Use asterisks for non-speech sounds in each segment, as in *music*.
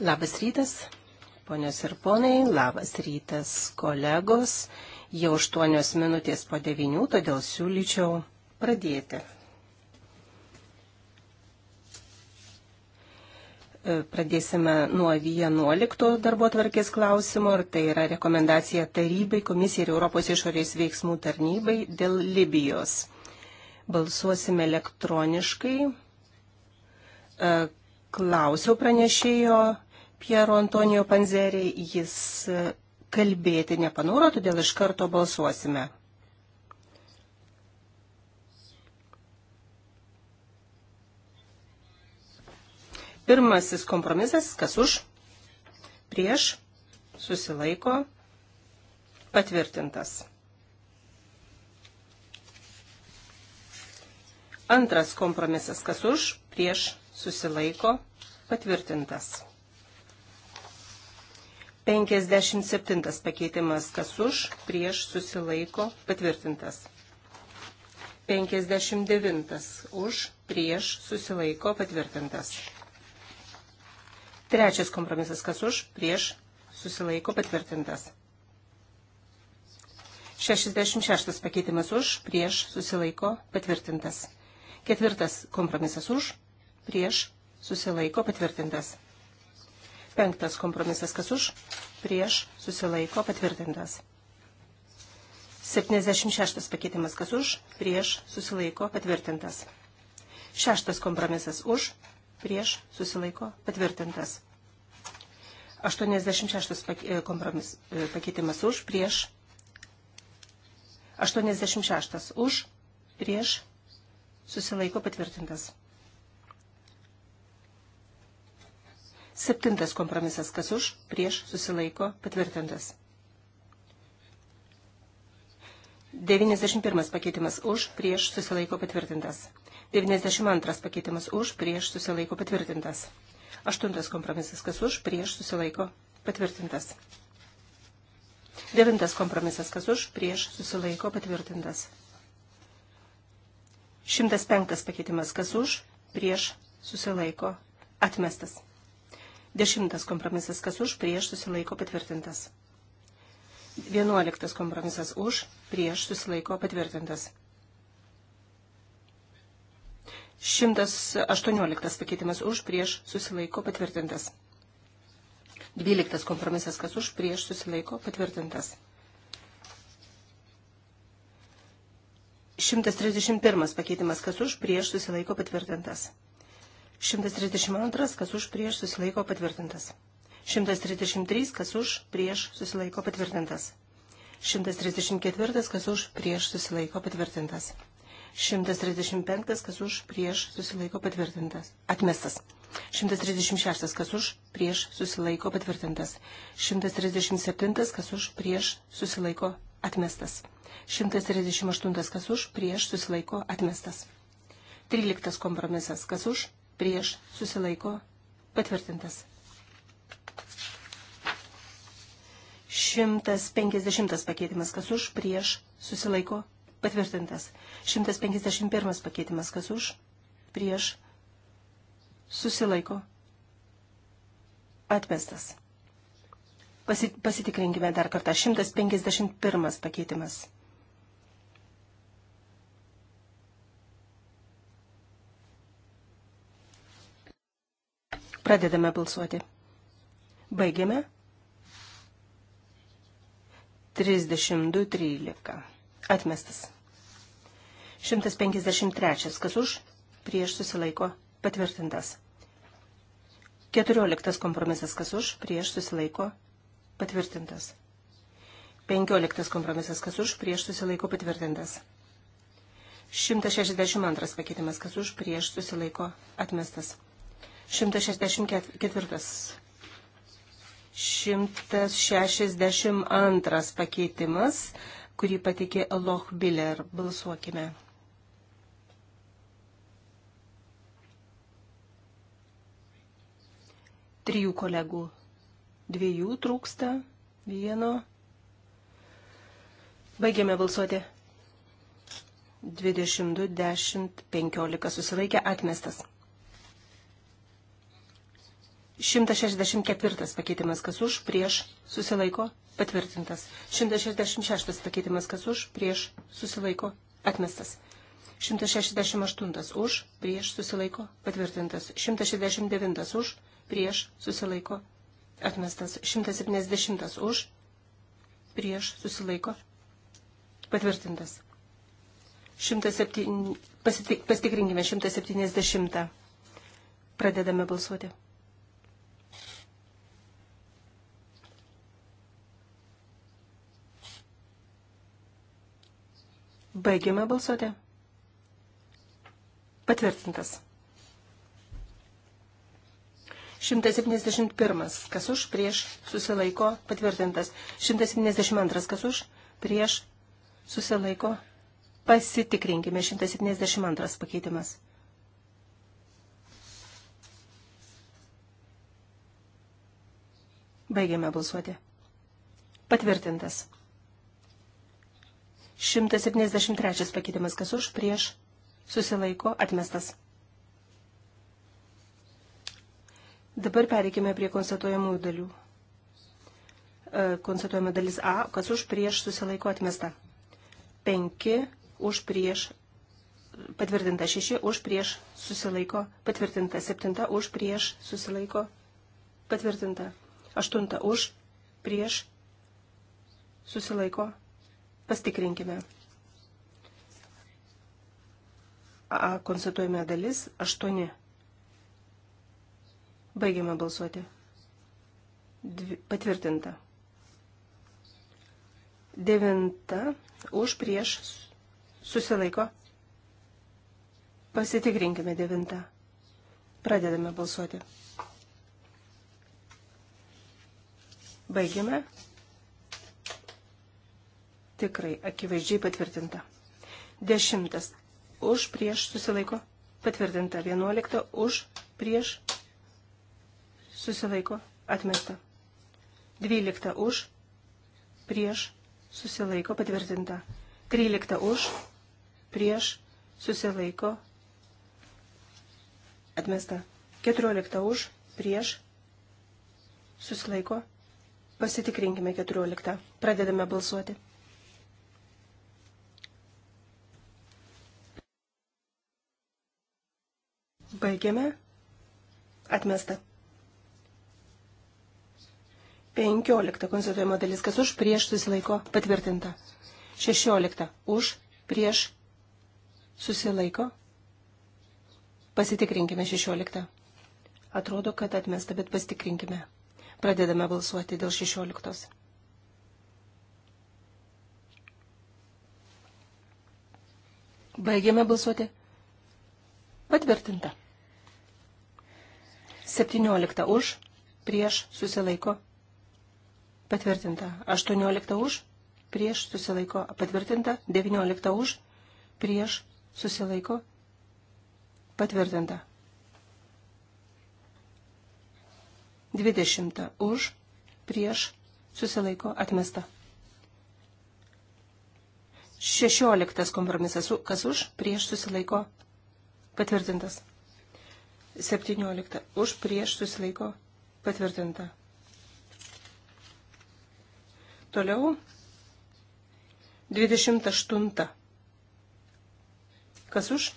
Labas rytas, ponios ir ponai, labas rytas, kolegos. Jau 8 minutės po 9, todėl siūlyčiau pradėti. E, pradėsime nuo 11 darbo tvarkės klausimo, ir tai yra rekomendacija tarybai, komisijai ir Europos išorės veiksmų tarnybai dėl Libijos. Balsuosime elektroniškai e, klausiau pranešėjo Piero Antonijo Panzerį, jis kalbėti nepanoro, todėl iš karto balsuosime. Pirmasis kompromisas, kas už, prieš, susilaiko, patvirtintas. Antras kompromisas, kas už, prieš, susilaiko, patvirtintas. 57 pakeitimas kas už, prieš susilaiko, patvirtintas. 59 už, prieš susilaiko, patvirtintas. Trečias kompromisas kas už, prieš susilaiko, patvirtintas. 66 pakeitimas už, prieš susilaiko, patvirtintas. Ketvirtas kompromisas už, prieš, susilaiko patvirtintas. Penktas kompromisas kas už, prieš, susilaiko patvirtintas. 76 pakeitimas kas už, prieš, susilaiko patvirtintas. Šeštas kompromisas už, prieš, susilaiko patvirtintas. 86 e, kompromis, e, pakeitimas už, prieš, 86 už, prieš, susilaiko patvirtintas. Septintas kompromisas, kas už, prieš, susilaiko, patvirtintas. 91 pakeitimas už, prieš, susilaiko, patvirtintas. 92 pakeitimas už, prieš, susilaiko, patvirtintas. Aštuntas kompromisas, kas už, prieš, susilaiko, patvirtintas. Devintas kompromisas, kas už, prieš, susilaiko, patvirtintas. 105 pakeitimas, kas už, prieš, susilaiko, atmestas. Dešimtas kompromisas, kas už, prieš susilaiko patvirtintas. Vienuoliktas kompromisas už, prieš susilaiko patvirtintas. 118 pakeitimas už, prieš susilaiko patvirtintas. 12 kompromisas, kas už, prieš susilaiko patvirtintas. 131 pakeitimas, kas už, prieš susilaiko patvirtintas. 132, kas už prieš susilaiko patvirtintas. 133, kas už prieš susilaiko patvirtintas. 134, kas už prieš susilaiko patvirtintas. 135, kas už prieš susilaiko patvirtintas. Atmestas. 136, kas už prieš susilaiko patvirtintas. 137, kas už prieš susilaiko atmestas. 138, kas už prieš susilaiko atmestas. 13 kompromisas, kas už prieš susilaiko patvirtintas. 150 pakeitimas kas už, prieš susilaiko patvirtintas. 151 pakeitimas kas už, prieš susilaiko atmestas. Pasitikrinkime dar kartą. 151 pakeitimas. Pradedame balsuoti. Baigiame. 32.13. Atmestas. 153. Kas už? Prieš susilaiko. Patvirtintas. 14. Kompromisas. Kas už? Prieš susilaiko. Patvirtintas. 15. Kompromisas. Kas už? Prieš susilaiko. Patvirtintas. 162. Pakeitimas. Kas už? Prieš susilaiko. Atmestas. 164. 162 pakeitimas, kurį patikė Loch Biller. Balsuokime. Trijų kolegų. Dviejų trūksta. Vieno. Baigėme balsuoti. 22, 10, 15 susilaikė atmestas. 164 pakeitimas kas už, prieš, susilaiko, patvirtintas. 166 pakeitimas kas už, prieš, susilaiko, atmestas. 168 už, prieš, susilaiko, patvirtintas. 169 už, prieš, susilaiko, atmestas. 170 už, prieš, susilaiko, patvirtintas. 107, pasitikrinkime 170. Pradedame balsuoti. Baigiame balsuoti. Patvirtintas. 171. Kas už, prieš, susilaiko, patvirtintas. 172. Kas už, prieš, susilaiko, pasitikrinkime. 172 pakeitimas. Baigiame balsuoti. Patvirtintas. 173 pakeitimas, kas už, prieš, susilaiko, atmestas. Dabar pereikime prie konstatuojamųjų dalių. E, konstatuojama dalis A, kas už, prieš, susilaiko, atmesta. 5 už, prieš, patvirtinta 6, už, prieš, susilaiko, patvirtinta 7, už, prieš, susilaiko, patvirtinta 8, už, prieš, susilaiko, Pastikrinkime. A, konstatuojame dalis 8. Baigiame balsuoti. Dvi, patvirtinta. Devinta už prieš susilaiko. Pasitikrinkime devintą. Pradedame balsuoti. Baigiame tikrai akivaizdžiai patvirtinta. Dešimtas už prieš susilaiko patvirtinta. Vienuolikta už prieš susilaiko atmesta. Dvylikta už prieš susilaiko patvirtinta. Trylikta už prieš susilaiko atmesta. Keturiolikta už prieš susilaiko. Pasitikrinkime keturioliktą. Pradedame balsuoti. Baigiame. Atmesta. 15. Konstatuojama dalis, kas už prieš susilaiko patvirtinta. 16. Už prieš susilaiko. Pasitikrinkime 16. Atrodo, kad atmesta, bet pasitikrinkime. Pradedame balsuoti dėl 16. Baigiame balsuoti. Patvirtinta. 17 už, prieš susilaiko patvirtinta. 18 už, prieš susilaiko patvirtinta. 19 už, prieš susilaiko patvirtinta. 20 už, prieš susilaiko atmesta. 16 kompromisas, kas už, prieš susilaiko patvirtintas. 17. Už prieš susilaiko patvirtinta. Toliau 28. Kas už?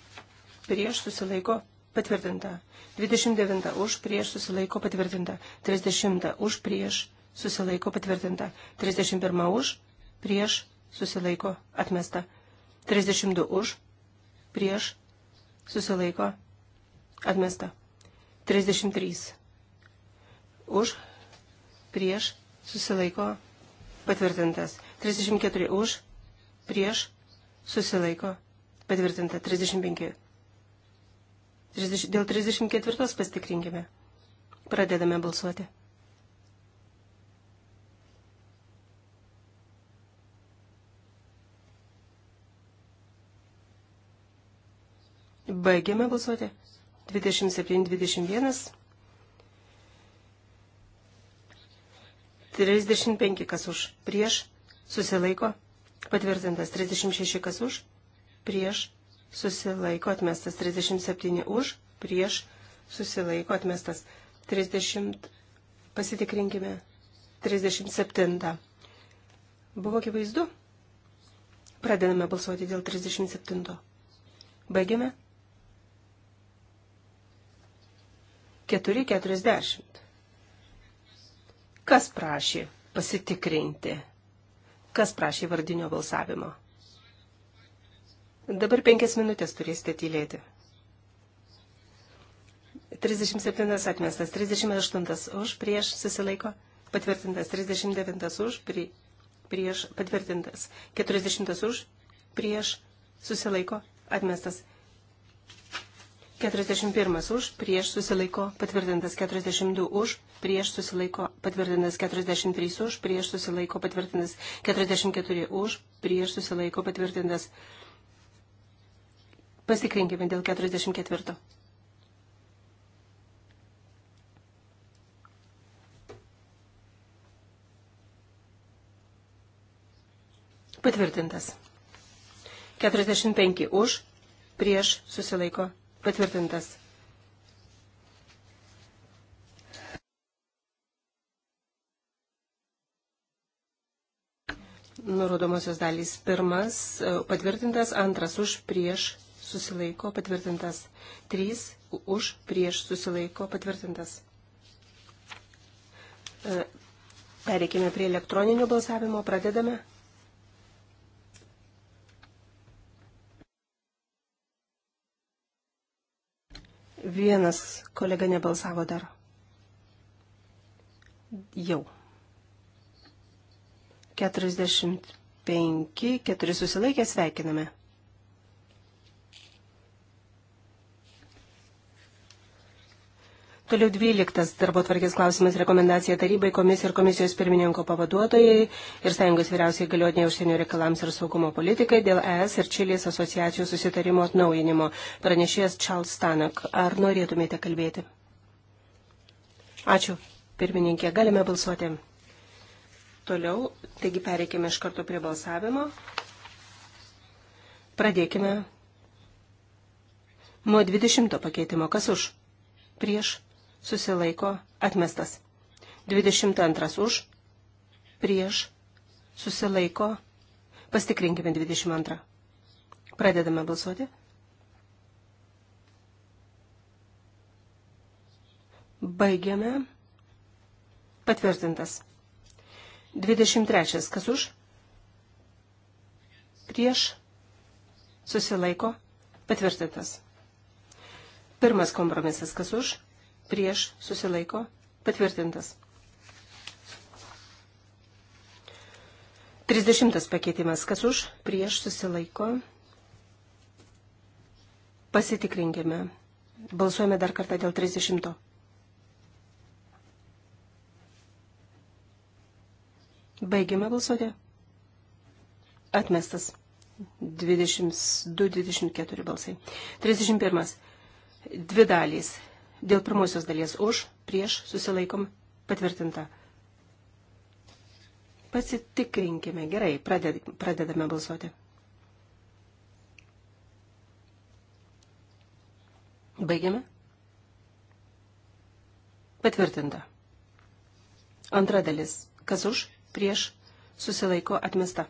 Prieš susilaiko patvirtinta. 29. Už prieš susilaiko patvirtinta. 30. Už prieš susilaiko patvirtinta. 31. Už prieš susilaiko atmesta. 32. Už prieš susilaiko Atmesta. 33. Už, prieš, susilaiko, patvirtintas. 34. Už, prieš, susilaiko, patvirtinta. 35. 30, dėl 34 pasitikrinkime. Pradedame balsuoti. Baigiame balsuoti. 27-21. 35 kas už, prieš, susilaiko, patvirtintas 36 kas už, prieš, susilaiko, atmestas 37 už, prieš, susilaiko, atmestas 30, pasitikrinkime, 37. Buvo akivaizdu? Pradedame balsuoti dėl 37. Baigiame. 440. Kas prašė pasitikrinti? Kas prašė vardinio balsavimo? Dabar penkias minutės turėsite tylėti. 37 atmestas, 38 už, prieš susilaiko, patvirtintas, 39 už, pri, prieš patvirtintas, 40 už, prieš susilaiko, atmestas, 41 už, prieš susilaiko patvirtintas 42 už, prieš susilaiko patvirtintas 43 už, prieš susilaiko patvirtintas 44 už, prieš susilaiko patvirtintas. Pasikrinkime dėl 44. Patvirtintas. 45 už, prieš susilaiko Patvirtintas. Nurodomosios dalys pirmas e, patvirtintas, antras už prieš susilaiko patvirtintas, trys už prieš susilaiko patvirtintas. E, Pereikime prie elektroninio balsavimo, pradedame. Vienas kolega nebalsavo dar. Jau. 45, 4 susilaikę sveikiname. Toliau 12 darbo tvarkės klausimas rekomendacija tarybai komisijai ir komisijos pirmininko pavaduotojai ir Sąjungos vyriausiai galiotiniai užsienio reikalams ir saugumo politikai dėl ES ir Čilės asociacijų susitarimo atnaujinimo. Pranešėjas Charles Stanak, ar norėtumėte kalbėti? Ačiū, pirmininkė, galime balsuoti. Toliau, taigi pereikime iš karto prie balsavimo. Pradėkime nuo 20 pakeitimo. Kas už? Prieš susilaiko atmestas. 22 už, prieš, susilaiko, pastikrinkime 22. Pradedame balsuoti. Baigiame. Patvirtintas. 23. Kas už? Prieš. Susilaiko. Patvirtintas. Pirmas kompromisas. Kas už? prieš susilaiko patvirtintas. 30 pakeitimas. Kas už prieš susilaiko? Pasitikrinkime. Balsuojame dar kartą dėl 30. Baigėme balsuoti. Atmestas. 22-24 balsai. 31. Dvi dalys. Dėl pirmosios dalies už, prieš, susilaikom, patvirtinta. Pasitikrinkime. Gerai, praded, pradedame balsuoti. Baigiame. Patvirtinta. Antra dalis. Kas už, prieš, susilaiko, atmesta.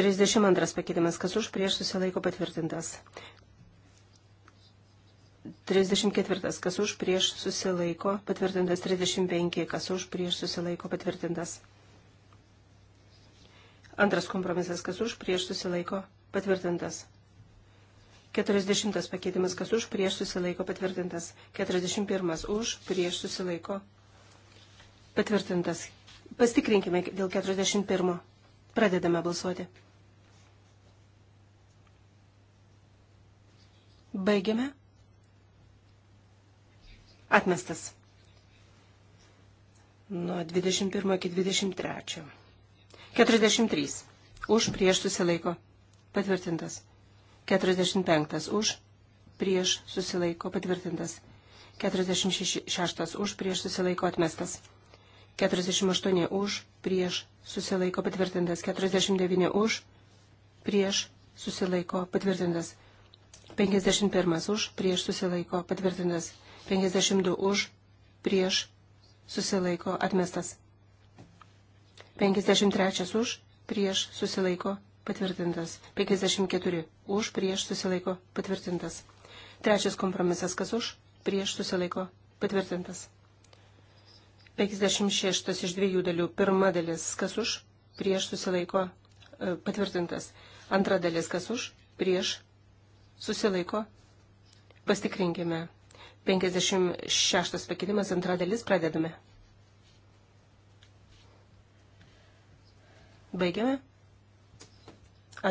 32 pakeitimas, kas už prieš susilaiko patvirtintas. 34. Kas už prieš susilaiko patvirtintas. 35. Kas už prieš susilaiko patvirtintas. Antras kompromisas. Kas už prieš susilaiko patvirtintas. 40. Pakeitimas. Kas už prieš susilaiko patvirtintas. 41. Už prieš susilaiko patvirtintas. Pastikrinkime dėl 41. Pradedame balsuoti. Baigiame. Atmestas. Nuo 21 iki 23. 43. Už prieš susilaiko. Patvirtintas. 45. Už prieš susilaiko. Patvirtintas. 46. Už prieš susilaiko. Atmestas. 48. Už prieš susilaiko. Patvirtintas. 49. Už prieš susilaiko. Patvirtintas. 51. Už prieš susilaiko. Patvirtintas. 52 už, prieš, susilaiko, atmestas. 53 už, prieš, susilaiko, patvirtintas. 54 už, prieš, susilaiko, patvirtintas. Trečias kompromisas, kas už, prieš, susilaiko, patvirtintas. 56 iš dviejų dalių. Pirma dalis, kas už, prieš susilaiko, e, patvirtintas. Antra dalis, kas už, prieš susilaiko. Pastikrinkime. 56 pakeitimas antra dalis pradedame. Baigiame.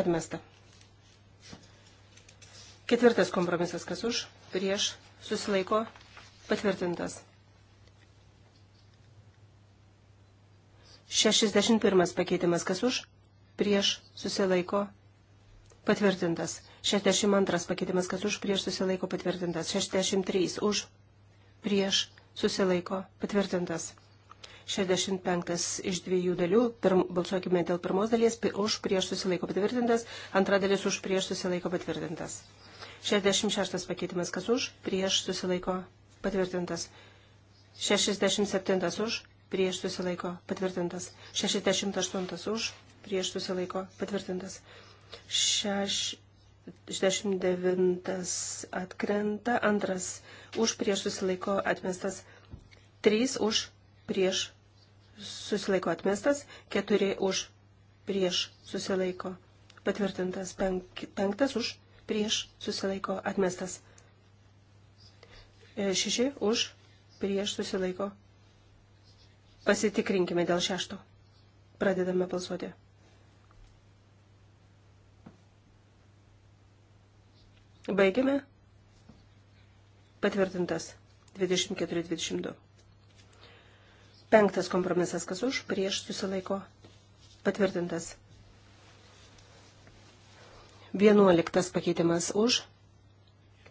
Atmesta. Ketvirtas kompromisas, kas už, prieš, susilaiko, patvirtintas. 61 pakeitimas, kas už, prieš, susilaiko, patvirtintas. 62 pakeitimas, kas už prieš susilaiko patvirtintas. 63 už prieš susilaiko patvirtintas. 65 iš dviejų dalių, pirm, balsuokime dėl pirmos dalies, už prieš susilaiko patvirtintas, antra dalis už prieš susilaiko patvirtintas. 66 pakeitimas, kas už prieš susilaiko patvirtintas. 67 už prieš susilaiko patvirtintas. 68 už prieš susilaiko patvirtintas. 6 69 atkrenta, antras už prieš susilaiko atmestas, 3 už prieš susilaiko atmestas, 4 už prieš susilaiko patvirtintas, 5 už prieš susilaiko atmestas, 6 e, už prieš susilaiko. Pasitikrinkime dėl šešto. Pradedame balsuoti. Baigiame. Patvirtintas 24-22. Penktas kompromisas, kas už, prieš susilaiko. Patvirtintas. Vienuoliktas pakeitimas už,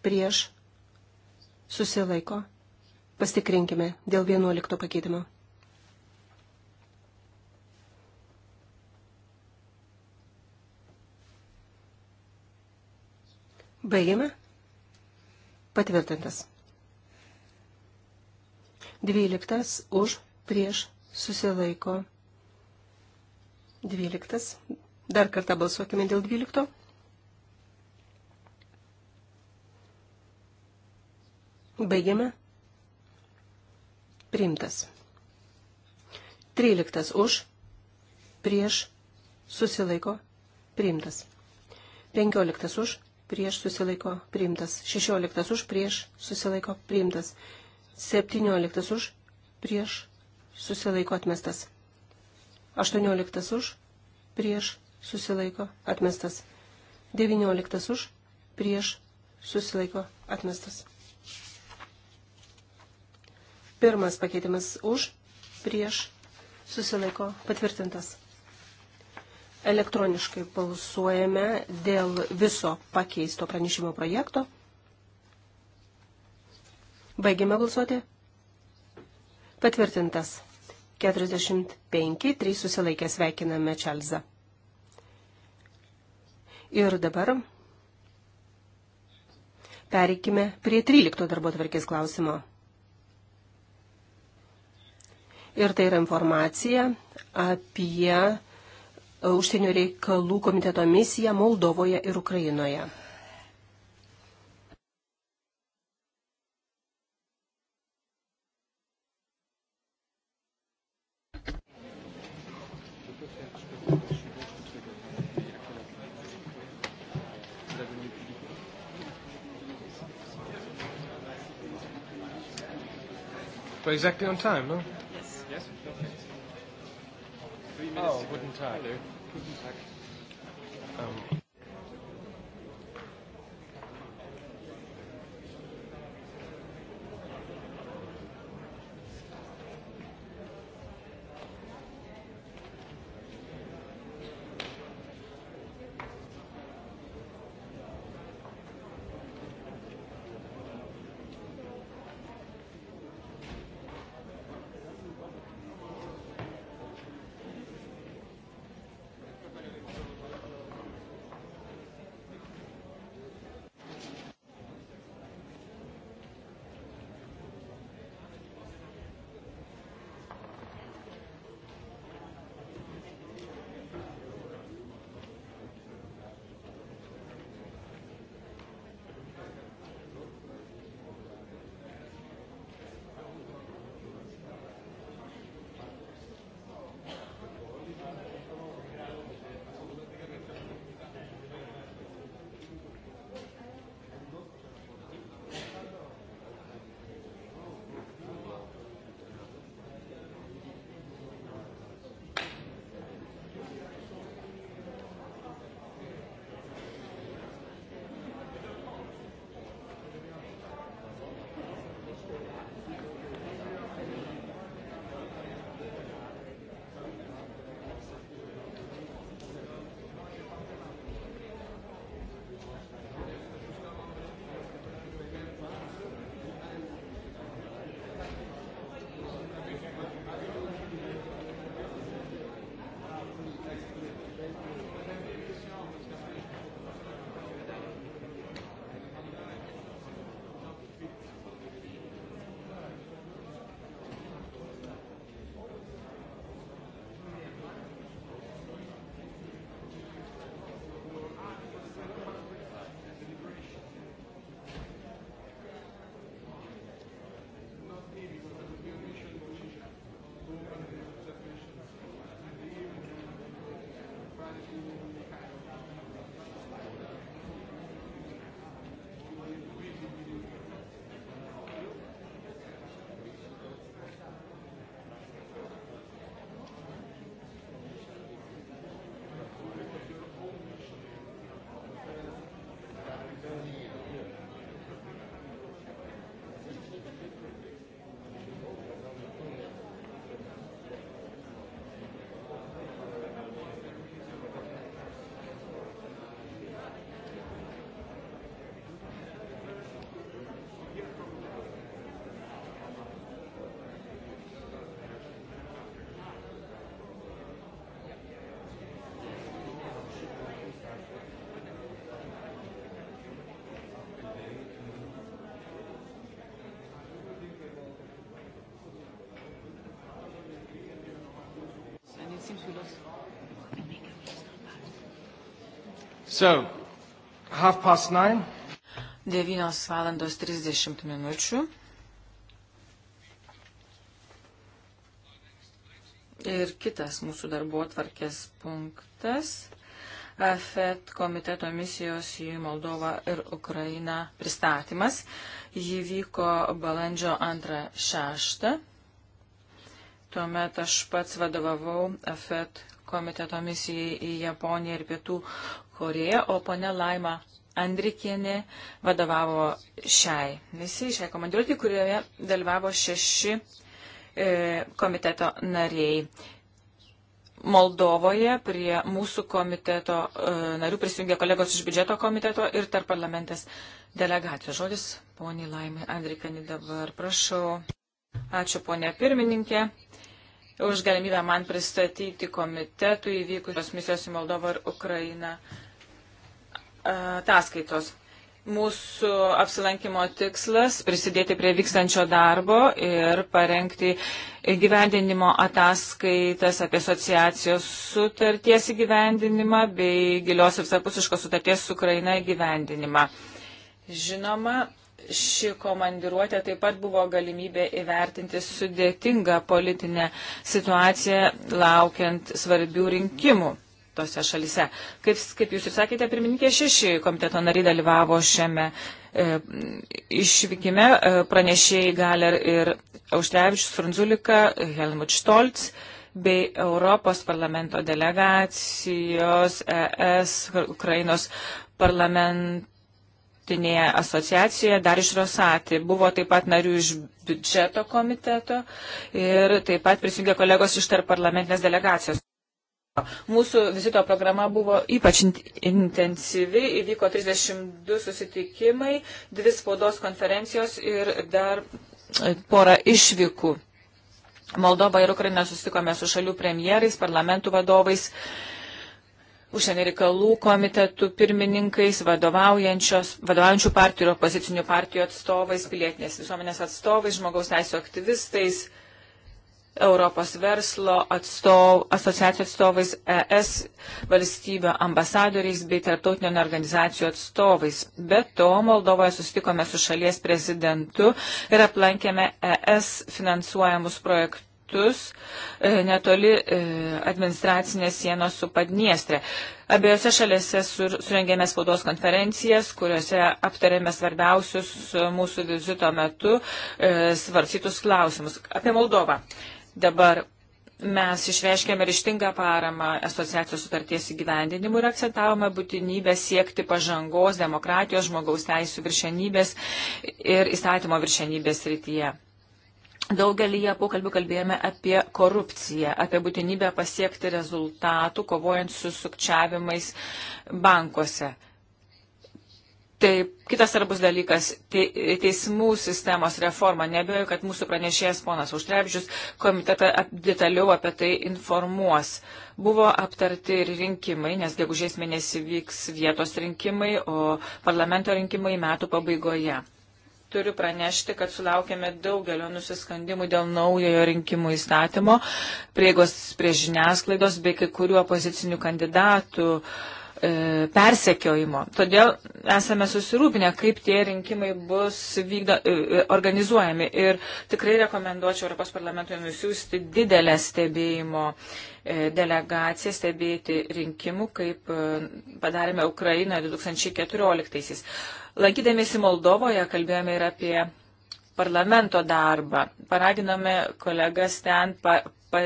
prieš susilaiko. Pastikrinkime dėl vienuolikto pakeitimo. Baigiame. Patvirtintas. Dvyliktas už prieš susilaiko. Dvyliktas. Dar kartą balsuokime dėl dvylikto. Baigiame. Priimtas. Tryliktas už prieš susilaiko. Priimtas. Penkioliktas už prieš susilaiko priimtas. 16 už prieš susilaiko priimtas. 17 už prieš susilaiko atmestas. 18 už prieš susilaiko atmestas. 19 už prieš susilaiko atmestas. Pirmas pakeitimas už prieš susilaiko patvirtintas. Elektroniškai balsuojame dėl viso pakeisto pranešimo projekto. Baigėme balsuoti. Patvirtintas. 45, 3 susilaikę sveikiname Čelzą. Ir dabar pereikime prie 13 darbo tvarkės klausimo. Ir tai yra informacija apie užsienio reikalų komiteto misiją Moldovoje ir Ukrainoje. We're exactly on time, no? Oh, guten Tag. Hallo. Guten Tag. Ähm, So, half past nine. 9 valandos 30 minučių. Ir kitas mūsų darbo atvarkės punktas. AFET komiteto misijos į Moldovą ir Ukrainą pristatymas. Jį vyko balandžio 2-6. Tuomet aš pats vadovavau AFET komiteto misijai į Japoniją ir Pietų Koreją, o ponia Laima Andrikienė vadovavo šiai misijai, šiai komandiruotį, kurioje dalyvavo šeši e, komiteto nariai. Moldovoje prie mūsų komiteto e, narių prisijungė kolegos iš biudžeto komiteto ir tarp parlamentės delegacijos. Žodis poniai Laimai Andrikienė dabar, prašau. Ačiū ponė pirmininkė už galimybę man pristatyti komitetų įvykusios misijos į Moldovą ir Ukrainą ataskaitos. Mūsų apsilankimo tikslas - prisidėti prie vykstančio darbo ir parengti gyvendinimo ataskaitas apie asociacijos sutarties įgyvendinimą bei gilios ir visapusiškos sutarties su Ukraina įgyvendinimą. Žinoma, ši komandiruotė taip pat buvo galimybė įvertinti sudėtingą politinę situaciją laukiant svarbių rinkimų tose šalise. Kaip, kaip jūs ir sakėte, pirmininkė šeši komiteto nariai dalyvavo šiame e, išvykime, e, pranešėjai Galer ir Auštrevičius Franzulika, Helmut Stolz bei Europos parlamento delegacijos ES Ukrainos parlamento tarptautinėje asociacijoje dar iš Rosati. Buvo taip pat narių iš biudžeto komiteto ir taip pat prisijungė kolegos iš tarp parlamentinės delegacijos. Mūsų vizito programa buvo ypač intensyvi, įvyko 32 susitikimai, dvi spaudos konferencijos ir dar e, porą išvykų. Moldova ir Ukraina susitikome su šalių premjerais, parlamentų vadovais užsienio reikalų komitetų pirmininkais, vadovaujančių partijų ir opozicinių partijų atstovais, pilietinės visuomenės atstovais, žmogaus teisų aktyvistais, Europos verslo atstov, asociacijų atstovais, ES valstybių ambasadoriais bei tarptautinio organizacijų atstovais. Be to, Moldovoje sustikome su šalies prezidentu ir aplankėme ES finansuojamus projektus metus e, netoli e, administracinės sienos su Padniestrė. Abiejose šalėse surengėme spaudos konferencijas, kuriuose aptarėme svarbiausius mūsų vizito metu e, svarstytus klausimus. Apie Moldovą. Dabar mes išreiškėme ryštingą paramą asociacijos sutarties įgyvendinimu ir akcentavome būtinybę siekti pažangos demokratijos, žmogaus teisų viršenybės ir įstatymo viršenybės rytyje. Daugelį pokalbių kalbėjome apie korupciją, apie būtinybę pasiekti rezultatų, kovojant su sukčiavimais bankuose. Taip, kitas svarbus dalykas te, - teismų sistemos reforma. Nebejoju, kad mūsų pranešėjas ponas Užtrebžius komitetą detaliau apie tai informuos. Buvo aptarti ir rinkimai, nes gegužės mėnesį vyks vietos rinkimai, o parlamento rinkimai metų pabaigoje turiu pranešti, kad sulaukėme daugelio nusiskandimų dėl naujojo rinkimų įstatymo, prieigos prie žiniasklaidos bei kai kurių opozicinių kandidatų e, persekiojimo. Todėl esame susirūpinę, kaip tie rinkimai bus vykdo, e, e organizuojami. Ir tikrai rekomenduočiau Europos parlamentui nusiųsti didelę stebėjimo e, delegaciją, stebėti rinkimų, kaip e, padarėme Ukrainoje 2014. -aisiais. Lankydamėsi Moldovoje kalbėjome ir apie parlamento darbą. Paraginome kolegas ten pa, pa,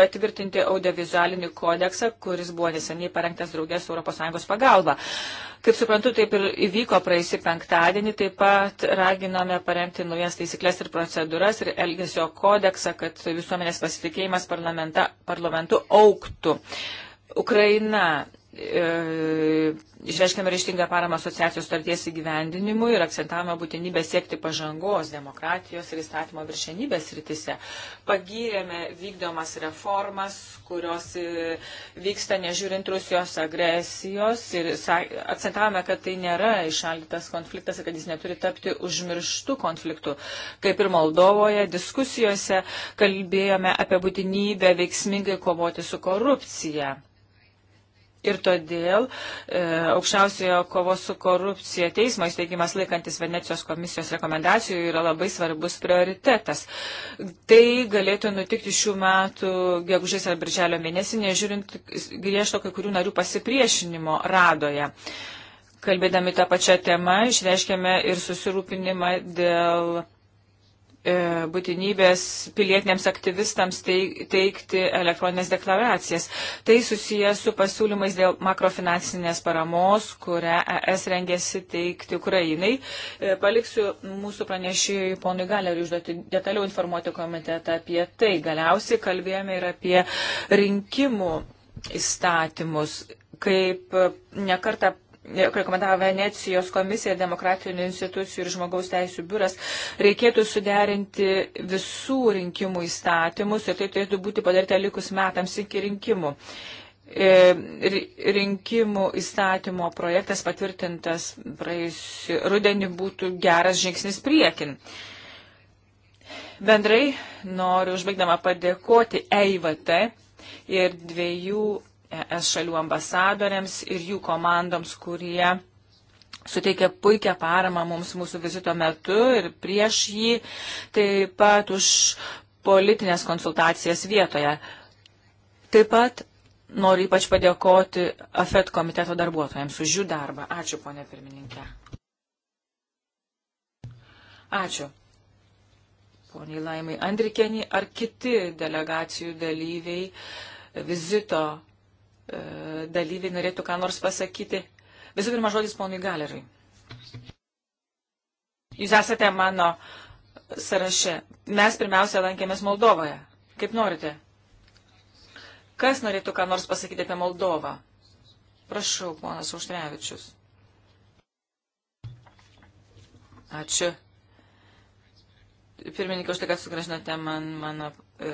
patvirtinti audiovizualinį kodeksą, kuris buvo neseniai parengtas draugės ES pagalba. Kaip suprantu, taip ir įvyko praeisį penktadienį, taip pat raginome parengti naujas taisyklės ir procedūras ir elgesio kodeksą, kad visuomenės pasitikėjimas parlamentu auktų. Ukraina E, išreiškėme reištingą paramą asociacijos starties įgyvendinimui ir akcentavome būtinybę siekti pažangos demokratijos ir įstatymo viršenybės rytise. Pagyrėme vykdomas reformas, kurios e, vyksta nežiūrint Rusijos agresijos ir akcentavome, kad tai nėra išaldytas konfliktas ir kad jis neturi tapti užmirštų konfliktų. Kaip ir Moldovoje, diskusijose kalbėjome apie būtinybę veiksmingai kovoti su korupcija. Ir todėl e, aukščiausiojo kovos su korupcija teismo įsteigimas laikantis Venecijos komisijos rekomendacijų yra labai svarbus prioritetas. Tai galėtų nutikti šių metų gegužės ar birželio mėnesį, nežiūrint griežto kai kurių narių pasipriešinimo radoje. Kalbėdami tą pačią temą, išreiškėme ir susirūpinimą dėl E, būtinybės pilietiniams aktyvistams teikti elektroninės deklaracijas. Tai susijęs su pasiūlymais dėl makrofinansinės paramos, kurią ES rengėsi teikti Ukrainai. E, paliksiu mūsų pranešėjui ponui Galeriu užduoti detaliau informuoti komitetą apie tai. Galiausiai kalbėjome ir apie rinkimų įstatymus kaip e, nekarta rekomendavo Venecijos komisija, demokratinių institucijų ir žmogaus teisų biuras, reikėtų suderinti visų rinkimų įstatymus ir tai turėtų būti padaryta likus metams iki rinkimų. E, rinkimų įstatymo projektas patvirtintas praėjusį rudenį būtų geras žingsnis priekin. Bendrai noriu užbaigdama padėkoti EIVT ir dviejų ES šalių ambasadoriams ir jų komandoms, kurie suteikė puikią paramą mums mūsų vizito metu ir prieš jį, taip pat už politinės konsultacijas vietoje. Taip pat noriu ypač padėkoti AFET komiteto darbuotojams už jų darbą. Ačiū, ponė pirmininkė. Ačiū. Poniai Laimai Andrikienį, ar kiti delegacijų dalyviai vizito E, dalyviai norėtų ką nors pasakyti. Visų pirma, žodis ponui Galerui. Jūs esate mano sąraše. Mes pirmiausia lankėmės Moldovoje. Kaip norite? Kas norėtų ką nors pasakyti apie Moldovą? Prašau, ponas Užtrevičius. Ačiū. Pirmininkai, už tai, kad sugražinote man mano e,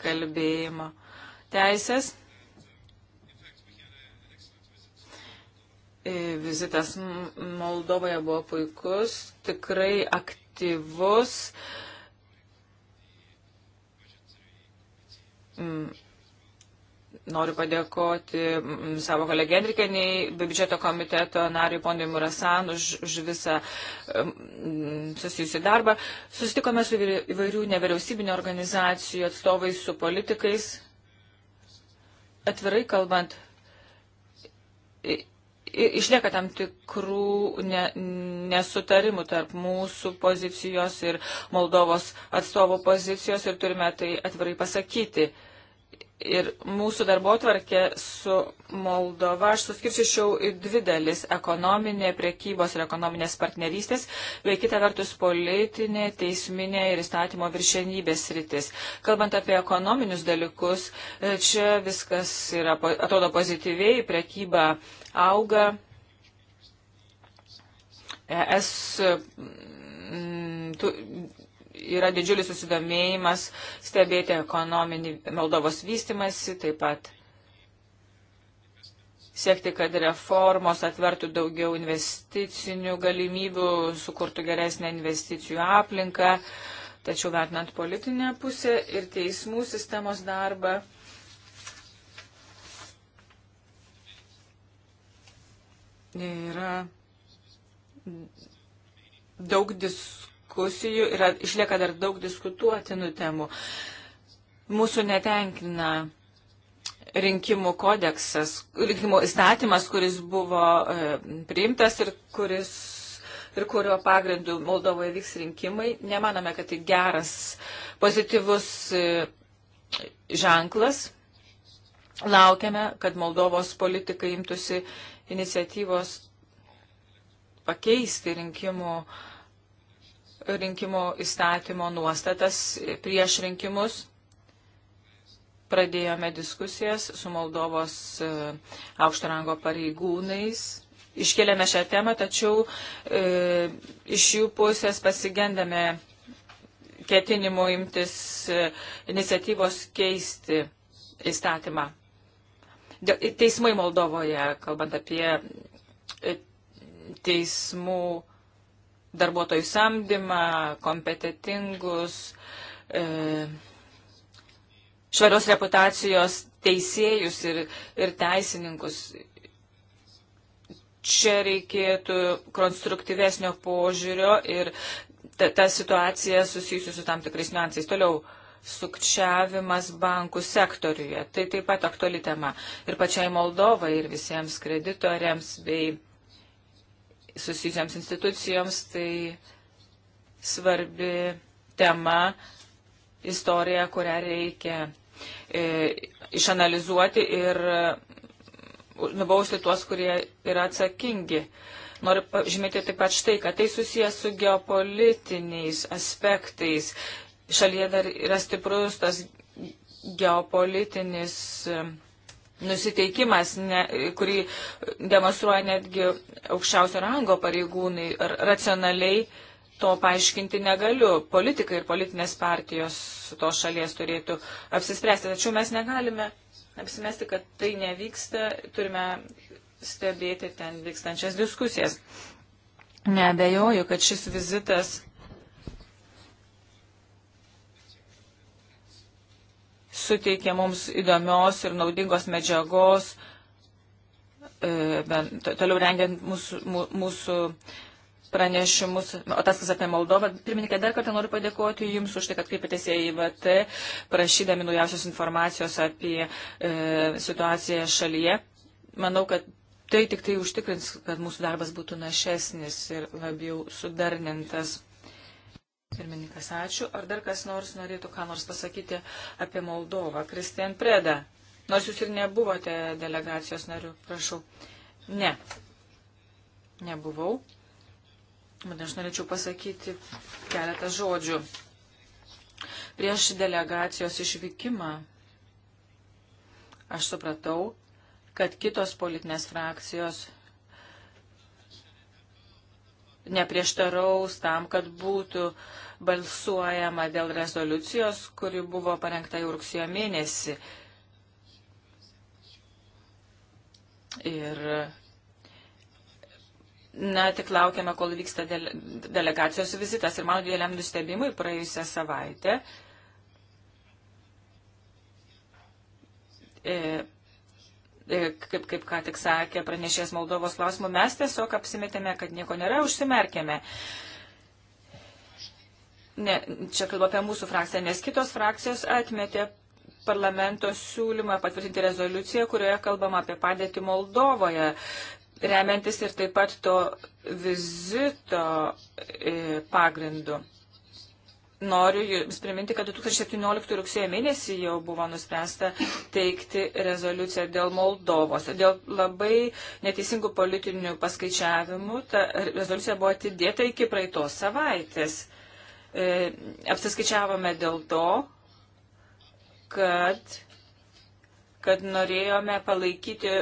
kalbėjimo teisės. E, vizitas Moldovoje buvo puikus, tikrai aktyvus. Noriu padėkoti savo kolegė Andrikeniai, biudžeto komiteto nariui Pondui Murasan už, už visą um, susijusių darbą. Susitikome su įvairių nevyriausybinio organizacijų atstovais, su politikais. Atvirai kalbant, Išlieka tam tikrų ne, nesutarimų tarp mūsų pozicijos ir Moldovos atstovų pozicijos ir turime tai atvirai pasakyti. Uh, ir mūsų darbo tvarkė su Moldova aš suskirčiau į dvi dalis - ekonominė, priekybos ir ekonominės partnerystės, bei kita vertus politinė, teisminė ir įstatymo viršenybės rytis. Kalbant apie ekonominius dalykus, čia viskas yra, atrodo pozityviai, priekyba auga. Es, mm, tu, yra didžiulis susidomėjimas stebėti ekonominį Moldovos vystimasi, taip pat siekti, kad reformos atvertų daugiau investicinių galimybių, sukurtų geresnę investicijų aplinką, tačiau vertinant politinę pusę ir teismų sistemos darbą. Yra daug diskusijų diskusijų ir išlieka dar daug diskutuotinų temų. Mūsų netenkina rinkimų kodeksas, rinkimų įstatymas, kuris buvo e, priimtas ir, kuris, ir kurio pagrindu Moldovoje vyks rinkimai. Nemanome, kad tai geras, pozityvus e, ženklas. Laukiame, kad Moldovos politikai imtųsi iniciatyvos pakeisti rinkimų uh, rinkimo įstatymo nuostatas prieš rinkimus. Pradėjome diskusijas su Moldovos e, aukštarango pareigūnais. Iškėlėme šią temą, tačiau e, iš jų pusės pasigendame ketinimų imtis e, iniciatyvos keisti įstatymą. Teismai Moldovoje, kalbant apie e, teismų darbuotojų samdymą, kompetitingus, e, švarios reputacijos teisėjus ir, ir teisininkus. Čia reikėtų konstruktyvesnio požiūrio ir ta, ta situacija susijusi su tam tikrais niuansais. Toliau, sukčiavimas bankų sektoriuje. Tai taip pat aktuali tema ir pačiai Moldovai, ir visiems kreditoriams bei susijusiams institucijoms, tai svarbi tema, istorija, kurią reikia e, išanalizuoti ir e, nubausti tuos, kurie yra atsakingi. Noriu pažymėti taip pat štai, kad tai susijęs su geopolitiniais aspektais. Šalyje dar yra stiprus tas geopolitinis. E, nusiteikimas, ne, kurį demonstruoja netgi aukščiausio rango pareigūnai, racionaliai to paaiškinti negaliu. Politikai ir politinės partijos to šalies turėtų apsispręsti. Tačiau mes negalime apsimesti, kad tai nevyksta, turime stebėti ten vykstančias diskusijas. Nebejoju, kad šis vizitas suteikė mums įdomios ir naudingos medžiagos, e, ben, toliau rengiant mūsų, mūsų pranešimus, ataskas apie Moldovą. Pirmininkė, dar kartą noriu padėkoti Jums už tai, kad kreipėtės į e IVT, prašydami naujausios informacijos apie e, situaciją šalyje. Manau, kad tai tik tai užtikrins, kad mūsų darbas būtų našesnis ir labiau sudarnintas. Pirmininkas, ačiū. Ar dar kas nors norėtų ką nors pasakyti apie Moldovą? Kristian Preda. Nors jūs ir nebuvote delegacijos nariu, prašau. Ne. Nebuvau. Bet aš norėčiau pasakyti keletą žodžių. Prieš delegacijos išvykimą aš supratau, kad kitos politinės frakcijos neprieštaraus tam, kad būtų balsuojama dėl rezoliucijos, kuri buvo parengta jau rugsėjo mėnesį. Ir Na, tik laukiame, kol vyksta dele, delegacijos vizitas. Ir mano dėliam nustebimui praėjusią savaitę e, E, kaip, kaip ką tik sakė pranešės Moldovos klausimų, mes tiesiog apsimetėme, kad nieko nėra, užsimerkėme. Ne, čia kalbu apie mūsų frakciją, nes kitos frakcijos atmetė parlamento siūlymą patvirtinti rezoliuciją, kurioje kalbama apie padėtį Moldovoje, remiantis ir taip pat to vizito e, pagrindu. Noriu Jums priminti, kad 2017 rugsėjo mėnesį jau buvo nuspręsta teikti rezoliuciją dėl Moldovos. Dėl labai neteisingų politinių paskaičiavimų ta rezoliucija buvo atidėta iki praeitos savaitės. E, apsiskaičiavome dėl to, kad, kad norėjome palaikyti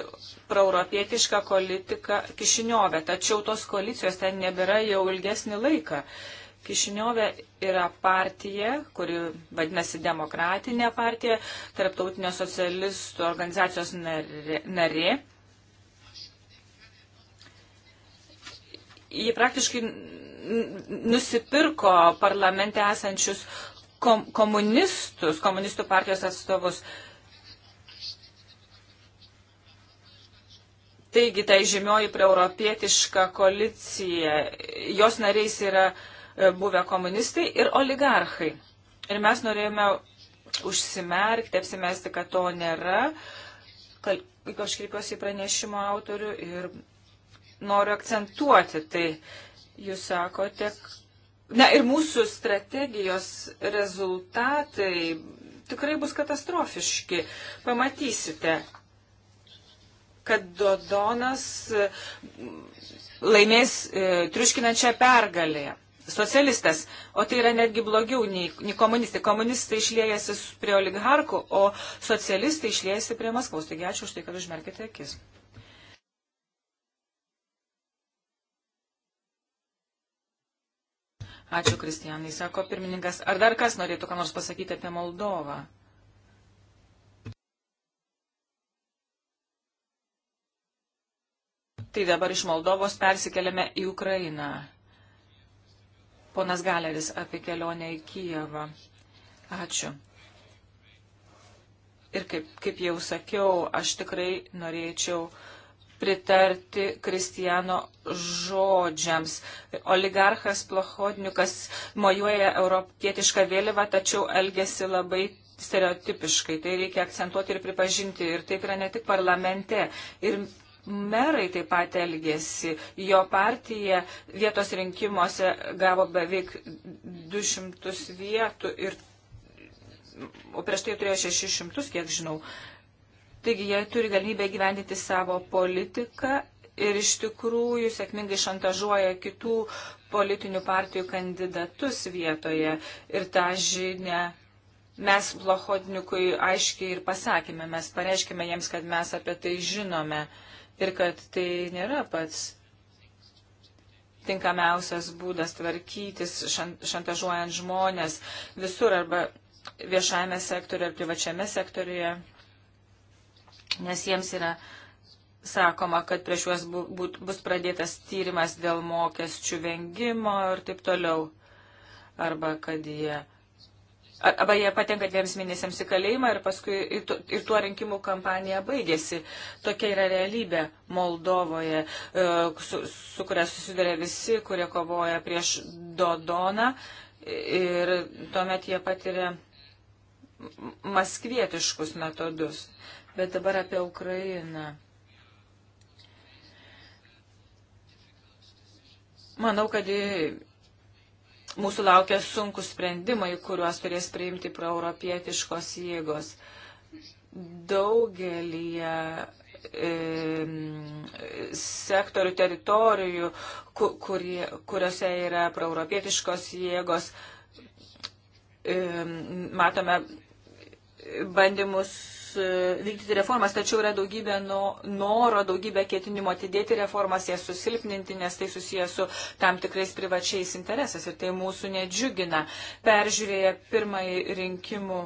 proeuropietišką politiką Kišiniovę, tačiau tos koalicijos ten nebėra jau ilgesnį laiką. E, Kišiniove yra partija, kuri vadinasi Demokratinė partija, tarptautinio socialistų organizacijos narė. narė. Jie praktiškai nusipirko parlamente esančius kom komunistus, komunistų partijos atstovus. Taigi, tai žymioji preeuropietiška koalicija, jos nariais yra uh, E, buvę komunistai ir oligarchai. Ir mes norėjome užsimerkti, apsimesti, kad to nėra. Kal aš kreipiuosi į pranešimo autorių ir noriu akcentuoti. Tai jūs sakote, na ir mūsų strategijos rezultatai tikrai bus katastrofiški. Pamatysite, kad Dodonas e, laimės e, triuškinančią pergalę socialistas, o tai yra netgi blogiau nei, nei komunistai. Komunistai išliejasi prie oligarkų, o socialistai išliejasi prie Maskvos. Taigi ačiū už tai, kad užmerkite akis. Ačiū, Kristijanai, sako pirmininkas. Ar dar kas norėtų ką nors pasakyti apie Moldovą? Tai dabar iš Moldovos persikeliame į Ukrainą ponas Galeris apie kelionę į Kijevą. Ačiū. Ir kaip, kaip jau sakiau, aš tikrai norėčiau pritarti Kristijano žodžiams. Oligarchas Plochodniukas mojuoja europietišką vėliavą, tačiau elgesi labai stereotipiškai. Tai reikia akcentuoti ir pripažinti. Ir taip yra ne tik parlamente. Ir merai taip pat elgėsi. Jo partija vietos rinkimuose gavo beveik 200 vietų, ir, o prieš tai turėjo 600, kiek žinau. Taigi jie turi galimybę gyvendyti savo politiką ir iš tikrųjų sėkmingai šantažuoja kitų politinių partijų kandidatus vietoje. Ir tą žinę mes Lohodnikui aiškiai ir pasakėme, mes pareiškėme jiems, kad mes apie tai žinome ir kad tai nėra pats tinkamiausias būdas tvarkytis, šantažuojant žmonės visur arba viešajame sektoriuje ar privačiame sektoriuje, nes jiems yra sakoma, kad prieš juos bu, bu, bus pradėtas tyrimas dėl mokesčių vengimo ir taip toliau, arba kad jie arba jie patenka dviems mėnesiams į kalėjimą ir paskui ir, tu, ir tuo rinkimų kampanija baigėsi. Tokia yra realybė Moldovoje, e, su, su kuria susiduria visi, kurie kovoja prieš Dodoną ir tuomet jie patiria maskvietiškus metodus. Bet dabar apie Ukrainą. Manau, kad mūsų laukia sunkus sprendimai, kuriuos turės priimti proeuropietiškos jėgos. Daugelį e, sektorių, teritorijų, kurie, kuriuose yra proeuropietiškos jėgos. E, matome bandymus vykdyti reformas, tačiau yra daugybė noro, daugybė ketinimo atidėti reformas, jas susilpninti, nes tai susijęs su tam tikrais privačiais interesais ir tai mūsų nedžiugina. Peržiūrėję pirmąjį rinkimų.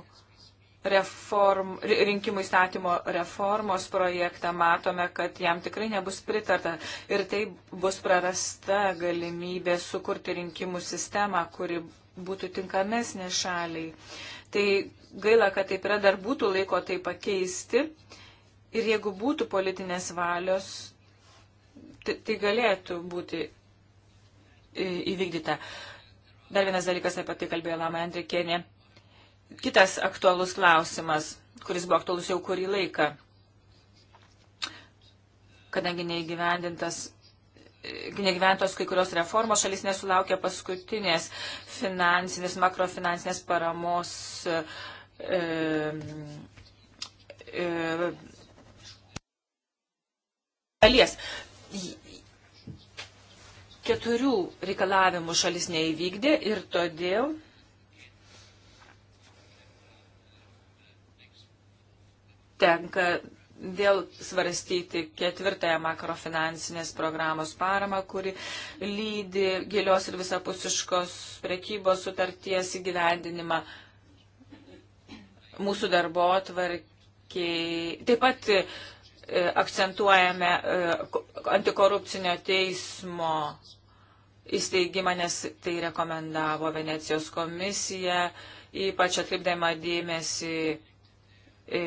Reform, rinkimų įstatymo reformos projektą matome, kad jam tikrai nebus pritarta ir tai bus prarasta galimybė sukurti rinkimų sistemą, kuri būtų tinkamesnė šaliai. Tai gaila, kad taip yra, dar būtų laiko tai pakeisti. Ir jeigu būtų politinės valios, tai, tai galėtų būti įvykdyta. Dar vienas dalykas, apie tai kalbėjo Lama Andrikienė. Kitas aktualus klausimas, kuris buvo aktualus jau kurį laiką, kadangi neįgyvendintas negyventos kai kurios reformos šalis nesulaukė paskutinės finansinės, makrofinansinės paramos e, e, šalies. Keturių reikalavimų šalis neįvykdė ir todėl tenka vėl svarstyti ketvirtąją makrofinansinės programos paramą, kuri lydi gilios ir visapusiškos prekybos sutarties įgyvendinimą. E, mūsų darbo tvarkiai. Taip pat e, akcentuojame e, antikorupcinio teismo įsteigimą, nes tai rekomendavo Venecijos komisija, ypač atkreipdama dėmesį e,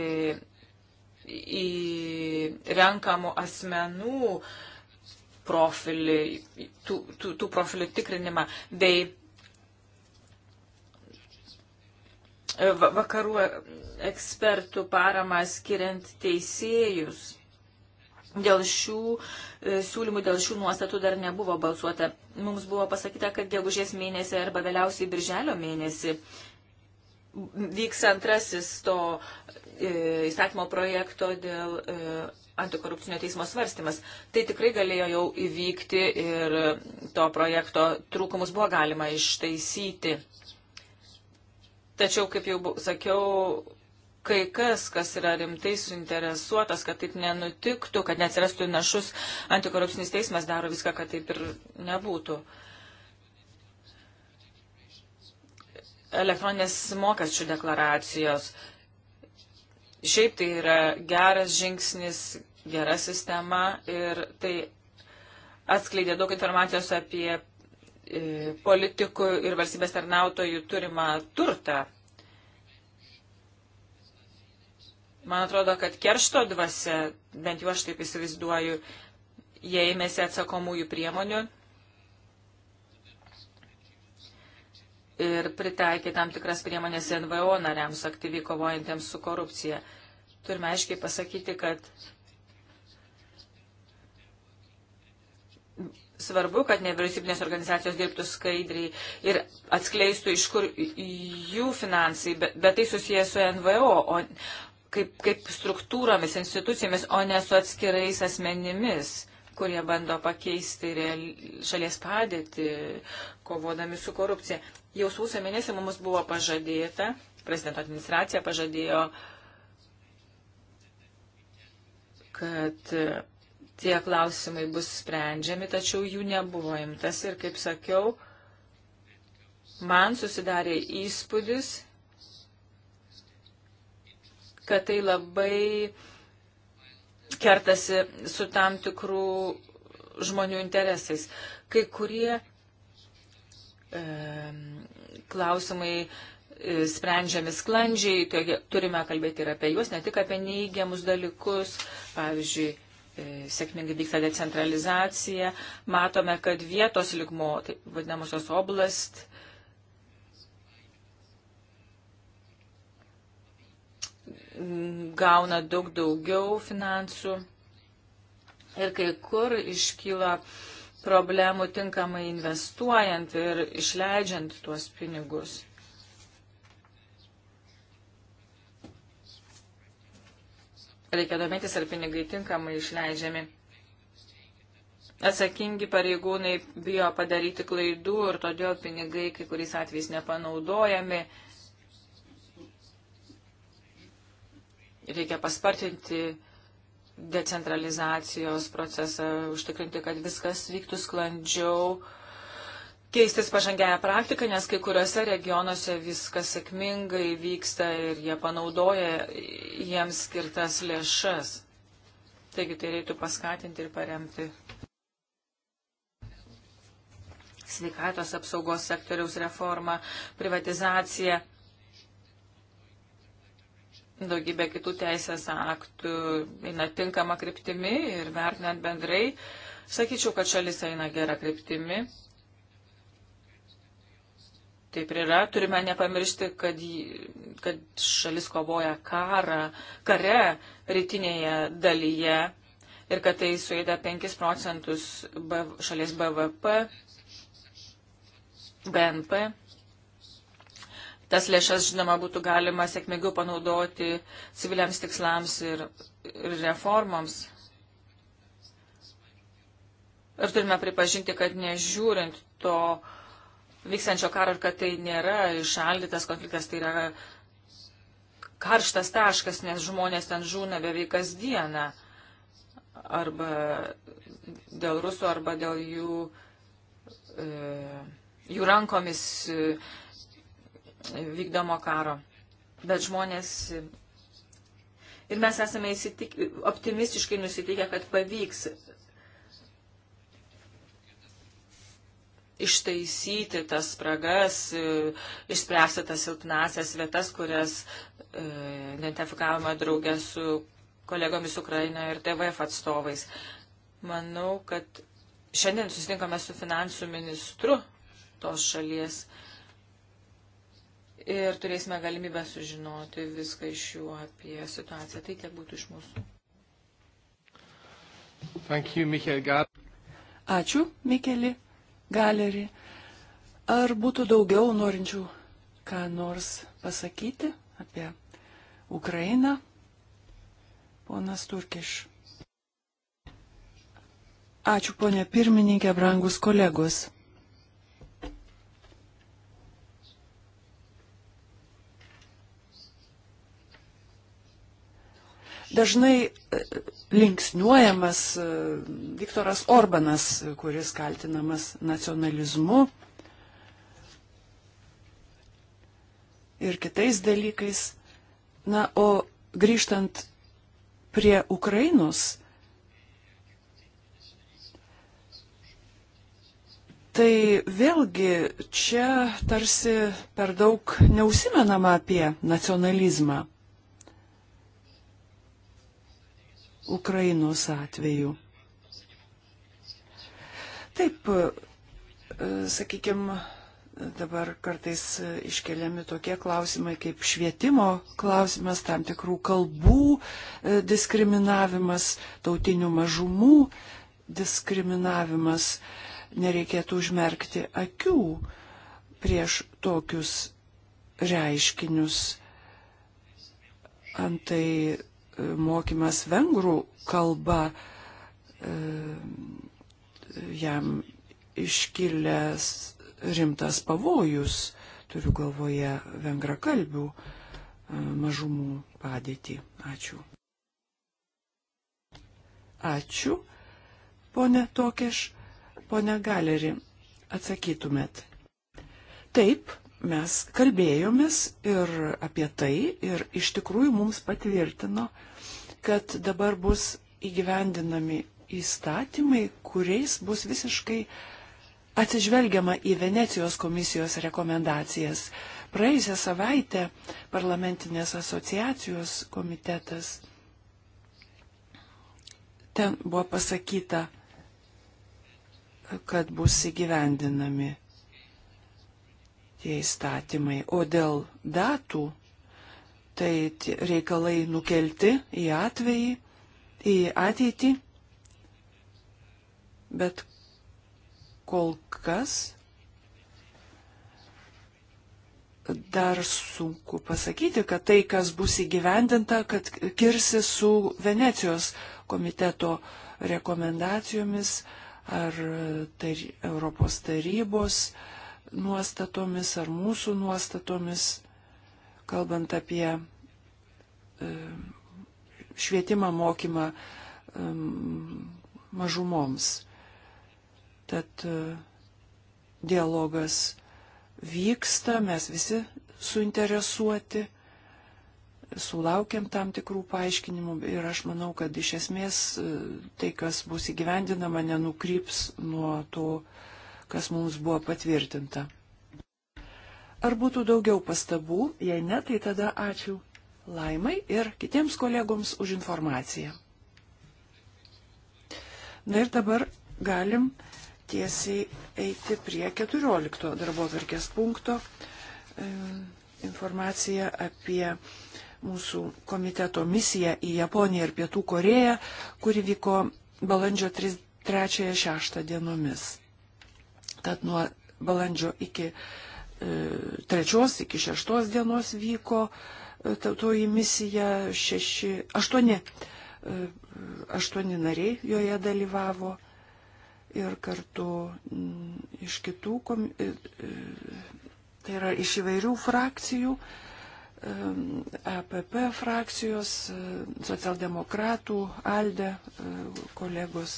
į renkamų asmenų profilį, tų, tų, tų profilių tikrinimą bei E, vakarų ekspertų paramą skiriant teisėjus. Dėl šių e, siūlymų, dėl šių nuostatų dar nebuvo balsuota. Mums buvo pasakyta, kad gegužės mėnesį arba vėliausiai birželio mėnesį vyks antrasis to e, įstatymo projekto dėl antikorupcinio teismo svarstymas. Tai tikrai galėjo jau įvykti ir to projekto trūkumus buvo galima ištaisyti. Tačiau, kaip jau sakiau, kai kas, kas yra rimtai suinteresuotas, kad taip nenutiktų, kad neatsirastų našus antikorupcinis teismas, daro viską, kad taip ir nebūtų. Elektroninės mokesčių deklaracijos. Šiaip tai yra geras žingsnis, gera sistema ir tai atskleidė daug informacijos apie E, politikų ir valstybės tarnautojų turimą turtą. Man atrodo, kad keršto dvasia, bent jau aš taip įsivaizduoju, jie ėmėsi atsakomųjų priemonių ir pritaikė tam tikras priemonės NVO nariams aktyviai kovojantiems su korupcija. Turime aiškiai pasakyti, kad svarbu, kad nevyriausybinės organizacijos dirbtų skaidriai ir atskleistų, iš kur jų finansai, bet, bet tai susijęs su NVO, o, kaip, kaip struktūromis, institucijomis, o ne su atskirais asmenimis, kurie bando pakeisti real, šalies padėtį, kovodami su korupcija. Jau sausio mėnesį mums buvo pažadėta, prezidento administracija pažadėjo, kad tie klausimai bus sprendžiami, tačiau jų nebuvo imtas. Ir kaip sakiau, man susidarė įspūdis, kad tai labai kertasi su tam tikrų žmonių interesais. Kai kurie e, klausimai sprendžiami sklandžiai, turime kalbėti ir apie juos, ne tik apie neįgiamus dalykus, pavyzdžiui, E, sėkmingai vyksta decentralizacija, matome, kad vietos ligmo, tai vadinamosios oblast, gauna daug daugiau finansų ir kai kur iškyla problemų tinkamai investuojant ir išleidžiant tuos pinigus. Reikia domėtis, ar pinigai tinkamai išleidžiami. Atsakingi pareigūnai bijo padaryti klaidų ir todėl pinigai kai kuriais atvejais nepanaudojami. Reikia paspartinti decentralizacijos procesą, užtikrinti, kad viskas vyktų sklandžiau keistis pažangiają praktiką, nes kai kuriuose regionuose viskas sėkmingai vyksta ir jie panaudoja jiems skirtas lėšas. Taigi tai reiktų paskatinti ir paremti sveikatos apsaugos sektoriaus reformą, privatizaciją, daugybė kitų teisės aktų eina tinkama kryptimi ir vertinant bendrai, sakyčiau, kad šalis eina gera kryptimi Taip ir yra, turime nepamiršti, kad, kad šalis kovoja karą, kare rytinėje dalyje ir kad tai suėda 5 procentus šalies BVP, BNP. Tas lėšas, žinoma, būtų galima sėkmingiau panaudoti civiliams tikslams ir, ir reformoms. Ir turime pripažinti, kad nežiūrint to, vykstančio karo ir kad tai nėra išaldytas konfliktas, tai yra karštas taškas, nes žmonės ten žūna beveik kasdieną arba dėl rusų, arba dėl jų, e, jų rankomis e, vykdomo karo. Bet žmonės ir mes esame įsitik, optimistiškai nusiteikę, kad pavyks ištaisyti tas spragas, e, išspręsti tas silpnasias vietas, kurias e, identifikavome draugę su kolegomis Ukrainoje ir TVF atstovais. Manau, kad šiandien susitinkame su finansų ministru tos šalies ir turėsime galimybę sužinoti viską iš jų apie situaciją. Tai tiek būtų iš mūsų. Thank you, Michael Gad. Ačiū, Mikeli galerį. Ar būtų daugiau norinčių ką nors pasakyti apie Ukrainą? Ponas Turkiš. Ačiū, ponė pirmininkė, brangus kolegos. dažnai e, linksniuojamas e, Viktoras Orbanas, kuris kaltinamas nacionalizmu ir kitais dalykais. Na, o grįžtant prie Ukrainos, tai vėlgi čia tarsi per daug neusimenama apie nacionalizmą. Ukrainos atveju. Taip, e, sakykime, dabar kartais iškeliami tokie klausimai kaip švietimo klausimas, tam tikrų kalbų e, diskriminavimas, tautinių mažumų diskriminavimas. Nereikėtų užmerkti akių prieš tokius reiškinius. Antai E, mokymas vengrų kalba e, jam iškilęs rimtas pavojus, turiu galvoje vengrakalbių e, mažumų padėtį. Ačiū. Ačiū, ponė Tokeš, ponė Galeri, atsakytumėt. Taip, mes kalbėjomės ir apie tai ir iš tikrųjų mums patvirtino, kad dabar bus įgyvendinami įstatymai, kuriais bus visiškai atsižvelgiama į Venecijos komisijos rekomendacijas. Praėjusią savaitę parlamentinės asociacijos komitetas ten buvo pasakyta, kad bus įgyvendinami tie įstatymai. O dėl datų, tai reikalai nukelti į atvejį, į ateitį, bet kol kas dar sunku pasakyti, kad tai, kas bus įgyvendinta, kad kirsi su Venecijos komiteto rekomendacijomis ar tar, Europos tarybos uh, nuostatomis ar mūsų nuostatomis, kalbant apie e, švietimą, mokymą e, mažumoms. Tad e, dialogas vyksta, mes visi suinteresuoti, sulaukiam tam tikrų paaiškinimų ir aš manau, kad iš esmės tai, kas bus įgyvendinama, nenukryps nuo to, uh, kas mums buvo patvirtinta. Ar būtų daugiau pastabų? Jei ne, tai tada ačiū Laimai ir kitiems kolegoms už informaciją. Na ir dabar galim tiesiai eiti prie 14 darbo tvarkės punkto. E, informacija apie mūsų komiteto misiją į Japoniją ir Pietų Koreją, kuri vyko balandžio 3-6 dienomis. Tad nuo balandžio iki e, trečios, iki šeštos dienos vyko e, toji misija, šeši, aštuoni, e, aštuoni nariai joje dalyvavo ir kartu mm, iš kitų, tai yra iš įvairių frakcijų, APP frakcijos, socialdemokratų, ALDE kolegos.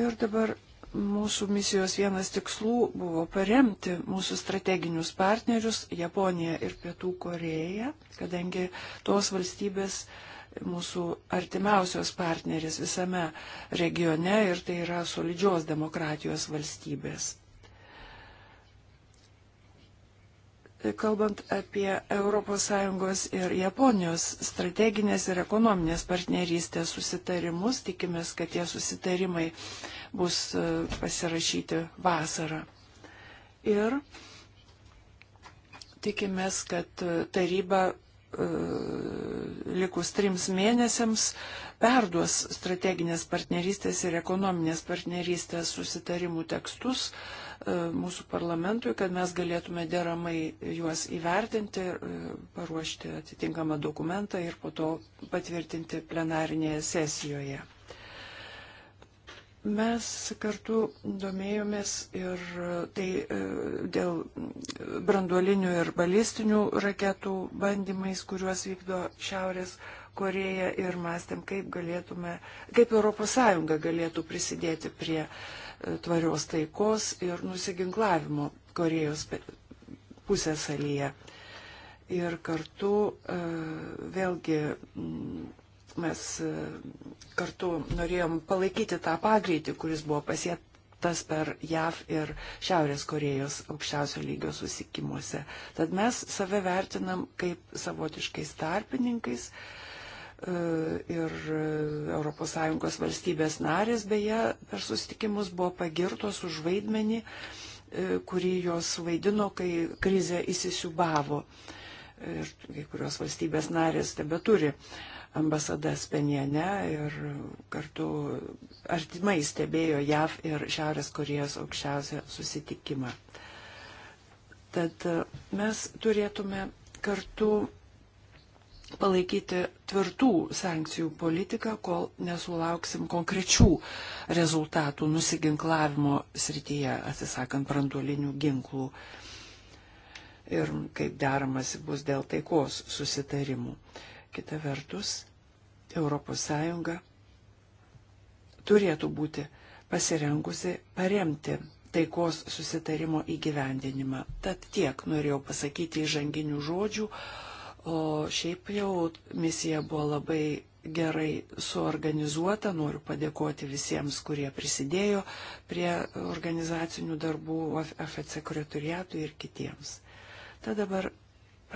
Ir dabar mūsų misijos vienas tikslų buvo paremti mūsų strateginius partnerius Japoniją ir Pietų Koreją, kadangi tos valstybės mūsų artimiausios partneris visame regione ir tai yra solidžios demokratijos valstybės. Kalbant apie ES ir Japonijos strateginės ir ekonominės partnerystės susitarimus, tikimės, kad tie susitarimai bus e, pasirašyti vasarą. Ir tikimės, kad e, taryba e, likus trims mėnesiams perduos strateginės partnerystės ir ekonominės partnerystės susitarimų tekstus uh, E, mūsų parlamentui, kad mes galėtume deramai juos įvertinti, e, paruošti atitinkamą dokumentą ir po to patvirtinti plenarinėje sesijoje. Mes kartu domėjomės ir e, tai dėl branduolinių ir balistinių raketų bandymais, kuriuos vykdo Šiaurės Koreja ir mąstėm, kaip, galėtume, kaip ES galėtų prisidėti prie uh, tvarios taikos ir nusiginklavimo Korejos pusėsalyje. Ir kartu e, vėlgi mm, mes e, kartu norėjom palaikyti tą pagreitį, kuris buvo pasiektas per JAV ir Šiaurės Korejos aukščiausio lygio susikimuose. Tad mes save vertinam kaip savotiškais tarpininkais, uh, E, ir ES valstybės narės beje per susitikimus buvo pagirtos už vaidmenį, e, kurį jos vaidino, kai krizė įsisiubavo. Ir kai kurios valstybės narės tebe turi ambasadas Penjane ir kartu artimai stebėjo JAV ir Šiaurės Korejos aukščiausią susitikimą. Tad mes turėtume kartu palaikyti tvirtų sankcijų politiką, kol nesulauksim konkrečių rezultatų nusiginklavimo srityje, atsisakant branduolinių ginklų ir kaip deramasi bus dėl taikos susitarimų. Kita vertus, ES turėtų būti pasirengusi paremti taikos susitarimo įgyvendinimą. Tad tiek norėjau pasakyti įžanginių žodžių, O šiaip jau misija buvo labai gerai suorganizuota. Noriu padėkoti visiems, kurie prisidėjo prie organizacinių darbų FC e sekretoriatui ir kitiems. Tad dabar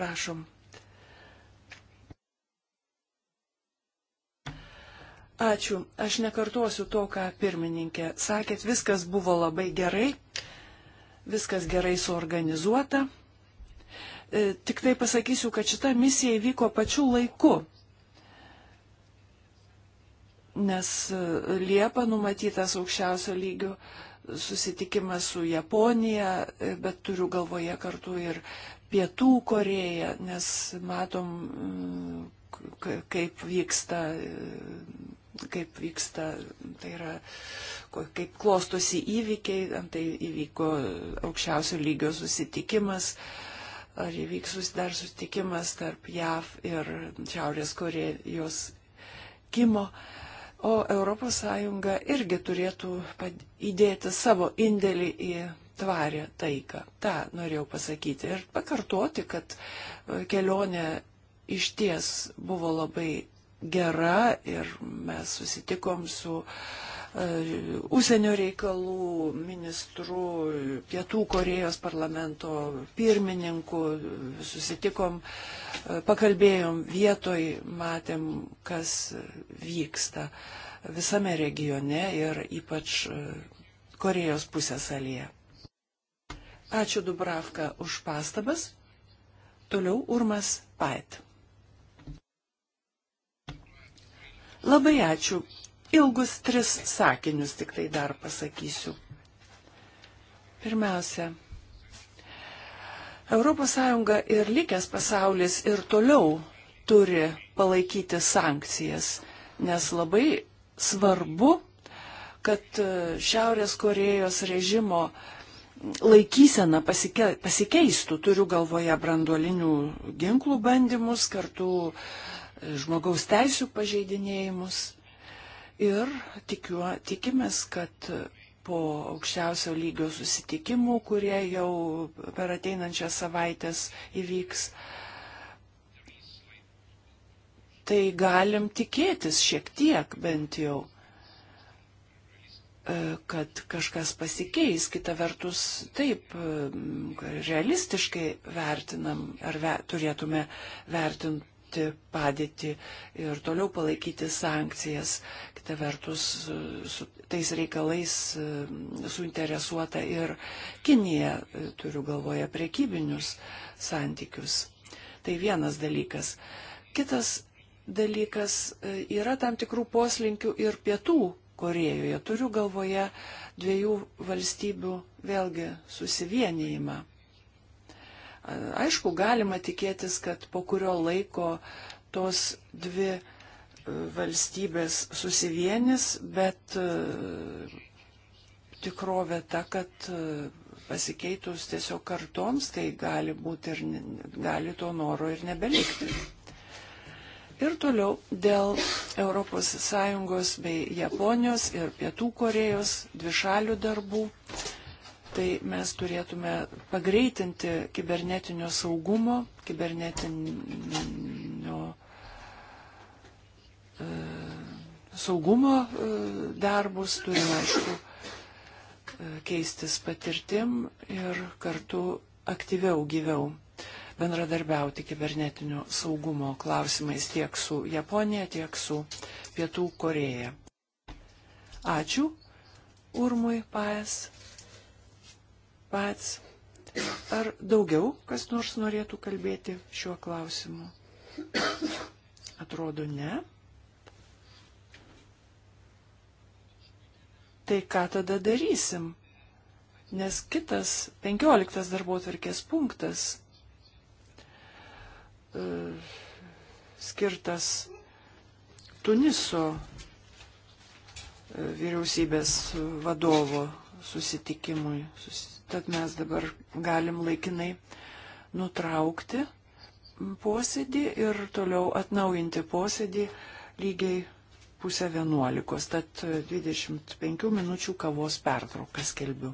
prašom. Ačiū. Aš nekartosiu to, ką pirmininkė sakėt. Viskas buvo labai gerai. Viskas gerai suorganizuota. E, tik tai pasakysiu, kad šita misija įvyko pačiu laiku, nes e, Liepa numatytas aukščiausio lygio susitikimas su Japonija, e, bet turiu galvoje kartu ir Pietų Koreją, nes matom, mm, kaip vyksta, kaip vyksta, tai yra, kaip klostosi įvykiai, tai įvyko aukščiausio lygio susitikimas. Uh, ar įvyks dar susitikimas tarp JAV ir Šiaurės Korejos kimo. O ES irgi turėtų įdėti savo indėlį į tvarę taiką. Ta norėjau pasakyti. Ir pakartoti, kad e, kelionė iš ties buvo labai gera ir mes susitikom su uh, E, užsienio reikalų ministru, Pietų Korejos parlamento pirmininku, susitikom, e, pakalbėjom vietoj, matėm, kas vyksta visame regione ir ypač e, Korejos pusės alyje. Ačiū Dubravka už pastabas. Toliau Urmas Pait. Labai ačiū, ilgus tris sakinius tik tai dar pasakysiu. Pirmiausia, ES ir likęs pasaulis ir toliau turi palaikyti sankcijas, nes labai svarbu, kad e, Šiaurės Korejos režimo laikysena pasike, pasikeistų, turiu galvoje branduolinių ginklų bandymus, kartu e, žmogaus teisų pažeidinėjimus. Ir tikiu, tikimės, kad po aukščiausio lygio susitikimų, kurie jau per ateinančias savaitės įvyks, tai galim tikėtis šiek tiek bent jau e, kad kažkas pasikeis. Kita vertus, taip, realistiškai vertinam, ar ve, turėtume vertinti stebėti padėtį ir toliau palaikyti sankcijas. Kita vertus, su tais reikalais e, suinteresuota ir Kinija, e, turiu galvoje, priekybinius santykius. Tai vienas dalykas. Kitas dalykas e, yra tam tikrų poslinkių ir pietų Korejoje. Turiu galvoje dviejų valstybių vėlgi susivienijimą. Aišku, galima tikėtis, kad po kurio laiko tos dvi e, valstybės susivienis, bet e, tikrovė ta, kad e, pasikeitus tiesiog kartoms, tai gali būti ir gali to noro ir nebelikti. Ir toliau dėl ES bei Japonijos ir Pietų Korejos dvišalių darbų tai mes turėtume pagreitinti kibernetinio saugumo, kibernetinio e, saugumo e, darbus, turime, aišku, e, keistis patirtim ir kartu aktyviau, gyviau bendradarbiauti kibernetinio saugumo klausimais tiek su Japonija, tiek su Pietų Koreja. Ačiū Urmui Paes pats. Ar daugiau kas nors norėtų kalbėti šiuo klausimu? Atrodo, ne. Tai ką tada darysim? Nes kitas, penkioliktas darbo tvarkės punktas e, skirtas Tuniso e, vyriausybės vadovo susitikimui. Susitikimui Tad mes dabar galim laikinai nutraukti posėdį ir toliau atnaujinti posėdį lygiai pusę vienuolikos. Tad 25 minučių kavos pertrauką skelbiu.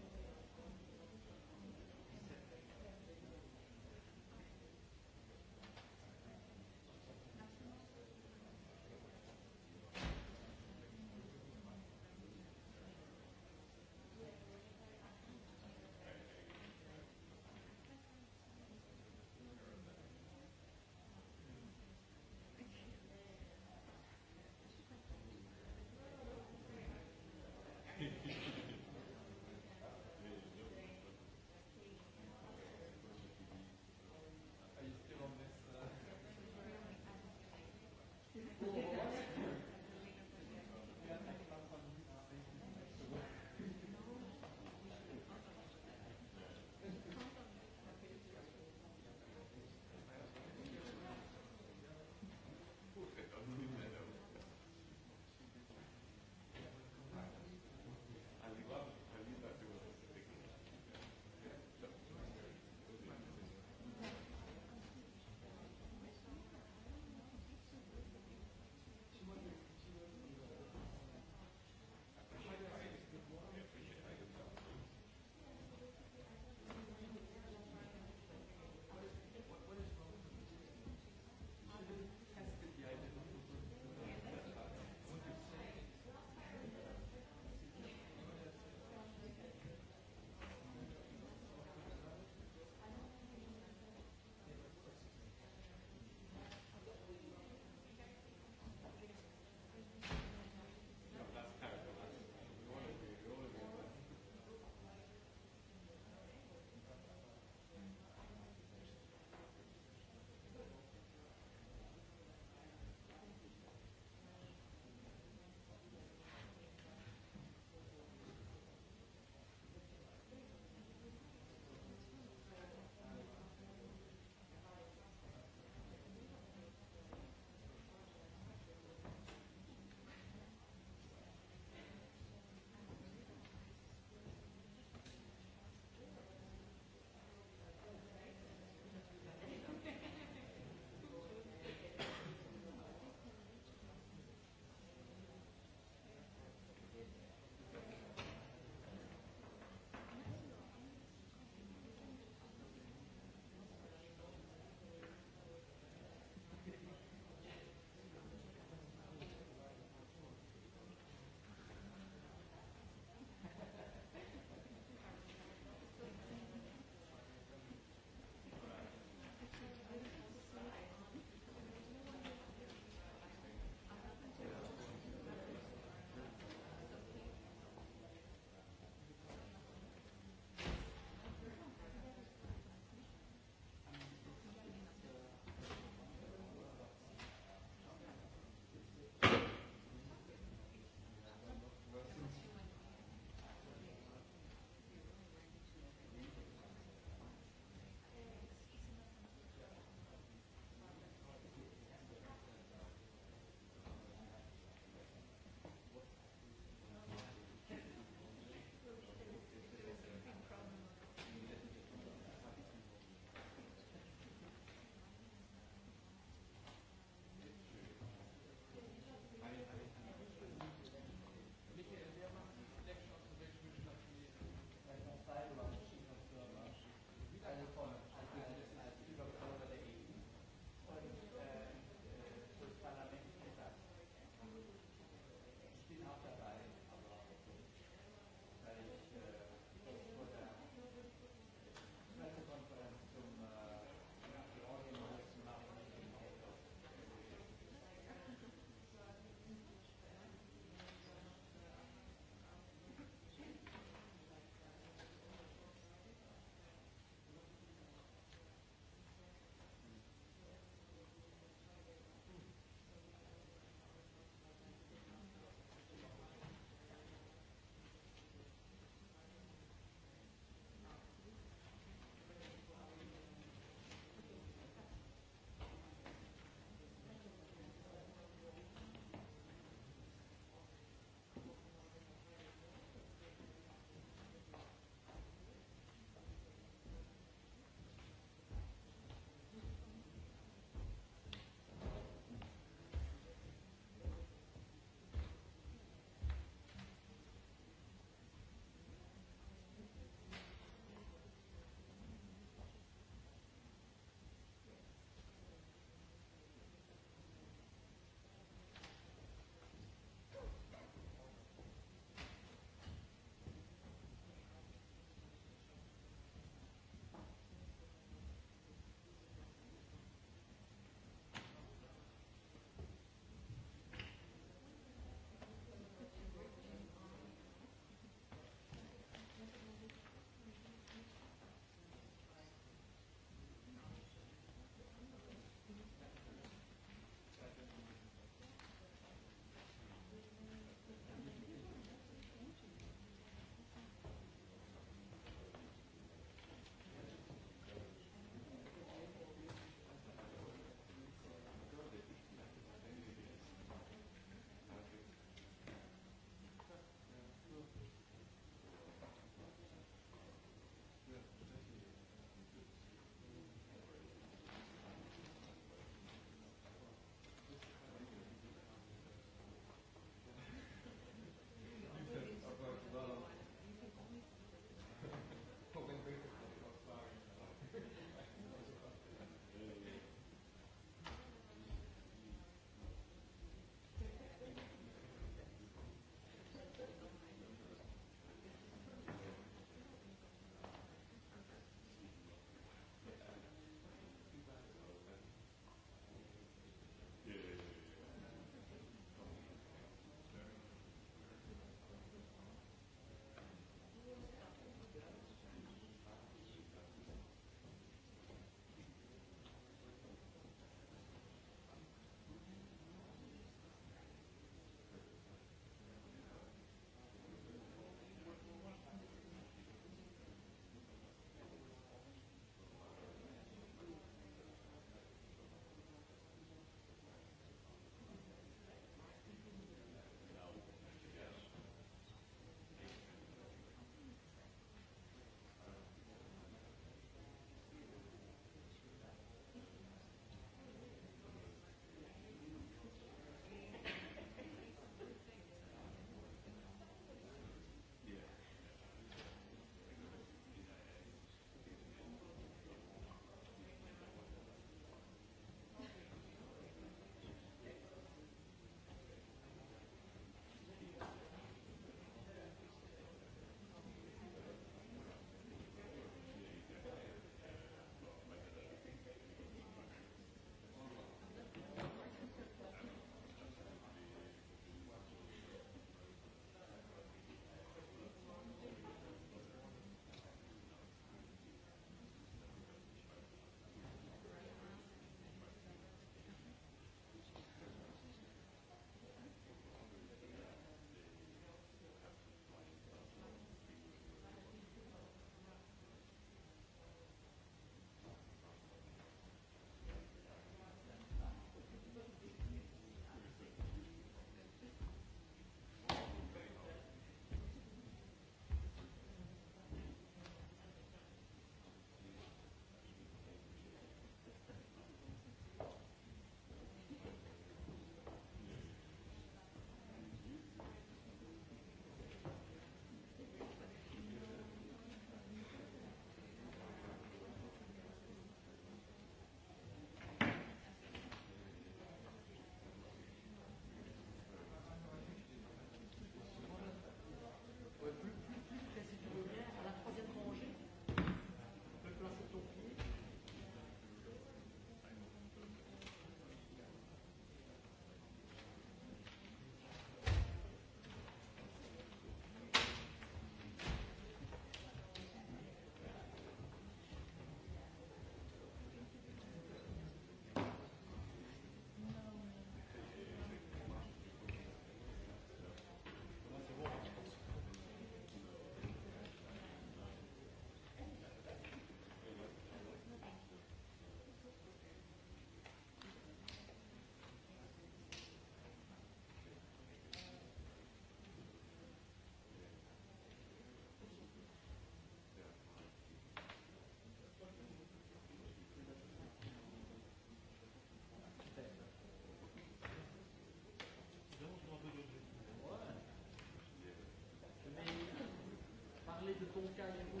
kažką jeigu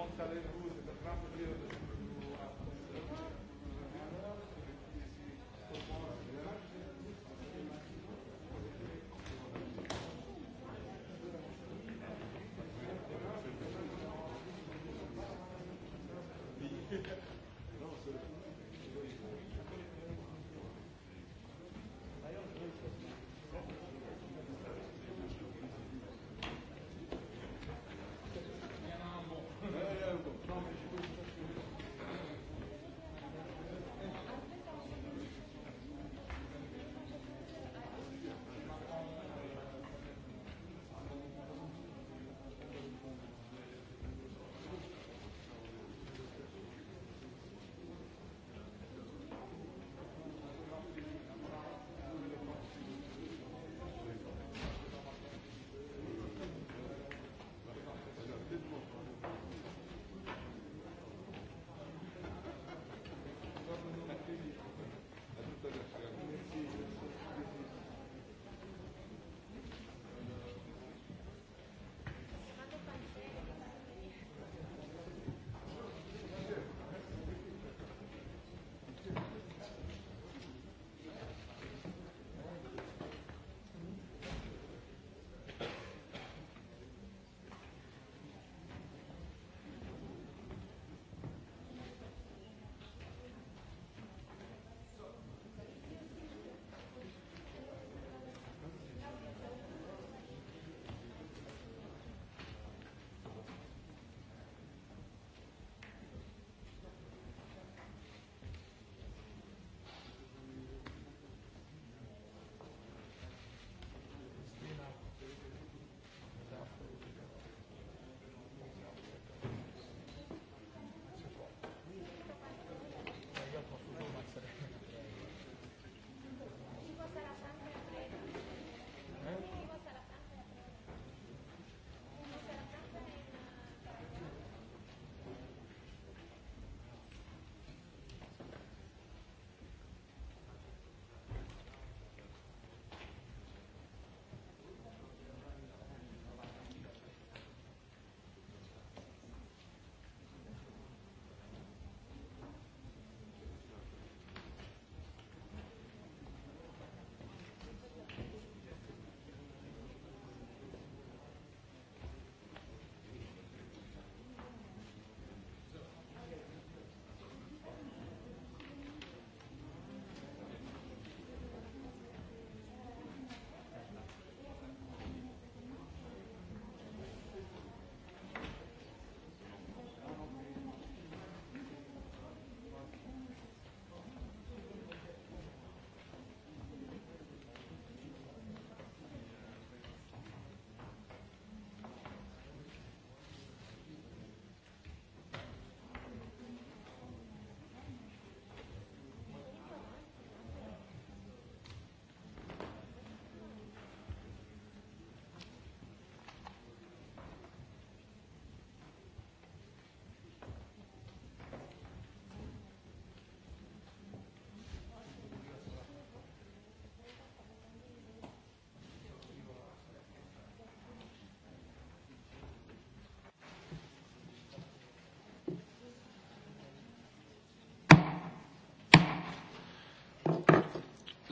montale in Russia, per quanto riguarda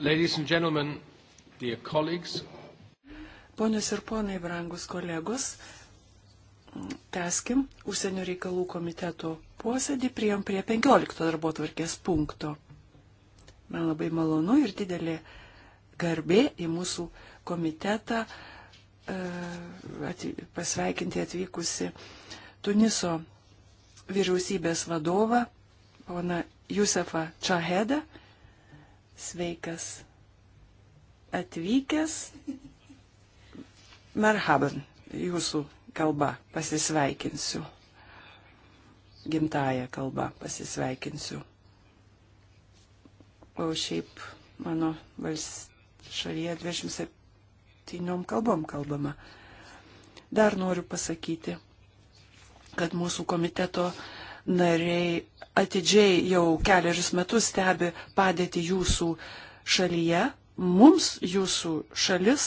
Ladies and gentlemen, dear colleagues. Ponios ir ponai, brangus kolegos, teskim užsienio reikalų komiteto posėdį priem prie 15 darbo tvarkės punkto. Man labai malonu ir didelė garbė į mūsų komitetą e, pasveikinti atvykusi Tuniso vyriausybės vadovą, poną Jusefą Čahedą Sveikas atvykęs. Merhaban, jūsų kalba pasisveikinsiu. Gimtają kalbą pasisveikinsiu. O šiaip mano šalyje 27 kalbom kalbama. Dar noriu pasakyti, kad mūsų komiteto uh, nariai atidžiai jau keliarius metus stebi padėti jūsų šalyje. Mums jūsų šalis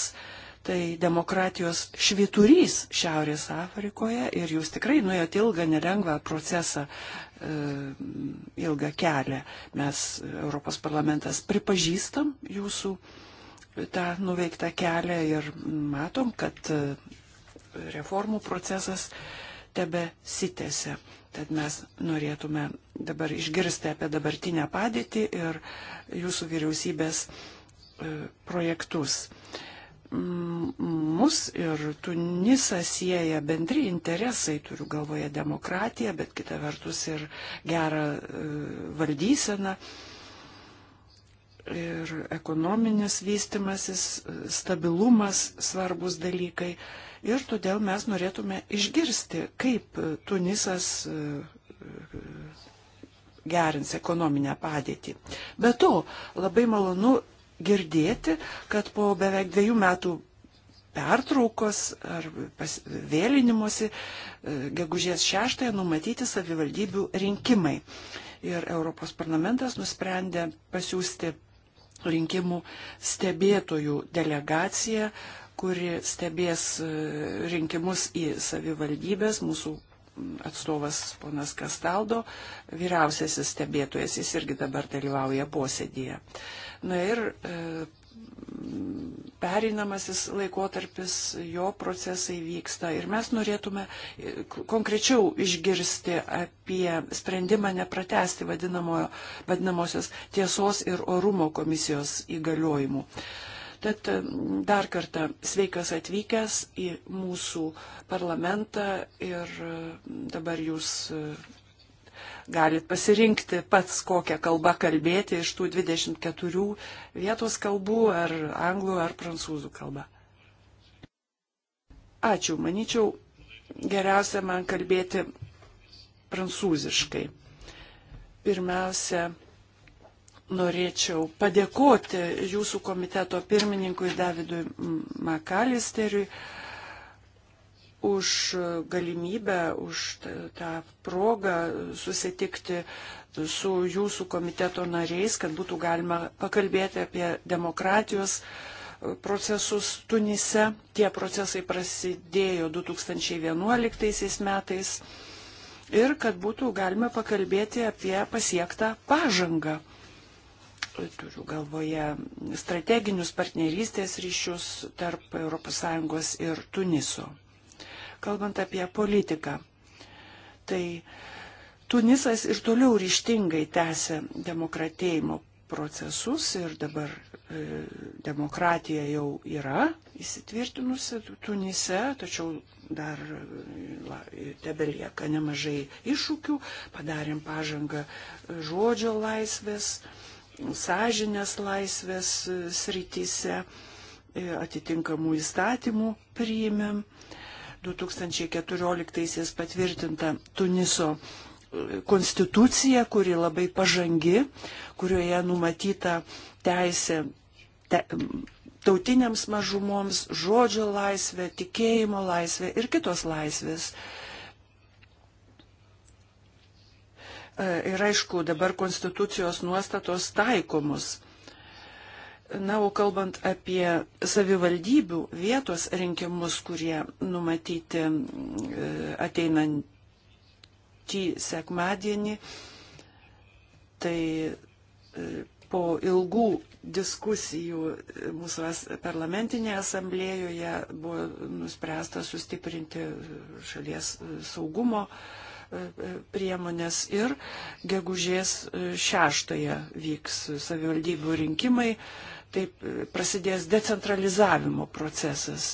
tai demokratijos šviturys Šiaurės Afrikoje ir jūs tikrai nuėjote ilgą, nelengvą procesą, e, ilgą kelią. Mes, Europos parlamentas, pripažįstam jūsų tą nuveiktą kelią ir matom, kad e, reformų procesas tebe sitėse. Tad mes norėtume dabar išgirsti apie dabartinę padėtį ir jūsų vyriausybės e, projektus. Mus ir Tunisą sieja bendri interesai, turiu galvoje demokratiją, bet kita vertus ir gerą e, valdyseną ir ekonominis vystimasis, e, stabilumas svarbus dalykai. Ir todėl mes norėtume išgirsti, kaip Tunisas e, e, gerins ekonominę padėtį. Be to, labai malonu girdėti, kad po beveik dviejų metų pertraukos ar pas, vėlinimosi e, gegužės šeštąją numatyti savivaldybių rinkimai. Ir Europos parlamentas nusprendė pasiūsti rinkimų stebėtojų delegaciją kuri stebės e, rinkimus į savivaldybės, mūsų atstovas ponas Kastaldo, vyriausiasis stebėtojas, jis irgi dabar dalyvauja posėdėje. Na ir e, perinamasis laikotarpis, jo procesai vyksta ir mes norėtume e, konkrečiau išgirsti apie sprendimą nepratesti vadinamosios tiesos ir orumo komisijos įgaliojimų. E, Tad e, dar kartą sveikas atvykęs į mūsų parlamentą ir e, dabar jūs e, galit pasirinkti pats, kokią kalbą kalbėti iš tų 24 vietos kalbų ar anglų ar prancūzų kalbą. Ačiū, manyčiau, geriausia man kalbėti prancūziškai. Pirmiausia, norėčiau padėkoti jūsų komiteto pirmininkui Davidui Makalisteriui už galimybę, už tą progą susitikti su jūsų komiteto nariais, kad būtų galima pakalbėti apie demokratijos procesus Tunise. Tie procesai prasidėjo 2011 metais ir kad būtų galima pakalbėti apie pasiektą pažangą turiu galvoje strateginius partnerystės ryšius tarp ES ir Tuniso. Kalbant apie politiką, tai Tunisas ir toliau ryštingai tęsia demokratėjimo procesus ir dabar e, demokratija jau yra įsitvirtinusi Tunise, tačiau dar e, la, tebelieka nemažai iššūkių, padarėm pažangą žodžio laisvės. E, sąžinės laisvės srityse, e, atitinkamų įstatymų priimėm. 2014-aisiais patvirtinta Tuniso e, konstitucija, kuri labai pažangi, kurioje numatyta teisė te, tautiniams mažumoms, žodžio laisvė, tikėjimo laisvė ir kitos laisvės. Uh, E, ir aišku, dabar konstitucijos nuostatos taikomus. Na, o kalbant apie savivaldybių vietos rinkimus, kurie numatyti e, ateinantį sekmadienį, tai e, po ilgų diskusijų mūsų parlamentinėje asamblėjoje buvo nuspręsta sustiprinti šalies saugumo uh, priemonės ir gegužės šeštąją vyks savivaldybių rinkimai, taip prasidės decentralizavimo procesas.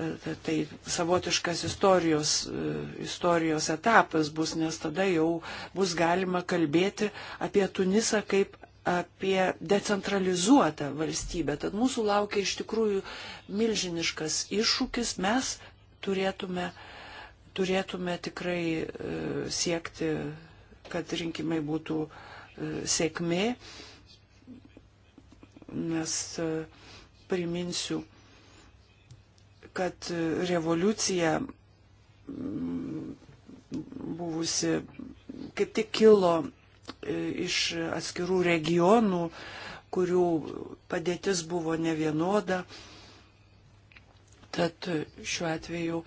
E, tai savotiškas istorijos, e, istorijos etapas bus, nes tada jau bus galima kalbėti apie Tunisą kaip apie decentralizuotą valstybę. Tad mūsų laukia iš tikrųjų milžiniškas iššūkis. Mes turėtume uh, turėtume tikrai e, siekti, kad rinkimai būtų e, sėkmė, nes e, priminsiu, kad revoliucija mm, buvusi kaip tik kilo iš atskirų regionų, kurių padėtis buvo nevienoda. vienoda bet šiuo atveju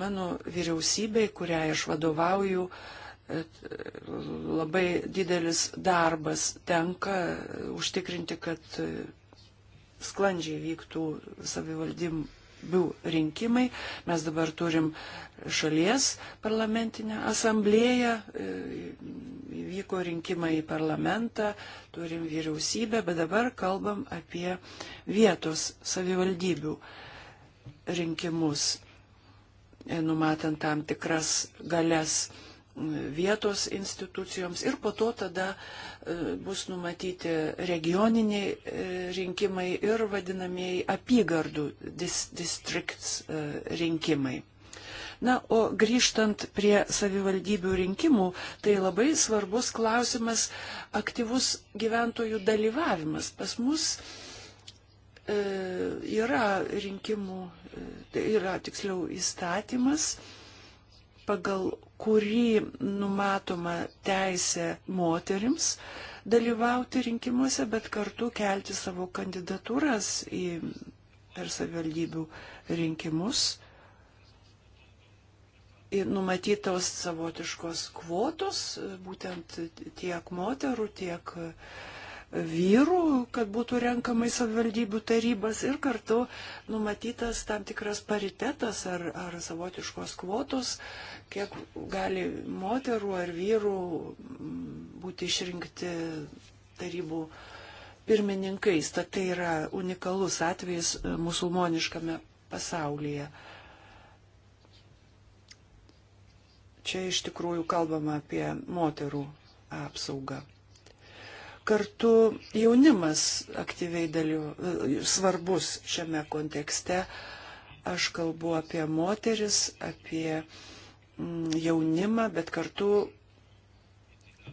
mano vyriausybei, kuriai aš vadovauju, labai didelis darbas tenka užtikrinti, kad sklandžiai vyktų savivaldybių rinkimai. Mes dabar turim šalies parlamentinę asamblėją, e, vyko rinkimai į parlamentą, turim vyriausybę, bet dabar kalbam apie vietos savivaldybių rinkimą rinkimus, e, numatant tam tikras galės vietos institucijoms ir po to tada e, bus numatyti regioniniai e, rinkimai ir vadinamieji apygardų distrikts rinkimai. Na, o grįžtant prie savivaldybių rinkimų, tai labai svarbus klausimas aktyvus gyventojų dalyvavimas. Pas mus uh, E, yra rinkimų, e, tai yra tiksliau įstatymas, pagal kurį numatoma teisė moterims dalyvauti rinkimuose, bet kartu kelti savo kandidatūras į per savivaldybių rinkimus. Ir numatytos savotiškos kvotos, būtent tiek moterų, tiek uh, vyrų, kad būtų renkamai savivaldybių tarybas ir kartu numatytas tam tikras paritetas ar, ar savotiškos kvotos, kiek gali moterų ar vyrų mm, būti išrinkti tarybų pirmininkais. Tad tai yra unikalus atvejis e, musulmoniškame pasaulyje. Čia iš tikrųjų kalbama apie moterų apsaugą kartu jaunimas aktyviai dalyv... svarbus šiame kontekste. Aš kalbu apie moteris, apie mm, jaunimą, bet kartu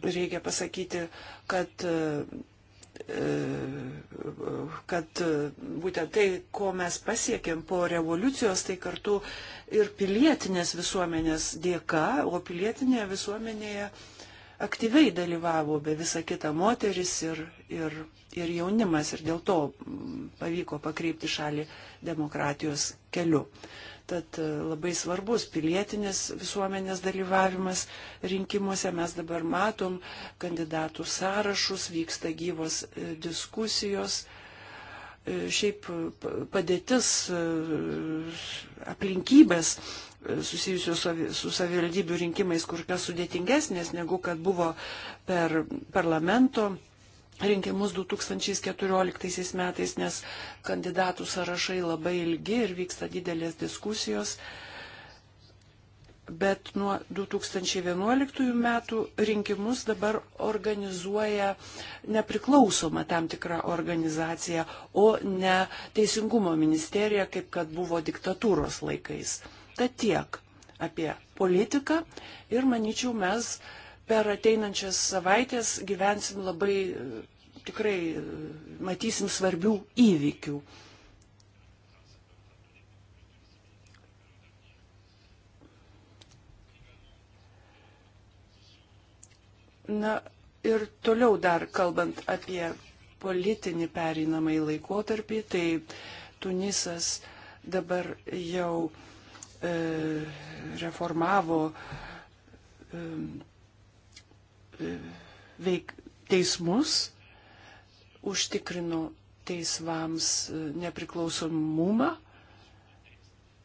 reikia pasakyti, kad e, kad e, būtent tai, ko mes pasiekėm po revoliucijos, tai kartu ir pilietinės visuomenės dėka, o pilietinėje visuomenėje uh, aktyviai dalyvavo be visa kita moteris ir, ir, ir jaunimas ir dėl to mm, pavyko pakreipti šalį demokratijos keliu. Tad e, labai svarbus pilietinis visuomenės dalyvavimas rinkimuose. Mes dabar matom kandidatų sąrašus, vyksta gyvos e, diskusijos. E, šiaip padėtis, aplinkybės susijusios su savivaldybių rinkimais kur kas sudėtingesnės negu kad buvo per parlamento rinkimus 2014 metais, nes kandidatų sąrašai labai ilgi ir vyksta didelės diskusijos. Bet nuo 2011 metų rinkimus dabar organizuoja nepriklausoma tam tikra organizacija, o ne Teisingumo ministerija, kaip kad buvo diktatūros laikais. Tad tiek apie politiką ir manyčiau mes per ateinančias savaitės gyvensim labai e, tikrai e, matysim svarbių įvykių. Na ir toliau dar kalbant apie politinį pereinamąjį laikotarpį, tai Tunisas dabar jau E, reformavo e, e, veik, teismus, užtikrino teisvams nepriklausomumą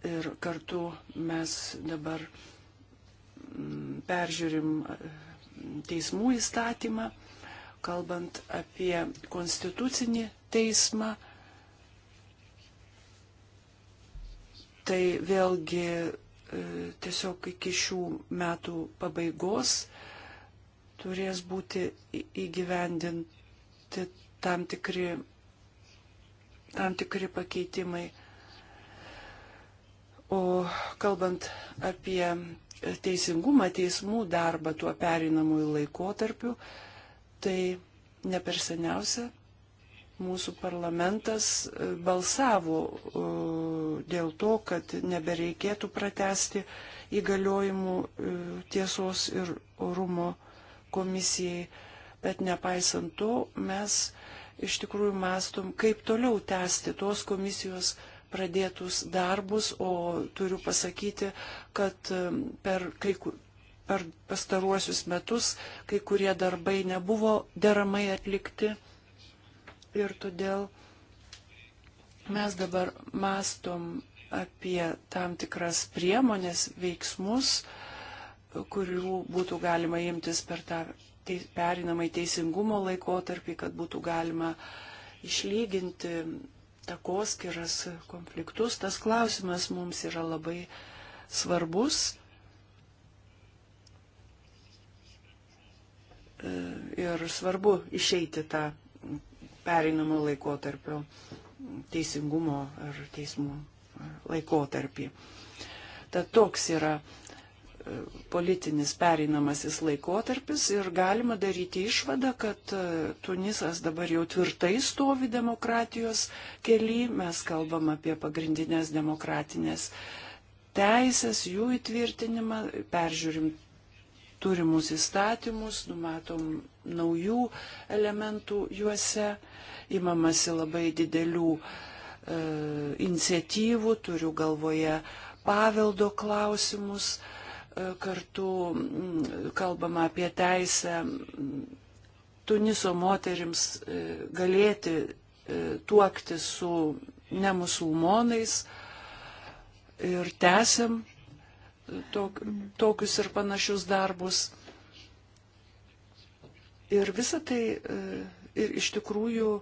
ir kartu mes dabar mm, peržiūrim teismų įstatymą, kalbant apie konstitucinį teismą Tai vėlgi e, tiesiog iki šių metų pabaigos turės būti įgyvendinti tam tikri, tam tikri pakeitimai. O kalbant apie teisingumą, teismų darbą tuo pereinamųjų laikotarpiu, tai ne per seniausia mūsų parlamentas e, balsavo e, dėl to, kad nebereikėtų pratesti įgaliojimų e, tiesos ir orumo komisijai. Bet nepaisant to, mes iš tikrųjų mastom, kaip toliau tęsti tos komisijos pradėtus darbus, o turiu pasakyti, kad per, kai, per pastaruosius metus kai kurie darbai nebuvo deramai atlikti ir todėl mes dabar mastom apie tam tikras priemonės, veiksmus, kurių būtų galima imtis per tą perinamai teisingumo laikotarpį, kad būtų galima išlyginti takoskiras, konfliktus. Tas klausimas mums yra labai svarbus. Ir svarbu išeiti tą pereinamo laikotarpio teisingumo ar teismų laikotarpį. Tad toks yra e, politinis pereinamasis laikotarpis ir galima daryti išvadą, kad e, Tunisas dabar jau tvirtai stovi demokratijos keli, mes kalbam apie pagrindinės demokratinės teisės, jų įtvirtinimą, peržiūrim turimus įstatymus, numatom naujų elementų juose, imamasi labai didelių e, iniciatyvų, turiu galvoje paveldo klausimus, e, kartu m, kalbama apie teisę Tuniso moterims e, galėti e, tuokti su nemusulmonais ir tęsiam e, tok, tokius ir panašius darbus. Ir visą tai e, ir iš tikrųjų e,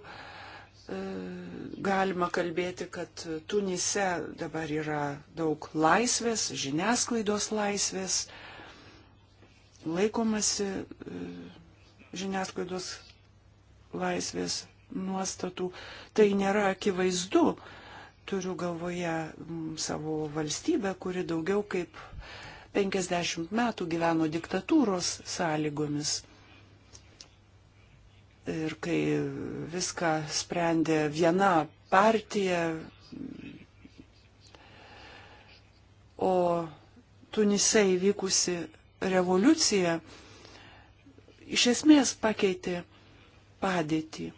galima kalbėti, kad Tunise dabar yra daug laisvės, žiniasklaidos laisvės, laikomasi e, žiniasklaidos laisvės nuostatų. Tai nėra akivaizdu, turiu galvoje savo valstybę, kuri daugiau kaip 50 metų gyveno diktatūros sąlygomis ir kai viską sprendė viena partija, o Tunise įvykusi revoliucija iš esmės pakeitė padėtį.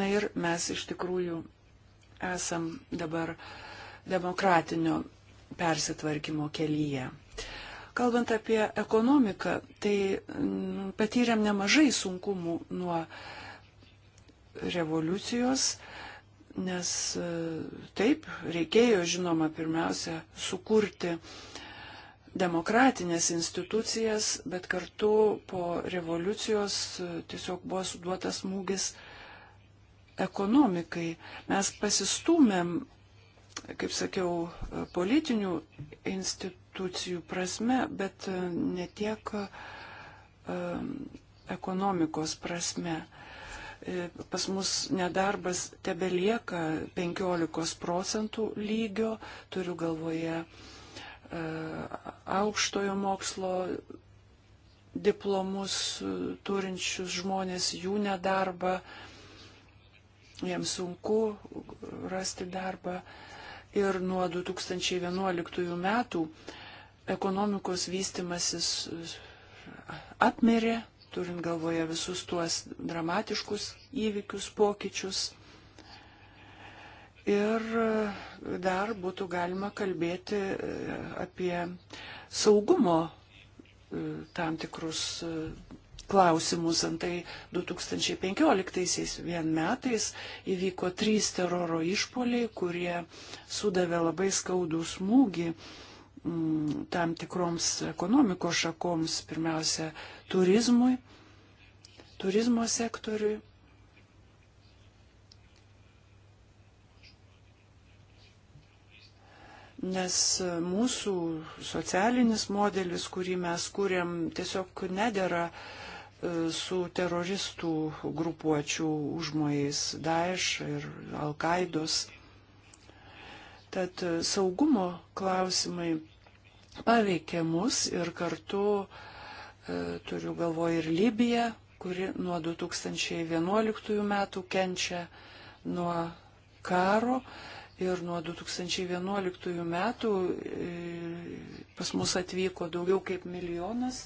Na ir mes iš tikrųjų esam dabar demokratinio persitvarkymo kelyje. Uh, Kalbant apie ekonomiką, tai nu, patyrėm nemažai sunkumų nuo revoliucijos, nes e, taip reikėjo, žinoma, pirmiausia, sukurti demokratinės institucijas, bet kartu po revoliucijos e, tiesiog buvo suduotas smūgis ekonomikai. Mes pasistumėm, kaip sakiau, e, politinių institucijų institucijų prasme, bet e, ne tiek e, ekonomikos prasme. E, pas mus nedarbas tebelieka 15 procentų lygio, turiu galvoje aukštojo mokslo diplomus turinčius žmonės, jų nedarbą, jiems sunku rasti darbą. Ir nuo 2011 metų ekonomikos vystimasis apmerė, turint galvoje visus tuos dramatiškus įvykius, pokyčius. Ir dar būtų galima kalbėti e, apie saugumo e, tam tikrus e, klausimus. Antai 2015 vien metais įvyko trys teroro išpoliai, kurie sudavė labai skaudų smūgį Mm, tam tikroms ekonomikos šakoms, pirmiausia, turizmui, turizmo sektoriui. nes mūsų socialinis modelis, kurį mes kūrėm, tiesiog nedėra e, su teroristų grupuočių užmojais Daesh ir Al-Qaidos. Tad e, saugumo klausimai paveikė mus ir kartu e, turiu galvoje ir Libiją, kuri nuo 2011 metų kenčia nuo karo ir nuo 2011 metų e, pas mus atvyko daugiau kaip milijonas,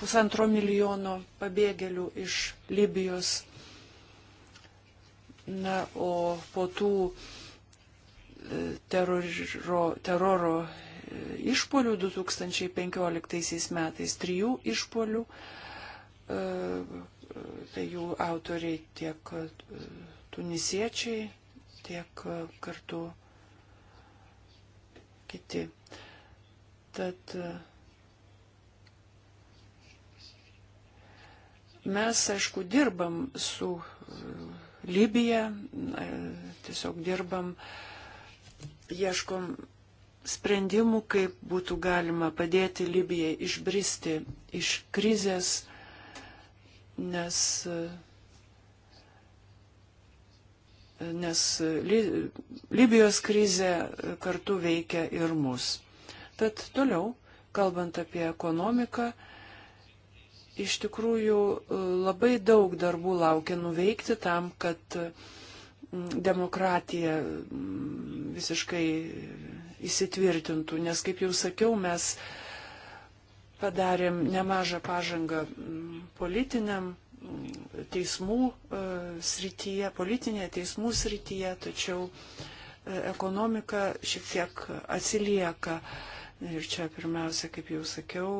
pusantro milijono pabėgėlių iš Libijos. Na, o po tų uh, teroro, teroro e, išpolių 2015 metais, trijų išpolių, e, tai jų autoriai tiek e, tunisiečiai, tiek kartu kiti. Tad mes, aišku, dirbam su Libija, tiesiog dirbam uh, ieškom sprendimų, kaip būtų galima padėti Libijai išbristi iš krizės, nes, nes Li, Libijos krizė kartu veikia ir mus. Tad toliau, kalbant apie ekonomiką, iš tikrųjų labai daug darbų laukia nuveikti tam, kad uh, demokratija mm, visiškai įsitvirtintų, nes, kaip jau sakiau, mes padarėm nemažą pažangą mm, politiniam mm, teismų e, srityje, politinėje teismų srityje, tačiau e, ekonomika šiek tiek atsilieka. Ir čia pirmiausia, kaip jau sakiau,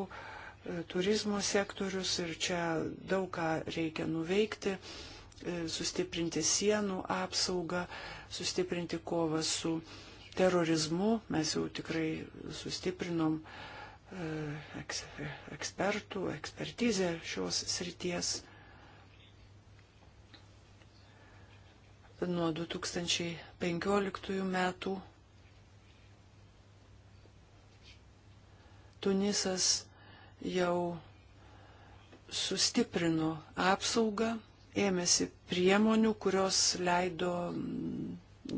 e, turizmo sektorius ir čia daug ką reikia nuveikti. E, sustiprinti sienų apsaugą, sustiprinti kovą su terorizmu. Mes jau tikrai sustiprinom e, ekspertų, ekspertizę šios srities. Nuo 2015 metų Tunisas jau sustiprino apsaugą ėmėsi priemonių, kurios leido mm,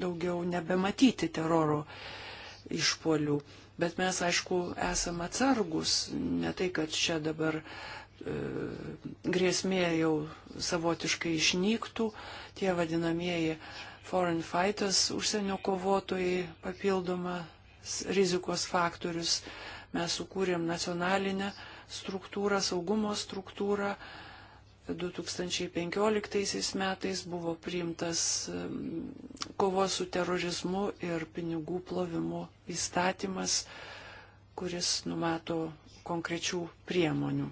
daugiau nebematyti teroro išpolių. Bet mes, aišku, esame atsargus, ne tai, kad čia dabar e, grėsmė jau savotiškai išnyktų, tie vadinamieji foreign fighters, užsienio kovotojai, papildomas rizikos faktorius. Mes sukūrėm nacionalinę struktūrą, saugumo struktūrą, 2015 metais buvo priimtas kovos su terorizmu ir pinigų plovimu įstatymas, kuris numato konkrečių priemonių.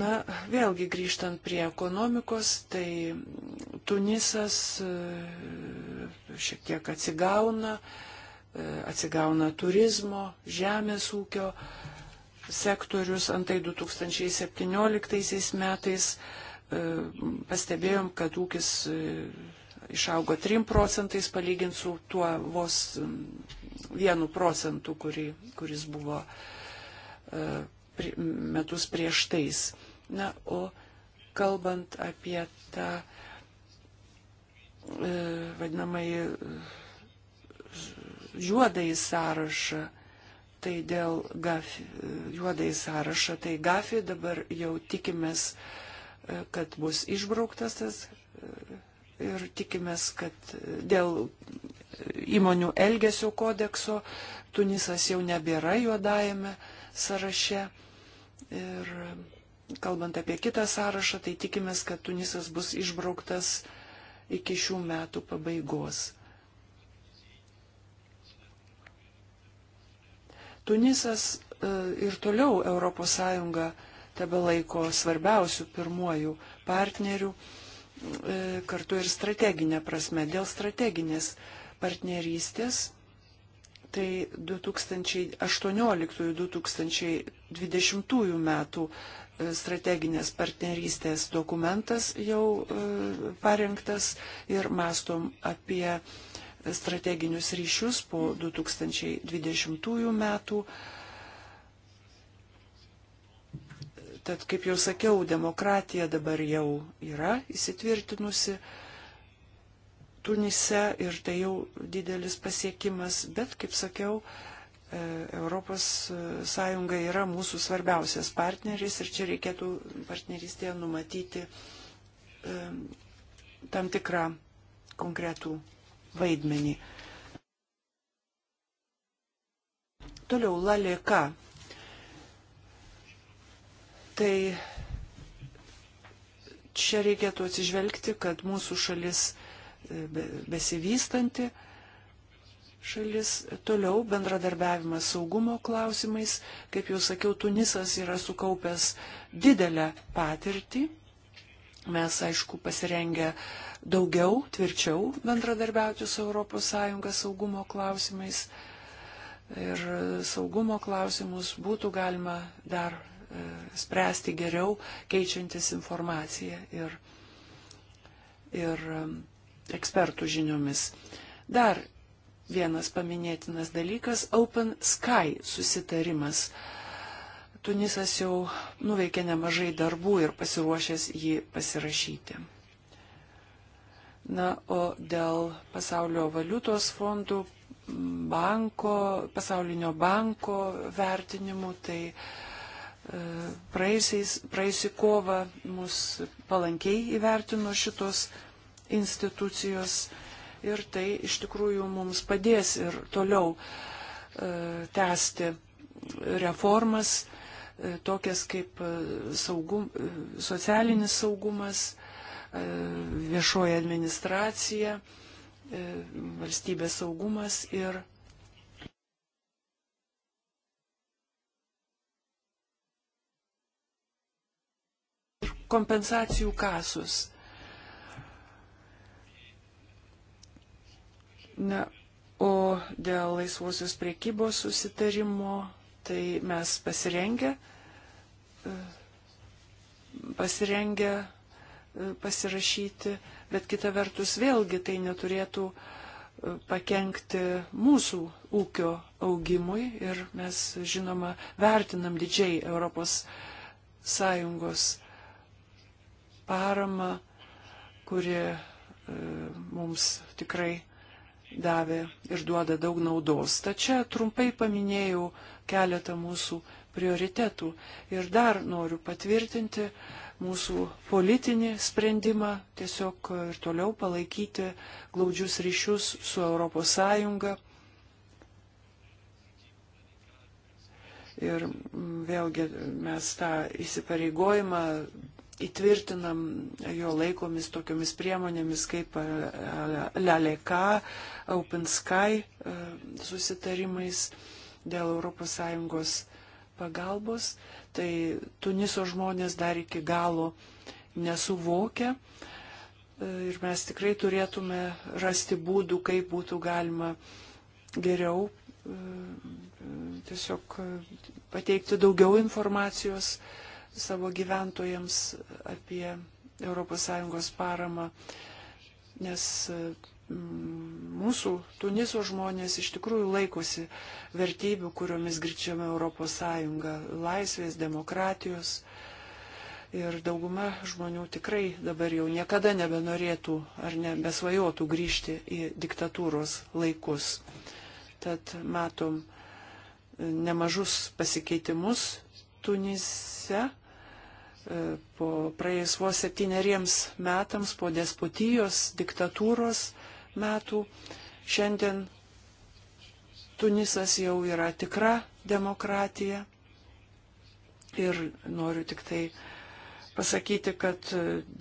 Na, vėlgi grįžtant prie ekonomikos, tai Tunisas e, šiek tiek atsigauna, e, atsigauna turizmo, žemės ūkio, sektorius, antai 2017 metais e, pastebėjom, kad ūkis e, išaugo 3 procentais, palygint su tuo vos 1 procentu, kuri, kuris buvo e, metus prieš tais. Na, o kalbant apie tą vadinamąjį juodąjį sąrašą, Tai dėl GAFI, juodai sąrašą, tai GAFI dabar jau tikimės, e, kad bus išbrauktas tas e, ir tikimės, kad e, dėl įmonių elgesio kodekso Tunisas jau nebėra juodajame sąraše. Ir kalbant apie kitą sąrašą, tai tikimės, kad Tunisas bus išbrauktas iki šių metų pabaigos. Tunisas e, ir toliau ES tebe laiko svarbiausių pirmojų partnerių e, kartu ir strateginė prasme. Dėl strateginės partnerystės tai 2018-2020 metų e, strateginės partnerystės dokumentas jau parengtas ir mastom apie strateginius ryšius po 2020 metų. Tad, kaip jau sakiau, demokratija dabar jau yra įsitvirtinusi Tunise ir tai jau didelis pasiekimas, bet, kaip sakiau, e, Europos Sąjunga yra mūsų svarbiausias partneris ir čia reikėtų partnerystėje numatyti e, tam tikrą konkretų vaidmenį. Toliau lalėka. Tai čia reikėtų atsižvelgti, kad mūsų šalis e, besivystanti šalis toliau bendradarbiavimas saugumo klausimais. Kaip jau sakiau, Tunisas yra sukaupęs didelę patirtį Mes, aišku, pasirengę daugiau, tvirčiau bendradarbiauti su ES saugumo klausimais. Ir saugumo klausimus būtų galima dar e, spręsti geriau, keičiantis informaciją ir, ir e, ekspertų žiniomis. Dar vienas paminėtinas dalykas - Open Sky susitarimas. E, Tunisas jau nuveikė nemažai darbų ir pasiruošęs jį pasirašyti. Na, o dėl pasaulio valiutos fondų, banko, pasaulinio banko vertinimų, tai e, praėjusį kovą mus palankiai įvertino šitos institucijos ir tai iš tikrųjų mums padės ir toliau e, tęsti reformas, tokias kaip e, saugum, e, socialinis saugumas, e, viešoji administracija, valstybės saugumas ir kompensacijų kasus. Na, o dėl laisvosios priekybos susitarimo Tai mes pasirengę, e, pasirengę e, pasirašyti, bet kita vertus vėlgi tai neturėtų e, pakengti mūsų ūkio augimui ir mes, žinoma, vertinam didžiai Europos Sąjungos paramą, kuri mums tikrai davė ir duoda daug naudos. Tačiau trumpai paminėjau keletą mūsų prioritetų ir dar noriu patvirtinti mūsų politinį sprendimą tiesiog ir toliau palaikyti glaudžius ryšius su ES. Ir vėlgi mes tą įsipareigojimą įtvirtinam jo laikomis tokiomis priemonėmis kaip e, e, LLK, Open Sky e, susitarimais dėl ES pagalbos, tai Tuniso žmonės dar iki galo nesuvokia ir mes tikrai turėtume rasti būdų, kaip būtų galima geriau tiesiog pateikti daugiau informacijos savo gyventojams apie ES paramą, nes mm, mūsų Tuniso žmonės iš tikrųjų laikosi vertybių, kuriomis grįčiame ES - laisvės, demokratijos. Ir dauguma žmonių tikrai dabar jau niekada nebenorėtų ar nebesvajotų grįžti į diktatūros laikus. Tad matom nemažus pasikeitimus Tunise E, po praėjus vos septyneriems metams, po despotijos, diktatūros metų, šiandien Tunisas jau yra tikra demokratija. Ir noriu tik tai pasakyti, kad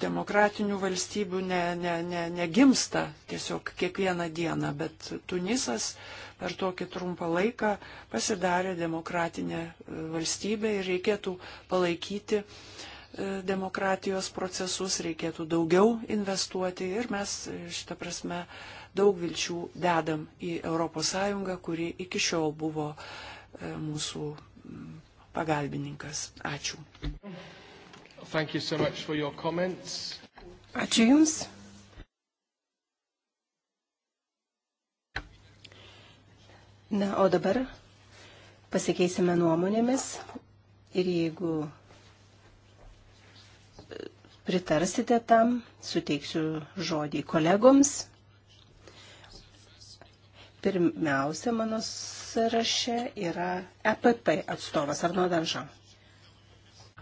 demokratinių valstybių ne, ne, ne, negimsta tiesiog kiekvieną dieną, bet Tunisas per tokį trumpą laiką pasidarė demokratinę valstybę ir reikėtų palaikyti uh, E, demokratijos procesus, reikėtų daugiau investuoti ir mes e, šitą prasme daug vilčių dedam į ES, kuri iki šiol buvo e, mūsų pagalbininkas. Ačiū. You so Ačiū Jums. Na, o dabar pasikeisime nuomonėmis ir jeigu pritarsite tam, suteiksiu žodį kolegoms. Pirmiausia mano sąraše yra EPP atstovas Arno Danža.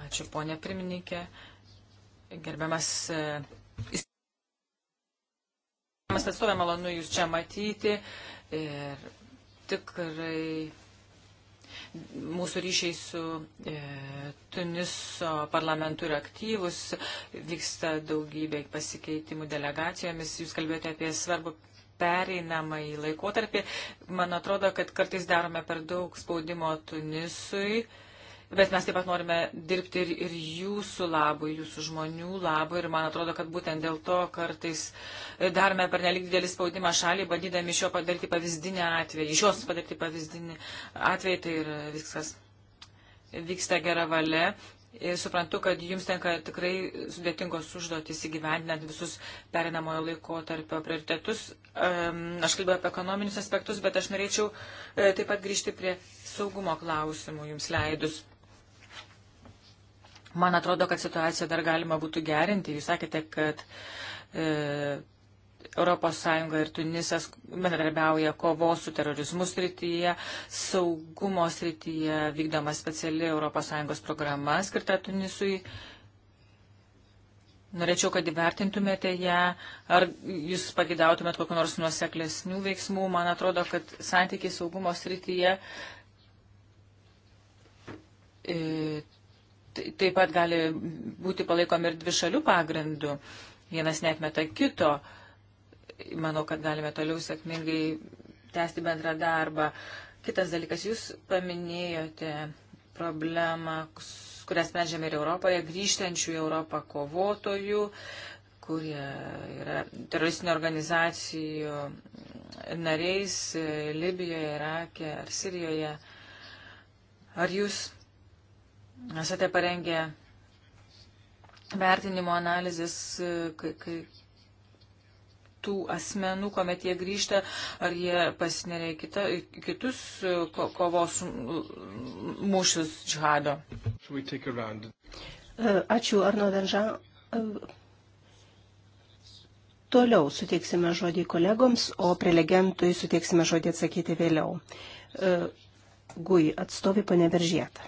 Ačiū, ponė pirmininkė. Gerbiamas. E, gerbiamas atstovė, malonu Jūs čia matyti ir tikrai mūsų ryšiai su e, Tuniso parlamentu yra aktyvus, vyksta daugybė pasikeitimų delegacijomis. Jūs kalbėjote apie svarbų pereinamą į laikotarpį. Man atrodo, kad kartais darome per daug spaudimo Tunisui. E, bet mes taip pat norime dirbti ir, ir jūsų labui, jūsų žmonių labui ir man atrodo, kad būtent dėl to kartais darome per nelik didelį spaudimą šaliai, bandydami iš jo padaryti pavyzdinį atvejį, iš jos padaryti pavyzdinį atvejį, tai ir viskas vyksta gera valia. Ir suprantu, kad jums tenka tikrai sudėtingos užduotis įgyvendinant visus perinamojo laiko tarpio prioritetus. Ehm, aš kalbėjau apie ekonominius aspektus, bet aš norėčiau e, taip pat grįžti prie saugumo klausimų jums leidus. Man atrodo, kad situaciją dar galima būtų gerinti. Jūs sakėte, kad e, ES ir Tunisas bendradarbiauja kovos su terorizmu srityje, saugumo srityje vykdoma speciali ES programa skirta Tunisui. Norėčiau, kad įvertintumėte ją, ar jūs pagidautumėt kokiu nors nuoseklesnių veiksmų. Man atrodo, kad santykiai saugumo srityje e, taip pat gali būti palaikomi ir dvi šalių pagrindų. Vienas netmeta kito. Manau, kad galime toliau sėkmingai tęsti bendrą darbą. Kitas dalykas, jūs paminėjote problemą, kurią sprendžiame ir Europoje, grįžtančių į Europą kovotojų, kurie yra teroristinių organizacijų nariais Libijoje, Irake ar Sirijoje. Ar jūs Esate parengę vertinimo analizės, e, kai, kai tų asmenų, kuomet jie grįžta, ar jie pasineria į kita, į kitus e, ko, kovos mūšius džihado. E, ačiū, Arno Veržan. Toliau suteiksime žodį kolegoms, o prelegentui suteiksime žodį atsakyti vėliau. Gui atstovė paneveržėta.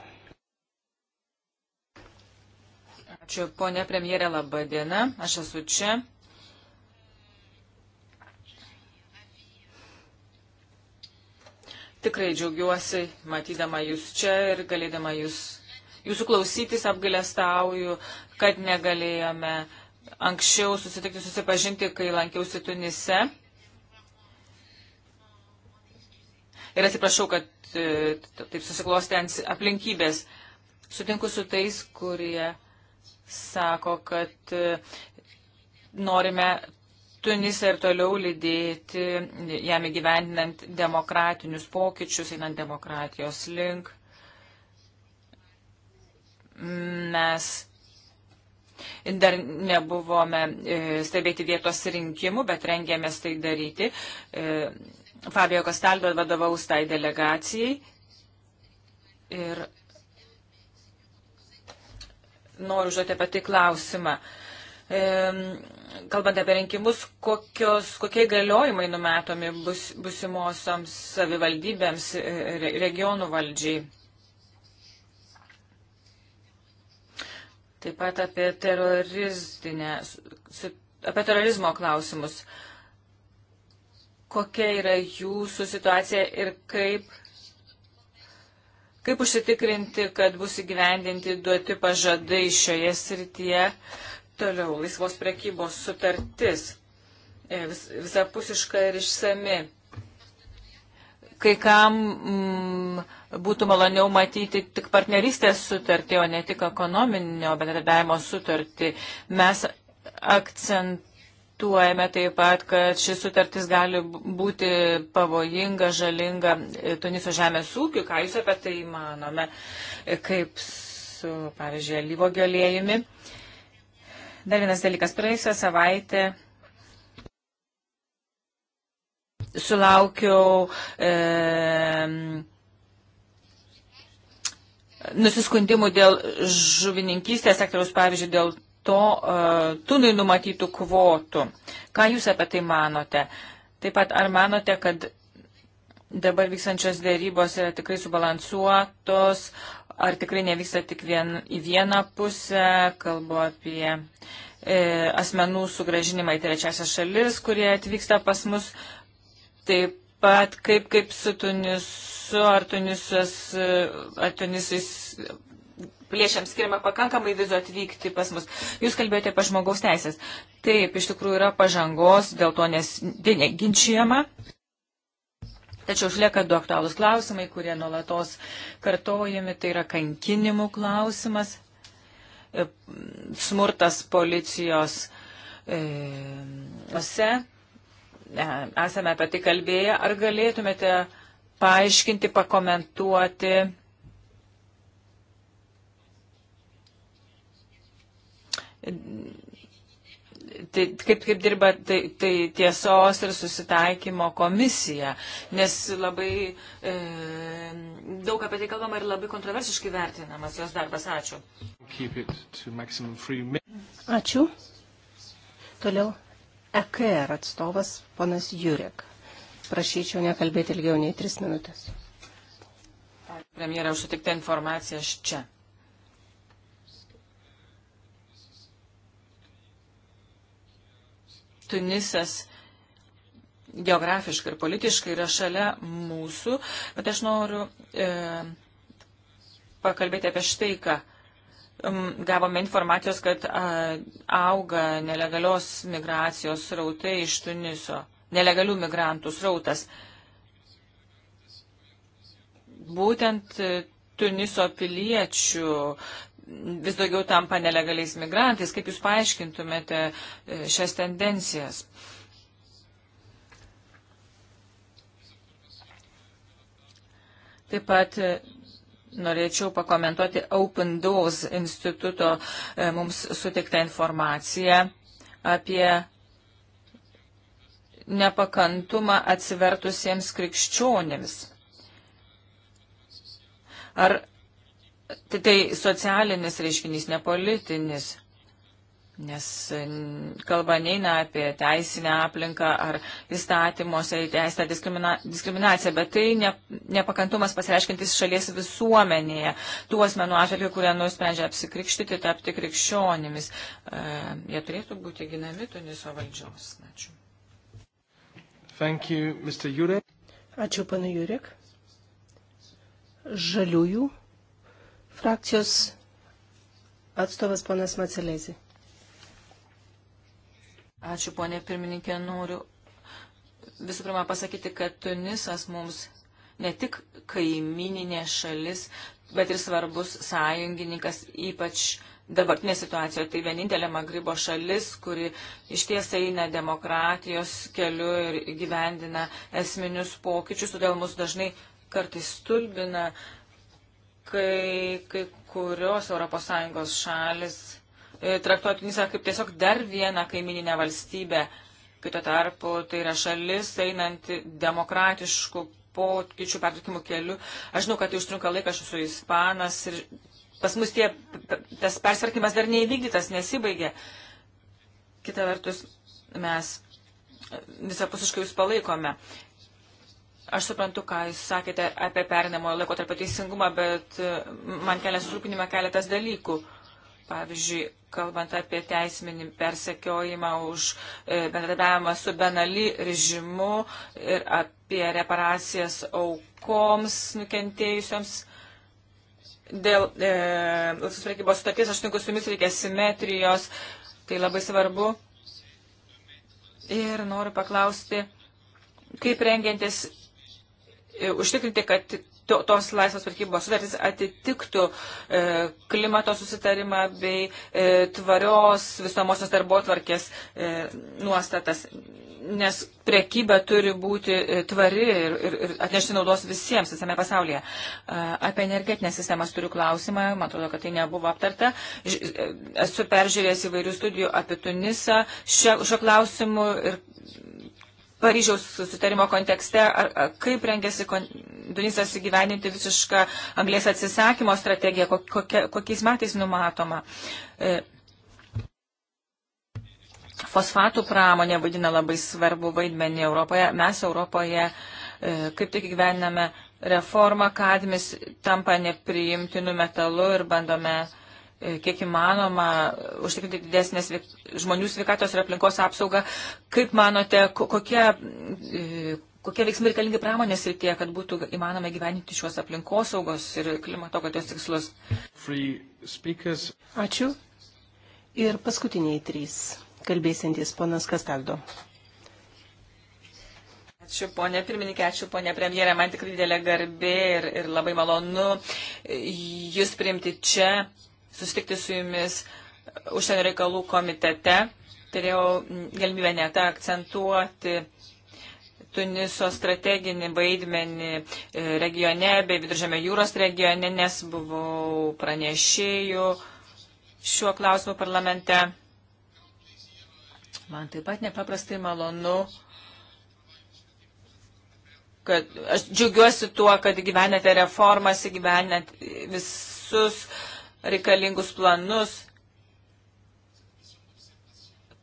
Ačiū, ponė premjerė, laba diena. Aš esu čia. Tikrai džiaugiuosi, matydama jūs čia ir galėdama jūs, jūsų klausytis apgailestauju, kad negalėjome anksčiau susitikti, susipažinti, kai lankiausi Tunise. Ir atsiprašau, kad e, taip susiklosti aplinkybės. Sutinku su tais, kurie sako, kad e, norime Tunisą ir toliau lydėti, jam įgyvendinant demokratinius pokyčius, einant demokratijos link. Mes dar nebuvome e, stebėti vietos rinkimų, bet rengėmės tai daryti. E, Fabio Kastaldo vadovaus tai delegacijai. Ir noriu užduoti apie tai klausimą. E, kalbant apie rinkimus, kokios, kokie galiojimai numetomi bus, busimosioms savivaldybėms, e, re, regionų valdžiai. Taip pat apie, su, apie terorizmo klausimus. Kokia yra jūsų situacija ir kaip Kaip užsitikrinti, kad bus įgyvendinti duoti pažadai šioje srityje? Toliau, laisvos prekybos sutartis e, vis, visapusiška ir išsami. Kai kam mm, būtų maloniau matyti tik partnerystės sutartį, o ne tik ekonominio bendradarbiavimo sutartį. Mes akcent, akcentuojame taip pat, kad šis sutartis gali būti pavojinga, žalinga Tuniso žemės ūkiu. Ką Jūs apie tai manome, kaip su, pavyzdžiui, lyvo galėjimi? Dar vienas dalykas. Praėjusią savaitę sulaukiau. E, nusiskundimų dėl žuvininkystės sektoriaus, pavyzdžiui, dėl to uh, tunui numatytų kvotų. Ką Jūs apie tai manote? Taip pat ar manote, kad dabar vykstančios dėrybos yra tikrai subalansuotos, ar tikrai nevyksta tik vien, į vieną pusę, kalbu apie e, asmenų sugražinimą į trečiasias šalis, kurie atvyksta pas mus. Taip pat kaip, kaip su Tunisu, ar Tunisas, ar Tunisais piliečiams skiriama pakankamai vizų atvykti pas mus. Jūs kalbėjote apie žmogaus teisės. Taip, iš tikrųjų yra pažangos, dėl to neginčiama. Tačiau išlieka du aktualūs klausimai, kurie nuolatos kartojami. Tai yra kankinimų klausimas, e, smurtas policijos e, ose. E, esame apie tai kalbėję. Ar galėtumėte paaiškinti, pakomentuoti Tai kaip, kaip dirba tai, tai tiesos ir susitaikymo komisija, nes labai e, daug apie tai kalbama ir labai kontroversiškai vertinamas jos darbas. Ačiū. Ačiū. Toliau EKR atstovas ponas Jurek. Prašyčiau nekalbėti ilgiau nei tris minutės. Premjera, už sutiktą informaciją aš čia. Tunisas geografiškai ir politiškai yra šalia mūsų, bet aš noriu e, pakalbėti apie štai ką. Gavome informacijos, kad a, auga nelegalios migracijos srautai iš Tuniso, nelegalių migrantų srautas. Būtent e, Tuniso piliečių vis daugiau tampa nelegaliais migrantais. Kaip Jūs paaiškintumėte e, šias tendencijas? Taip pat e, norėčiau pakomentuoti Open Doors instituto e, mums sutiktą informaciją apie nepakantumą atsivertusiems krikščionėms. Ar Tai, tai socialinis reiškinys, ne politinis. Nes kalba neina apie teisinę aplinką ar įstatymuose įteistą diskrimina, diskriminaciją, bet tai ne, nepakantumas pasireiškintis šalies visuomenėje, tų asmenų atžvilgių, kurie nusprendžia apsikrikštyti, tapti krikščionimis. E, jie turėtų būti ginami Tuniso valdžios. Ačiū. Thank you, Ačiū, pana Jurek. Žaliųjų frakcijos atstovas ponas Macelezi. Ačiū, ponė pirmininkė. Noriu visų pirma pasakyti, kad Tunisas mums ne tik kaimininė šalis, bet ir svarbus sąjungininkas, ypač dabartinė situacija. Tai vienintelė Magribo šalis, kuri iš ties eina demokratijos keliu ir gyvendina esminius pokyčius, todėl mus dažnai kartais stulbina uh, kai, kai kurios ES šalis e, traktuoja Tunisą kaip tiesiog dar vieną kaimininę valstybę, kai tuo tarpu tai yra šalis einanti demokratiškų pokyčių pertokimų keliu. Aš žinau, kad tai užtrunka laiką, aš esu ispanas ir pas mus tie, tas persvarkymas dar neįvykdytas, nesibaigė. Kita vertus, mes visapusiškai jūs palaikome. Aš suprantu, ką Jūs sakėte apie perinamojo laiko tarp teisingumą, bet e, man kelia susirūpinimą keletas dalykų. Pavyzdžiui, kalbant apie teisminį persekiojimą už e, bendradarbiavimą su Benali režimu ir apie reparacijas aukoms nukentėjusioms. Dėl e, Laisvos prekybos sutarties aš tinku su jumis reikia simetrijos, tai labai svarbu. Ir noriu paklausti, kaip rengiantis E, užtikrinti, kad tos laisvos prekybos sutartys atitiktų e, klimato susitarimą bei e, tvarios visomosios darbo tvarkės e, nuostatas, nes prekyba turi būti e, tvari ir, ir, ir atnešti naudos visiems visame pasaulyje. Apie energetinės sistemas turiu klausimą, man atrodo, kad tai nebuvo aptarta. E, esu peržiūrėjęs įvairių studijų apie Tunisą šio, šio klausimu ir Paryžiaus susitarimo kontekste, ar, ar, kaip rengiasi Tunisas įgyveninti visišką anglės atsisakymo strategiją, kokia, kokiais metais numatoma. E, fosfatų pramonė vadina labai svarbu vaidmenį Europoje. Mes Europoje e, kaip tik gyvename reformą, kadmis tampa nepriimtinų metalų ir bandome E, kiek įmanoma užtikrinti didesnės žmonių sveikatos ir aplinkos apsaugą. Kaip manote, kokie, kokie veiksmai reikalingi pramonės rytie, kad būtų įmanoma gyveninti šiuos aplinkosaugos ir klimato kaitos tikslus? Ačiū. Ir paskutiniai trys kalbėsintys ponas Kastaldo. Ačiū, ponė pirmininkė, ačiū, ponė premjerė, man tikrai didelė garbė ir, ir labai malonu jūs priimti čia susitikti su jumis užsienio reikalų komitete. Turėjau galimybę netą akcentuoti Tuniso strateginį vaidmenį e, regione bei Viduržėmio jūros regione, nes buvau pranešėjų šiuo klausimu parlamente. Man taip pat nepaprastai malonu kad aš džiaugiuosi tuo, kad gyvenate reformas, gyvenate visus reikalingus planus.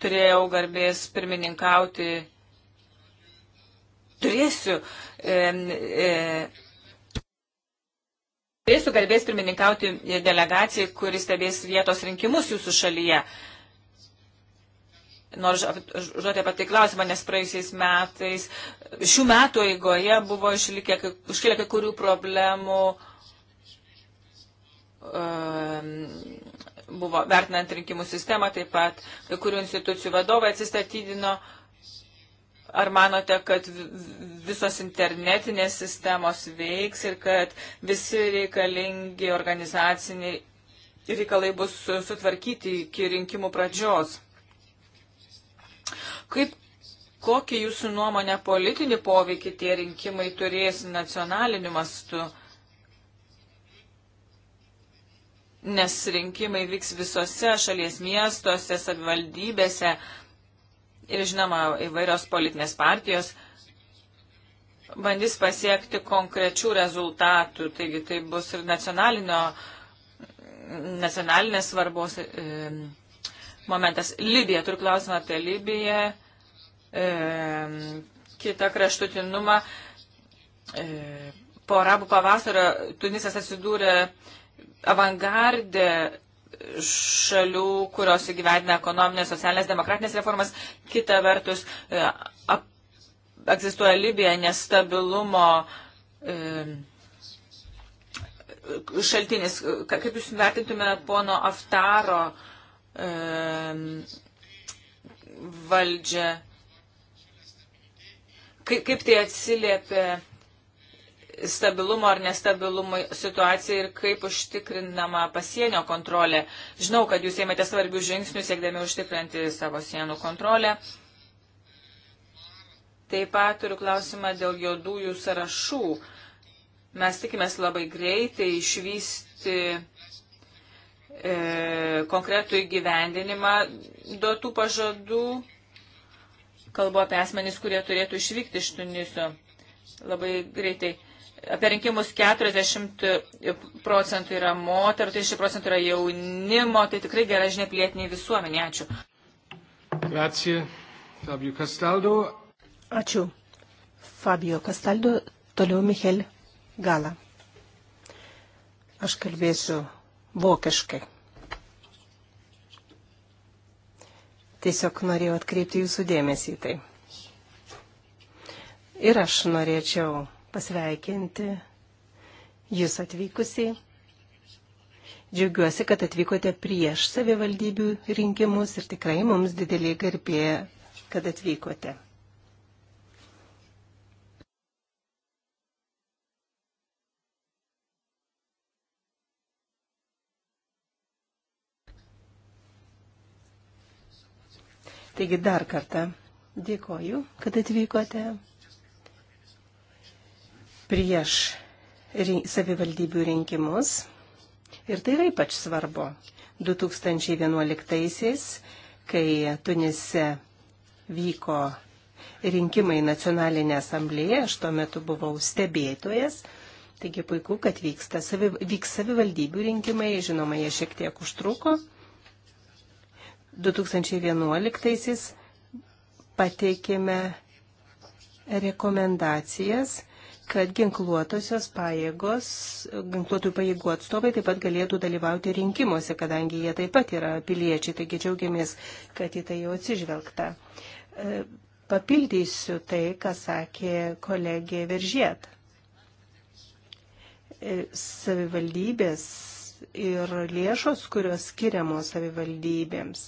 Turėjau garbės pirmininkauti, turėsiu, e, e, turėsiu garbės pirmininkauti delegacijai, kuris stebės vietos rinkimus jūsų šalyje. Noriu žodžiu apie tai klausimą, nes praėjusiais metais, šių metų eigoje buvo išlikę, iškilę kai kurių problemų Um, buvo vertinant rinkimų sistemą, taip pat kai kurių institucijų vadovai atsistatydino. Ar manote, kad visos internetinės sistemos veiks ir kad visi reikalingi organizaciniai reikalai bus sutvarkyti iki rinkimų pradžios? Kaip, kokį jūsų nuomonę politinį poveikį tie rinkimai turės nacionaliniu mastu? nes rinkimai vyks visose šalies miestuose, savivaldybėse ir, žinoma, įvairios politinės partijos bandys pasiekti konkrečių rezultatų. Taigi tai bus ir nacionalinio, nacionalinės svarbos e, momentas. Libija, turiu klausimą apie Libiją, e, kitą kraštutinumą. E, po arabų pavasario Tunisas atsidūrė avangardė šalių, kurios įgyvedina ekonominės, socialinės, demokratinės reformas. Kita vertus, e, ap, egzistuoja Libija nestabilumo e, šaltinis. Kaip Jūs vertintumėte pono Aftaro e, valdžią? Kaip, kaip tai atsiliepia stabilumo ar nestabilumo situacija ir kaip užtikrinama pasienio kontrolė. Žinau, kad jūs ėmėte svarbių žingsnių, siekdami užtikrinti savo sienų kontrolę. Taip pat turiu klausimą dėl juodųjų sąrašų. Mes tikimės labai greitai išvysti e, konkretų įgyvendinimą duotų pažadų. Kalbu apie asmenys, kurie turėtų išvykti iš Tuniso labai greitai apie rinkimus 40 procentų yra moterų, 30 procentų yra jaunimo, tai tikrai gera žinia pilietiniai visuomenė. Ačiū. Grazie, Fabio Castaldo. Ačiū, Fabio Castaldo. Toliau Michel Gala. Aš kalbėsiu vokiškai. Tiesiog norėjau atkreipti jūsų dėmesį į tai. Ir aš norėčiau pasveikinti Jūs atvykusiai. Džiaugiuosi, kad atvykote prieš savivaldybių rinkimus ir tikrai mums didelį garbė, kad atvykote. Taigi dar kartą dėkoju, kad atvykote prieš savivaldybių rinkimus. Ir tai yra ypač svarbu. 2011-aisiais, kai Tunise vyko rinkimai nacionalinė asamblėje, aš tuo metu buvau stebėtojas, taigi puiku, kad vyksta, savi, vyks savivaldybių rinkimai, žinoma, jie šiek tiek užtruko. 2011-aisiais pateikėme rekomendacijas kad ginkluotosios pajėgos, ginkluotųjų pajėgų atstovai taip pat galėtų dalyvauti rinkimuose, kadangi jie taip pat yra piliečiai, taigi džiaugiamės, kad į tai jau atsižvelgta. E, papildysiu tai, ką sakė kolegė Veržiet. E, savivaldybės ir lėšos, kurios skiriamos savivaldybėms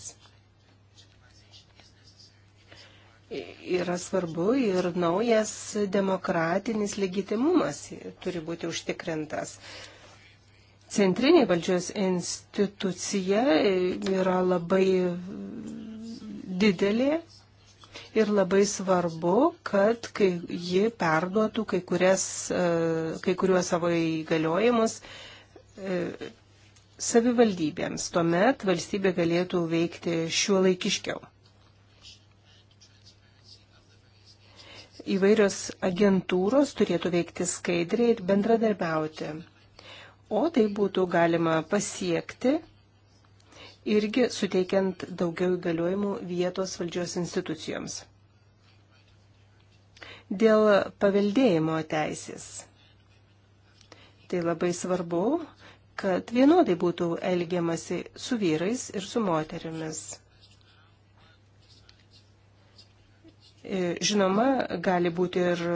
yra svarbu ir naujas demokratinis legitimumas turi būti užtikrintas. Centrinė valdžios institucija yra labai didelė ir labai svarbu, kad kai ji perduotų kai, kurias, e, kai kuriuos savo įgaliojimus e, savivaldybėms. Tuomet valstybė galėtų veikti šiuo laikiškiau. įvairios agentūros turėtų veikti skaidriai ir bendradarbiauti. O tai būtų galima pasiekti irgi suteikiant daugiau įgaliojimų vietos valdžios institucijoms. Dėl paveldėjimo teisės. Tai labai svarbu, kad vienodai būtų elgiamasi su vyrais ir su moterimis. E, žinoma, gali būti ir e,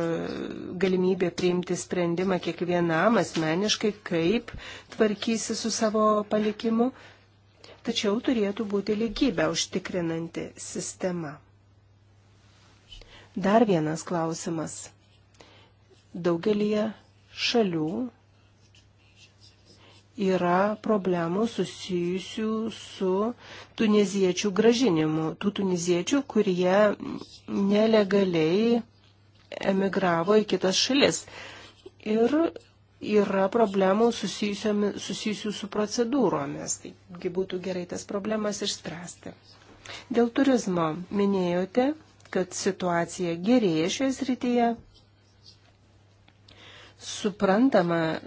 galimybė priimti sprendimą kiekvienam asmeniškai, kaip tvarkysi su savo palikimu, tačiau turėtų būti lygybę užtikrinanti sistema. Dar vienas klausimas. Daugelie šalių yra problemų susijusių su tuniziečių gražinimu. Tų tuniziečių, kurie nelegaliai emigravo į kitas šalis. Ir yra problemų susijusių su procedūromis. Taigi būtų gerai tas problemas išspręsti. Dėl turizmo minėjote, kad situacija gerėja šioje srityje, suprantama, e,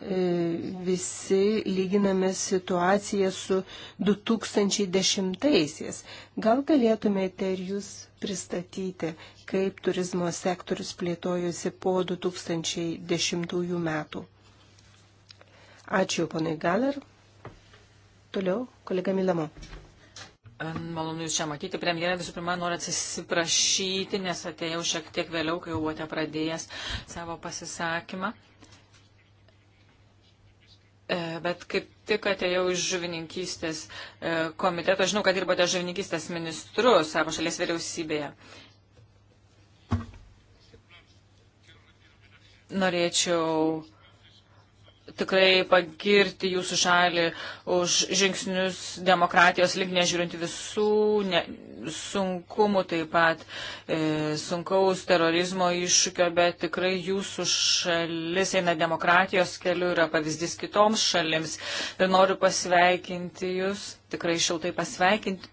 visi lyginame situaciją su 2010-aisiais. Gal galėtumėte ir jūs pristatyti, kaip turizmo sektorius plėtojosi po 2010 metų? Ačiū, ponai Galer. Toliau, kolega Milamo. Malonu Jūs čia matyti. Premjerė visų pirma noriu atsiprašyti, nes atėjau šiek tiek vėliau, kai jau buvote pradėjęs savo pasisakymą. E, bet kaip tik atėjau iš žuvininkystės e, komiteto, žinau, kad dirbote žuvininkystės ministru savo šalies vyriausybėje. Norėčiau tikrai pagirti jūsų šalį už žingsnius demokratijos link, nežiūrint visų ne, sunkumų, taip pat e, sunkaus terorizmo iššūkio, bet tikrai jūsų šalis eina demokratijos keliu, yra pavyzdys kitoms šalims. Ir noriu pasveikinti jūs, tikrai šiltai pasveikinti,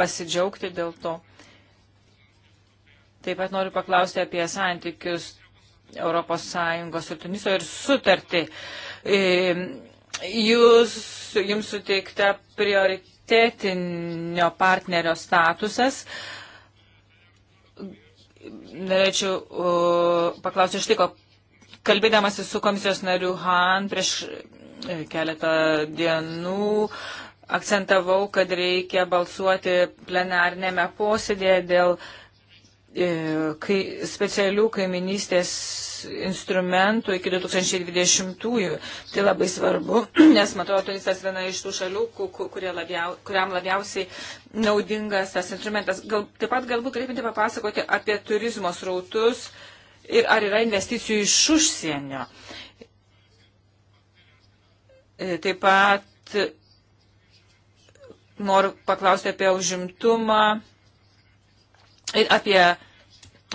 pasidžiaugti dėl to. Taip pat noriu paklausti apie santykius ES ir Tuniso ir sutartį. E, jūs, jums suteikta prioritetinio partnerio statusas. Norėčiau uh, paklausyti iš tiko, kalbėdamasi su komisijos nariu Han prieš e, keletą dienų, akcentavau, kad reikia balsuoti plenarnėme posėdėje dėl uh, E, kai specialių kaiminystės instrumentų iki 2020-ųjų. Tai labai svarbu, *clears throat* nes matau, Tunisas viena iš tų šalių, labiau, kuriam labiausiai naudingas tas instrumentas. Gal, taip pat galbūt galėtumėte papasakoti apie turizmo srautus ir ar yra investicijų iš užsienio. E, taip pat noriu paklausti apie užimtumą ir apie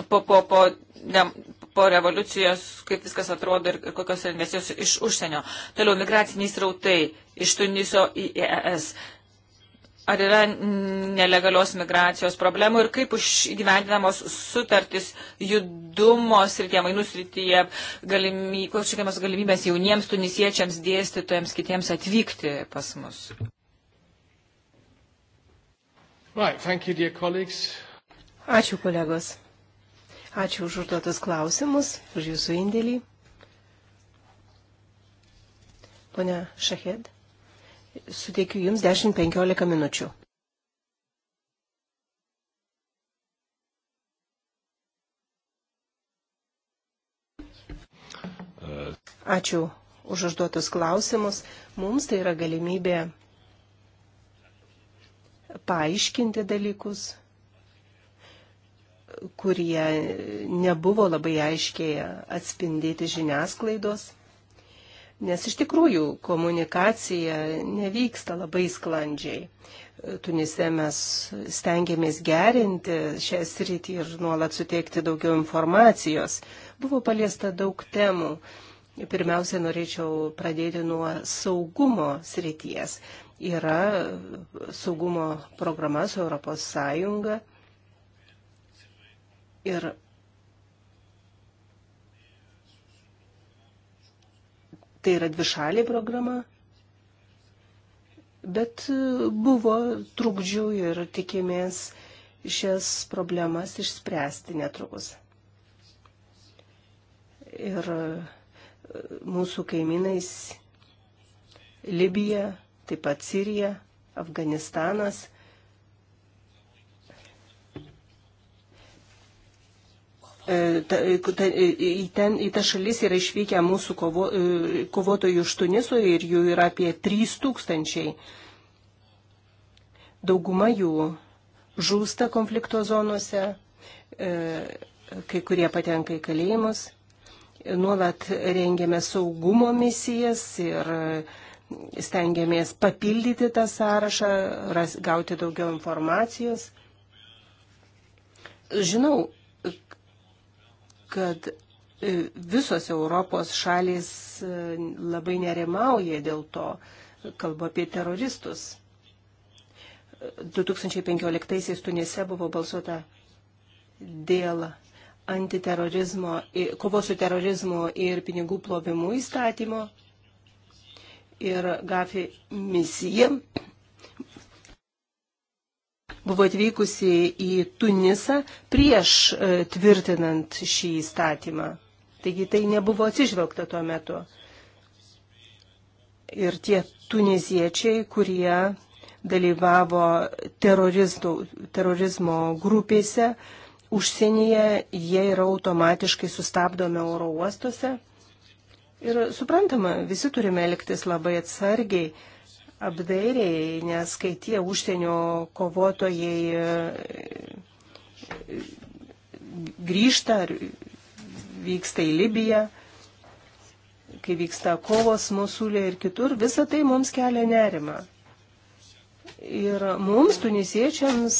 po, po, po, ne, po revoliucijos, kaip viskas atrodo ir kokios investicijos iš užsienio. Toliau migraciniai srautai iš Tuniso į ES. E Ar yra nelegalios migracijos problemų ir kaip įgyvendinamos sutartis judumo srityje, mainų srityje, galimy, kokios šiandienos galimybės jauniems tunisiečiams, dėstytojams, kitiems atvykti pas mus? Right, thank you, dear colleagues. Ačiū, kolegos. Ačiū už užduotus klausimus, už jūsų indėlį. Pone Šahed, suteikiu Jums 10-15 minučių. Ačiū už užduotus klausimus. Mums tai yra galimybė paaiškinti dalykus, kurie nebuvo labai aiškiai atspindėti žiniasklaidos, nes iš tikrųjų komunikacija nevyksta labai sklandžiai. Tunise mes stengiamės gerinti šią sritį ir nuolat suteikti daugiau informacijos. Buvo paliesta daug temų. Pirmiausia, norėčiau pradėti nuo saugumo srities. Yra saugumo programa su Europos Sąjunga Ir tai yra dvišalė programa, bet e, buvo trukdžių ir tikimės šias problemas išspręsti netrukus. Ir e, mūsų kaimynais Libija, taip pat Sirija, Afganistanas – E, e, e, į, ten, į tą šalis yra išvykę mūsų kovo, kovotojų iš Tuniso ir jų yra apie 3 tūkstančiai. Dauguma jų žūsta konflikto zonuose, kai kurie patenka į kalėjimus. Nuolat rengiame saugumo misijas ir stengiamės papildyti tą sąrašą, ras, gauti daugiau informacijos. Žinau, kad e, visos Europos šalis e, labai nerimauja dėl to, kalbu apie teroristus. 2015-aisiais Tunise buvo balsuota dėl antiterorizmo, kovos su terorizmu ir pinigų plovimu įstatymo. Ir GAFI misija buvo atvykusi į Tunisą prieš e, tvirtinant šį įstatymą. Taigi tai nebuvo atsižvelgta tuo metu. Ir tie tuniziečiai, kurie dalyvavo terorizmo grupėse užsienyje, jie yra automatiškai sustabdomi oro uostuose. Ir suprantama, visi turime elgtis labai atsargiai apdairiai, nes kai tie užsienio kovotojai e, grįžta ar vyksta į Libiją, kai vyksta kovos Mosulė ir kitur, visa tai mums kelia nerima. Ir mums, tunisiečiams,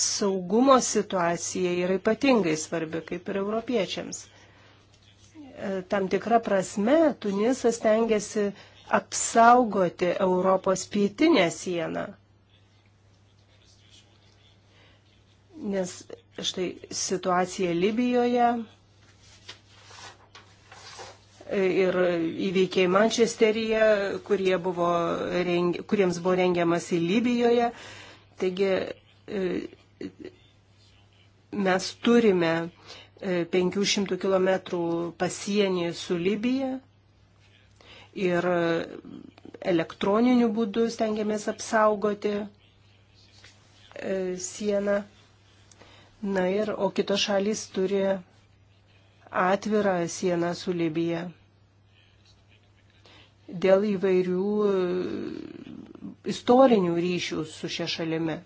saugumo situacija yra ypatingai svarbi, kaip ir europiečiams. E, tam tikra prasme, Tunisas tengiasi uh, apsaugoti Europos pietinę sieną. Nes štai situacija Libijoje ir įveikiai Mančesteryje, kurie buvo, kuriems buvo rengiamas į Libijoje. Taigi e, mes turime 500 e, km pasienį su Libija ir elektroniniu būdu stengiamės apsaugoti e, sieną. Na ir, o kitos šalys turi atvirą sieną su Libija dėl įvairių e, istorinių ryšių su šia šalimi.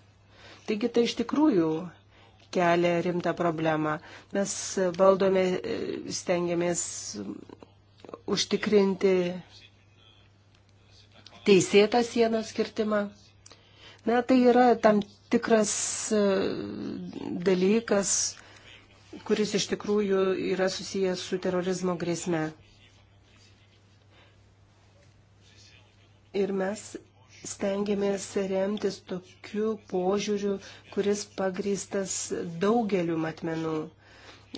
Taigi tai iš tikrųjų kelia rimtą problemą. Mes valdome, e, stengiamės užtikrinti teisėtą sienos kirtimą. Na, tai yra tam tikras e, dalykas, kuris iš tikrųjų yra susijęs su terorizmo grėsme. Ir mes stengiamės remtis tokiu požiūriu, kuris pagrįstas daugeliu matmenų.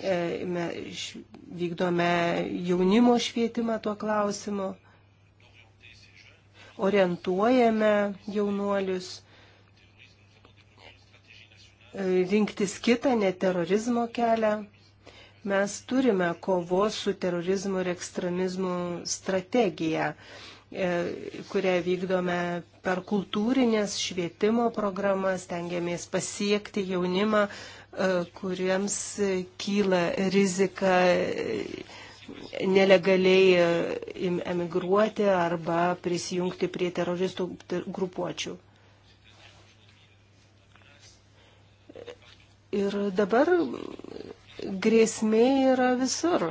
E, Mes vykdome jaunimo švietimą tuo klausimu, orientuojame jaunuolius e, rinktis kitą, ne terorizmo kelią. Mes turime kovos su terorizmu ir ekstremizmu strategiją e, kurią vykdome per kultūrinės švietimo programas, tengiamės pasiekti jaunimą kuriems kyla rizika nelegaliai e, emigruoti arba prisijungti prie teroristų grupuočių. Ir dabar grėsmė yra visur.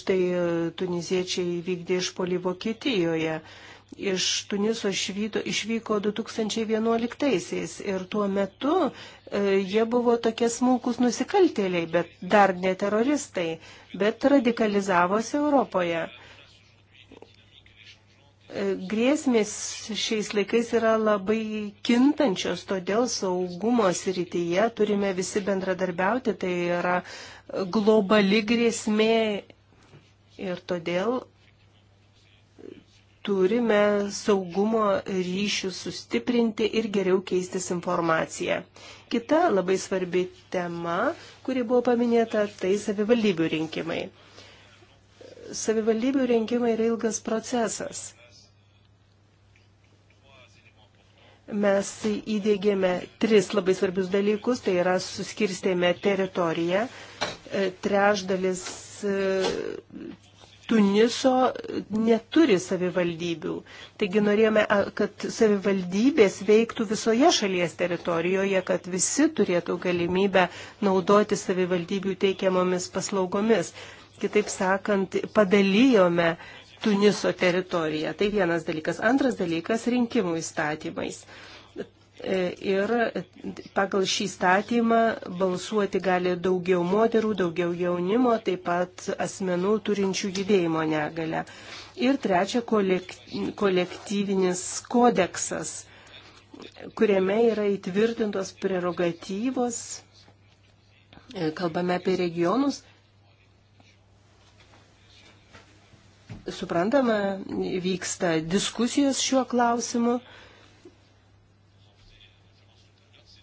Štai e, tuniziečiai vykdė išpolį Vokietijoje. Iš Tuniso išvyko 2011-aisiais ir tuo metu E, jie buvo tokie smulkus nusikaltėliai, bet dar ne teroristai, bet radikalizavosi Europoje. E, grėsmės šiais laikais yra labai kintančios, todėl saugumo srityje turime visi bendradarbiauti, tai yra globali grėsmė ir todėl turime saugumo ryšius sustiprinti ir geriau keistis informaciją. Kita labai svarbi tema, kuri buvo paminėta, tai savivaldybių rinkimai. Savivaldybių rinkimai yra ilgas procesas. Mes įdėgėme tris labai svarbius dalykus, tai yra suskirstėme teritoriją, e, trešdalis e, Tuniso neturi savivaldybių. Taigi norėjome, kad savivaldybės veiktų visoje šalies teritorijoje, kad visi turėtų galimybę naudoti savivaldybių teikiamomis paslaugomis. Kitaip sakant, padalyjome Tuniso teritoriją. Tai vienas dalykas. Antras dalykas - rinkimų įstatymais ir pagal šį statymą balsuoti gali daugiau moterų, daugiau jaunimo, taip pat asmenų turinčių judėjimo negalę. Ir trečia, kolektyvinis kodeksas, kuriame yra įtvirtintos prerogatyvos, e, kalbame apie regionus. Suprantama, vyksta diskusijos šiuo klausimu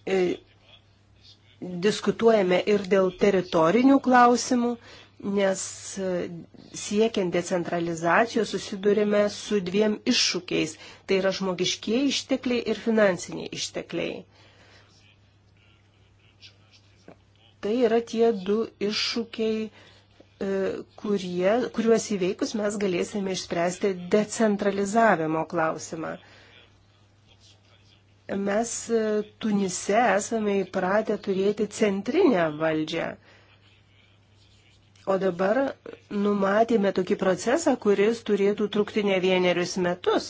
E, diskutuojame ir dėl teritorinių klausimų, nes e, siekiant decentralizacijos susidurime su dviem iššūkiais. Tai yra žmogiškieji ištekliai ir finansiniai ištekliai. Tai yra tie du iššūkiai, e, kurie, kuriuos įveikus mes galėsime išspręsti decentralizavimo klausimą. Mes e, Tunise esame įpratę turėti centrinę valdžią. O dabar numatėme tokį procesą, kuris turėtų trukti ne vienerius metus.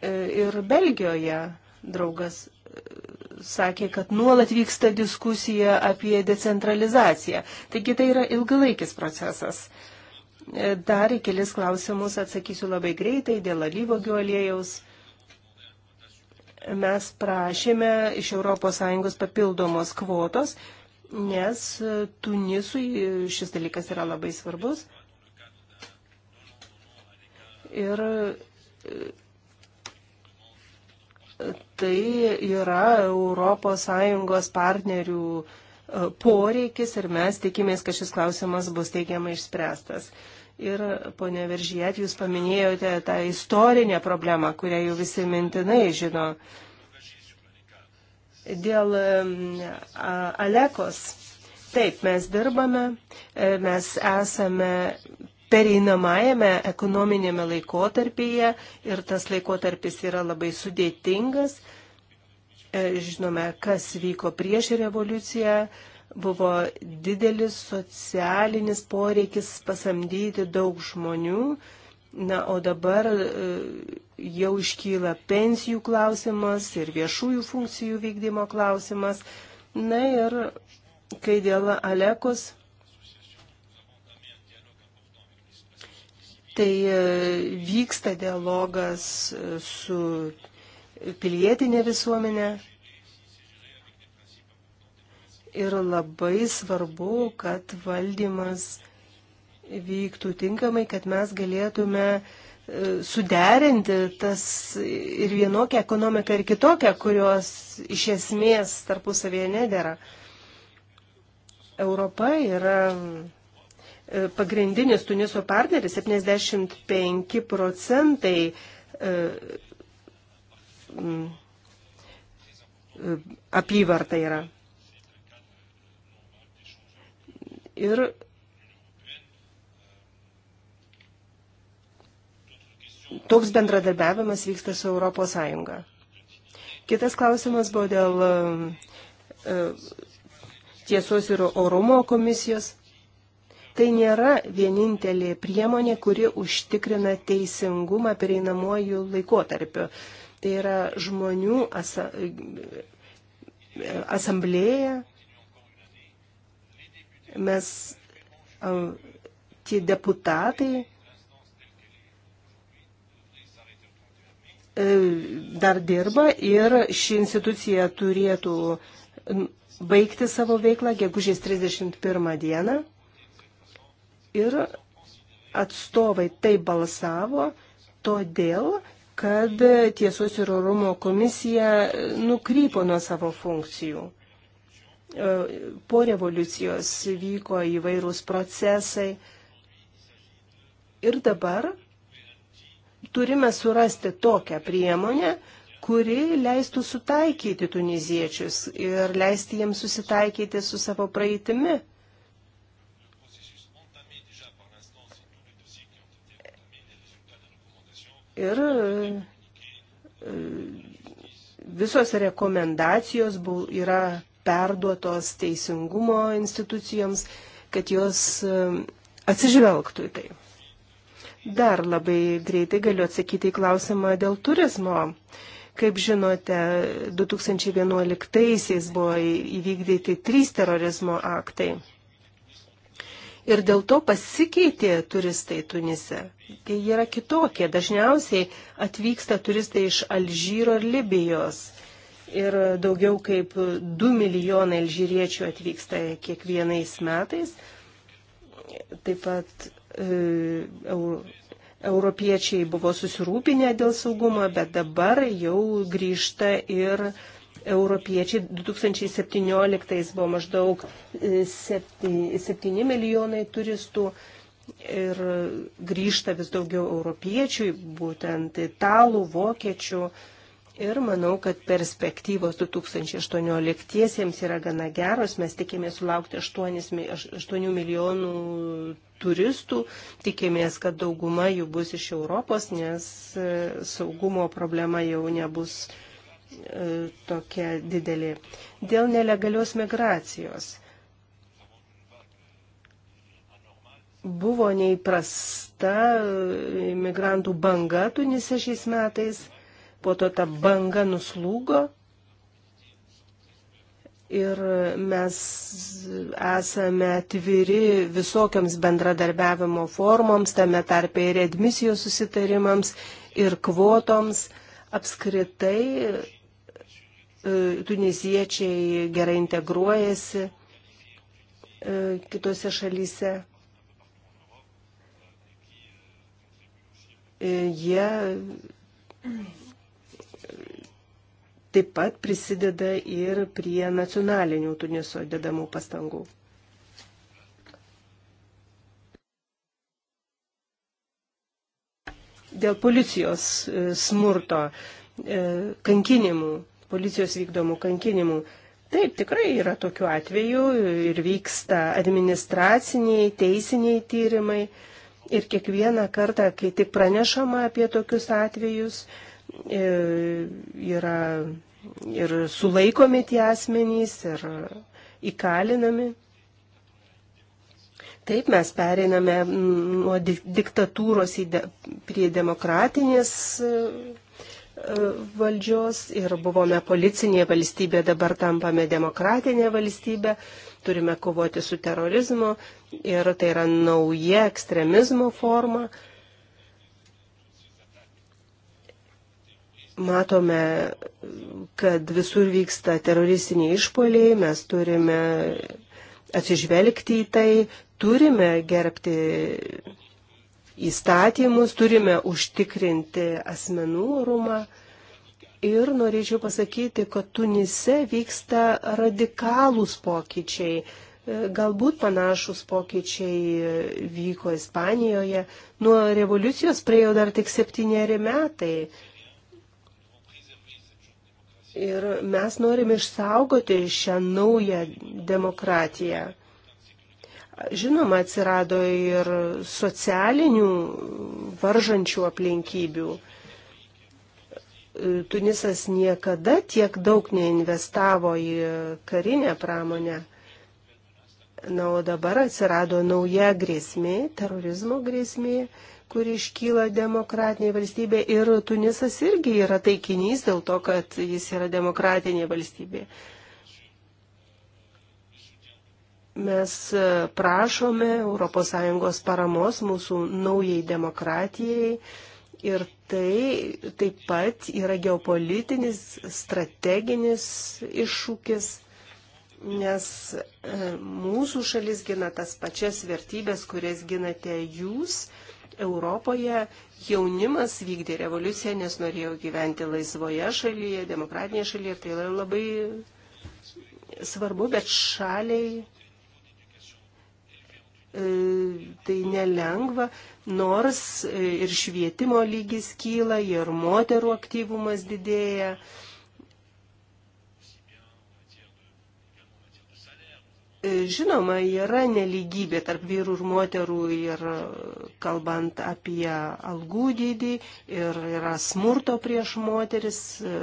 E, ir Belgijoje draugas e, sakė, kad nuolat vyksta diskusija apie decentralizaciją. Taigi tai yra ilgalaikis procesas. Dar į kelis klausimus atsakysiu labai greitai dėl alyvogių aliejaus mes prašėme iš ES papildomos kvotos, nes Tunisui šis dalykas yra labai svarbus. Ir tai yra ES partnerių e, poreikis ir mes tikimės, kad šis klausimas bus teigiamai išspręstas. Ir, ponė Veržijat, jūs paminėjote tą istorinę problemą, kurią jau visi mintinai žino. Dėl Alekos. Taip, mes dirbame, e, mes esame pereinamajame ekonominėme laikotarpyje ir tas laikotarpis yra labai sudėtingas. E, žinome, kas vyko prieš revoliuciją, buvo didelis socialinis poreikis pasamdyti daug žmonių. Na, o dabar e, jau iškyla pensijų klausimas ir viešųjų funkcijų vykdymo klausimas. Na ir kai dėl Alekos, tai e, vyksta dialogas e, su pilietinė visuomenė, ir labai svarbu, kad valdymas vyktų tinkamai, kad mes galėtume e, suderinti tas ir vienokią ekonomiką ir kitokią, kurios iš esmės tarpusavėje nedėra. Europa yra e, pagrindinis Tuniso partneris, 75 procentai e, apyvarta yra. ir toks bendradarbiavimas vyksta su Europos Sąjunga. Kitas klausimas buvo dėl e, tiesos ir orumo komisijos. Tai nėra vienintelė priemonė, kuri užtikrina teisingumą pereinamuoju laikotarpiu. Tai yra žmonių asa, e, asamblėja, mes, tie deputatai, e, dar dirba ir ši institucija turėtų baigti savo veiklą gegužės 31 dieną. Ir atstovai taip balsavo, todėl, kad tiesos ir orumo komisija nukrypo nuo savo funkcijų. E, po revoliucijos vyko įvairūs procesai. Ir dabar turime surasti tokią priemonę, kuri leistų sutaikyti tuniziečius ir leisti jiems susitaikyti su savo praeitimi. Ir e, visos rekomendacijos yra perduotos teisingumo institucijoms, kad jos e, atsižvelgtų į tai. Dar labai greitai galiu atsakyti į klausimą dėl turizmo. Kaip žinote, 2011-aisiais buvo įvykdyti trys terorizmo aktai. Ir dėl to pasikeitė turistai Tunise. Tai yra kitokie. Dažniausiai atvyksta turistai iš Alžyro ir Libijos ir daugiau kaip 2 milijonai alžyriečių atvyksta kiekvienais metais. Taip pat e, europiečiai buvo susirūpinę dėl saugumo, bet dabar jau grįžta ir europiečiai. 2017 buvo maždaug 7, e, 7 milijonai turistų ir grįžta vis daugiau europiečių, būtent italų, vokiečių. E, Ir manau, kad perspektyvos 2018-iesiems yra gana geros. Mes tikėmės sulaukti 8, 8 milijonų turistų. Tikėmės, kad dauguma jų bus iš Europos, nes e, saugumo problema jau nebus e, tokia didelė. Dėl nelegalios migracijos. Buvo neįprasta e, migrantų banga Tunise šiais metais po to ta banga nuslūgo ir mes esame atviri visokiams bendradarbiavimo formoms, tame tarpe ir admisijos susitarimams, ir kvotoms. Apskritai e, tunisiečiai gerai integruojasi e, kitose šalyse. E, jie taip pat prisideda ir prie nacionalinių Tuniso dedamų pastangų. Dėl policijos e, smurto, e, kankinimų, policijos vykdomų kankinimų. Taip, tikrai yra tokių atvejų ir vyksta administraciniai, teisiniai tyrimai. Ir kiekvieną kartą, kai tik pranešama apie tokius atvejus, E, yra ir sulaikomi tie asmenys, ir įkalinami. Taip mes pereiname nuo diktatūros de, prie demokratinės e, valdžios ir buvome policinė valstybė, dabar tampame demokratinė valstybė, turime kovoti su terorizmu ir tai yra nauja ekstremizmo forma. matome, kad visur vyksta teroristiniai išpoliai, mes turime atsižvelgti į tai, turime gerbti įstatymus, turime užtikrinti asmenų orumą. Ir norėčiau pasakyti, kad Tunise vyksta radikalūs pokyčiai. Galbūt panašus pokyčiai vyko Ispanijoje. Nuo revoliucijos praėjo dar tik septyneri metai. Ir mes norime išsaugoti šią naują demokratiją. Žinoma, atsirado ir socialinių varžančių aplinkybių. Tunisas niekada tiek daug neinvestavo į karinę pramonę. Na, o dabar atsirado nauja grėsmė, terorizmo grėsmė, kuri iškyla demokratinė valstybė ir Tunisas irgi yra taikinys dėl to, kad jis yra demokratinė valstybė. Mes e, prašome ES paramos mūsų naujai demokratijai ir tai taip pat yra geopolitinis, strateginis iššūkis nes e, mūsų šalis gina tas pačias vertybės, kurias ginate jūs Europoje jaunimas vykdė revoliuciją, nes norėjo gyventi laisvoje šalyje, demokratinėje šalyje. Tai yra labai svarbu, bet šaliai e, tai nelengva, nors e, ir švietimo lygis kyla, ir moterų aktyvumas didėja. E, žinoma, yra neligybė tarp vyrų ir moterų ir e, kalbant apie algų dydį ir yra smurto prieš moteris. E.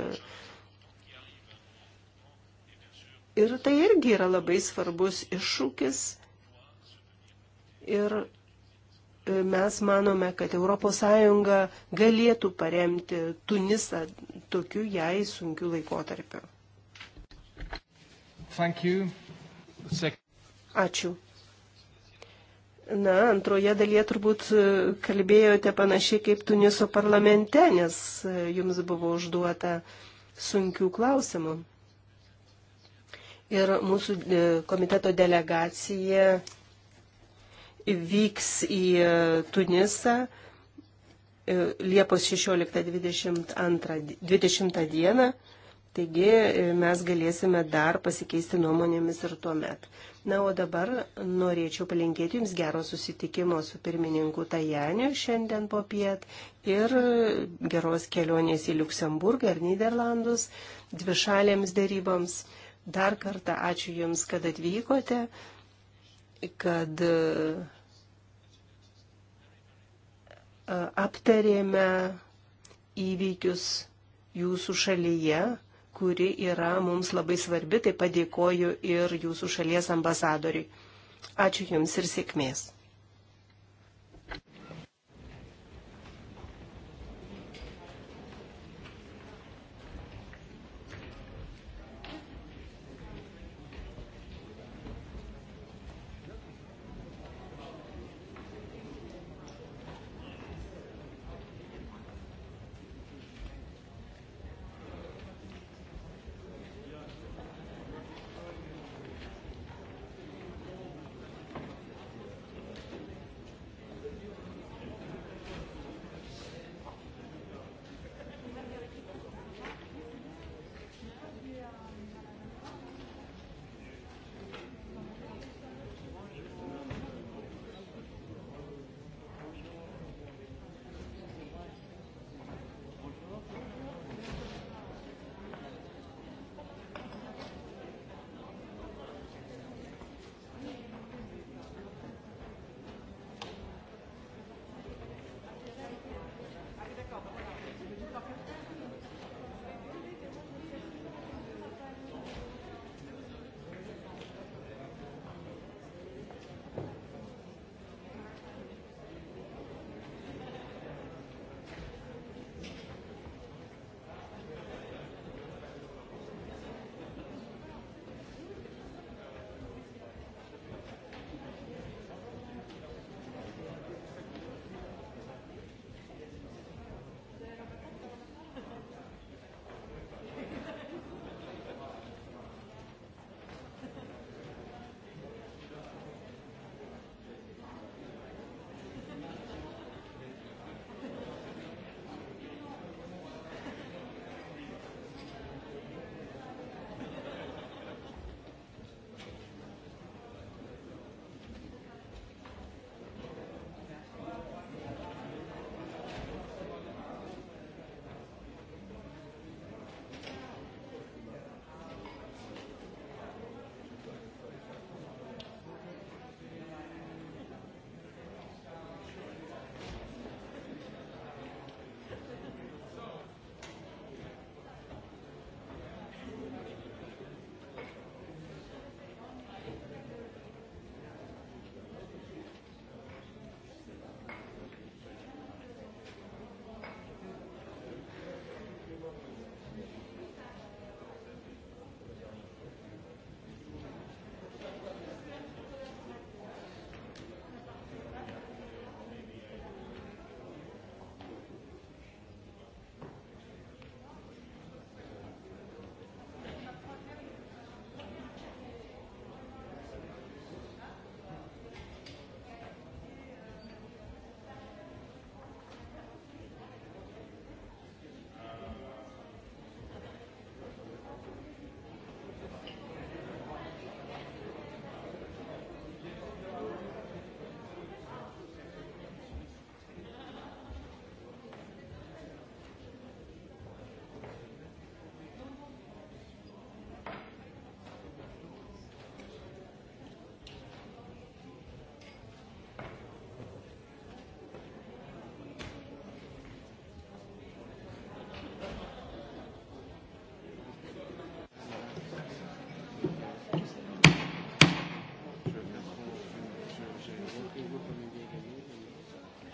Ir tai irgi yra labai svarbus iššūkis. Ir mes manome, kad ES galėtų paremti Tunisą tokiu jai sunkiu laikotarpiu. Thank you. Ačiū. Na, antroje dalyje turbūt e, kalbėjote panašiai kaip Tuniso parlamente, nes e, jums buvo užduota sunkių klausimų. Ir mūsų e, komiteto delegacija vyks į Tunisą Liepos 16-22 dieną. Taigi e, mes galėsime dar pasikeisti nuomonėmis ir tuo met. Na, o dabar norėčiau palinkėti Jums gero susitikimo su pirmininku Tajaniu šiandien po piet ir geros kelionės į Luksemburgą ir Niderlandus dvišalėms daryboms. Dar kartą ačiū Jums, kad atvykote, kad e, aptarėme įvykius jūsų šalyje kuri yra mums labai svarbi, tai padėkoju ir jūsų šalies ambasadoriui. Ačiū Jums ir sėkmės.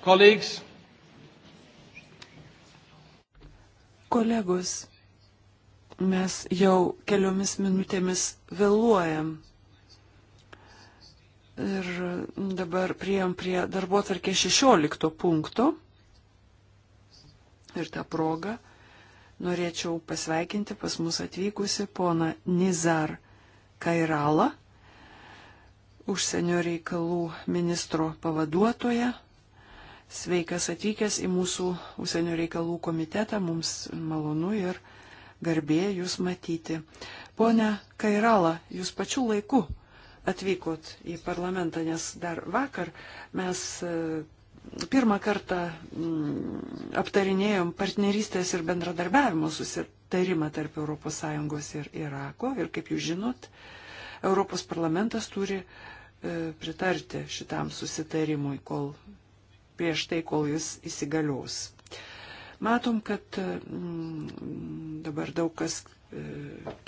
Colleagues. Kolegos, mes jau keliomis minutėmis vėluojam. Ir dabar prieėm prie darbo tarkė 16 punkto. Ir tą progą norėčiau pasveikinti pas mus atvykusi pona Nizar Kairalą, užsienio reikalų ministro pavaduotoja Sveikas atvykęs į mūsų užsienio reikalų komitetą, mums malonu ir garbė jūs matyti. Pone Kairala, jūs pačiu laiku atvykot į parlamentą, nes dar vakar mes e, pirmą kartą mm, aptarinėjom partnerystės ir bendradarbiavimo susitarimą tarp ES ir Irako. Ir kaip jūs žinot, Europos parlamentas turi e, pritarti šitam susitarimui, kol prieš tai, kol jis įsigalios. Matom, kad mm, dabar daug kas e,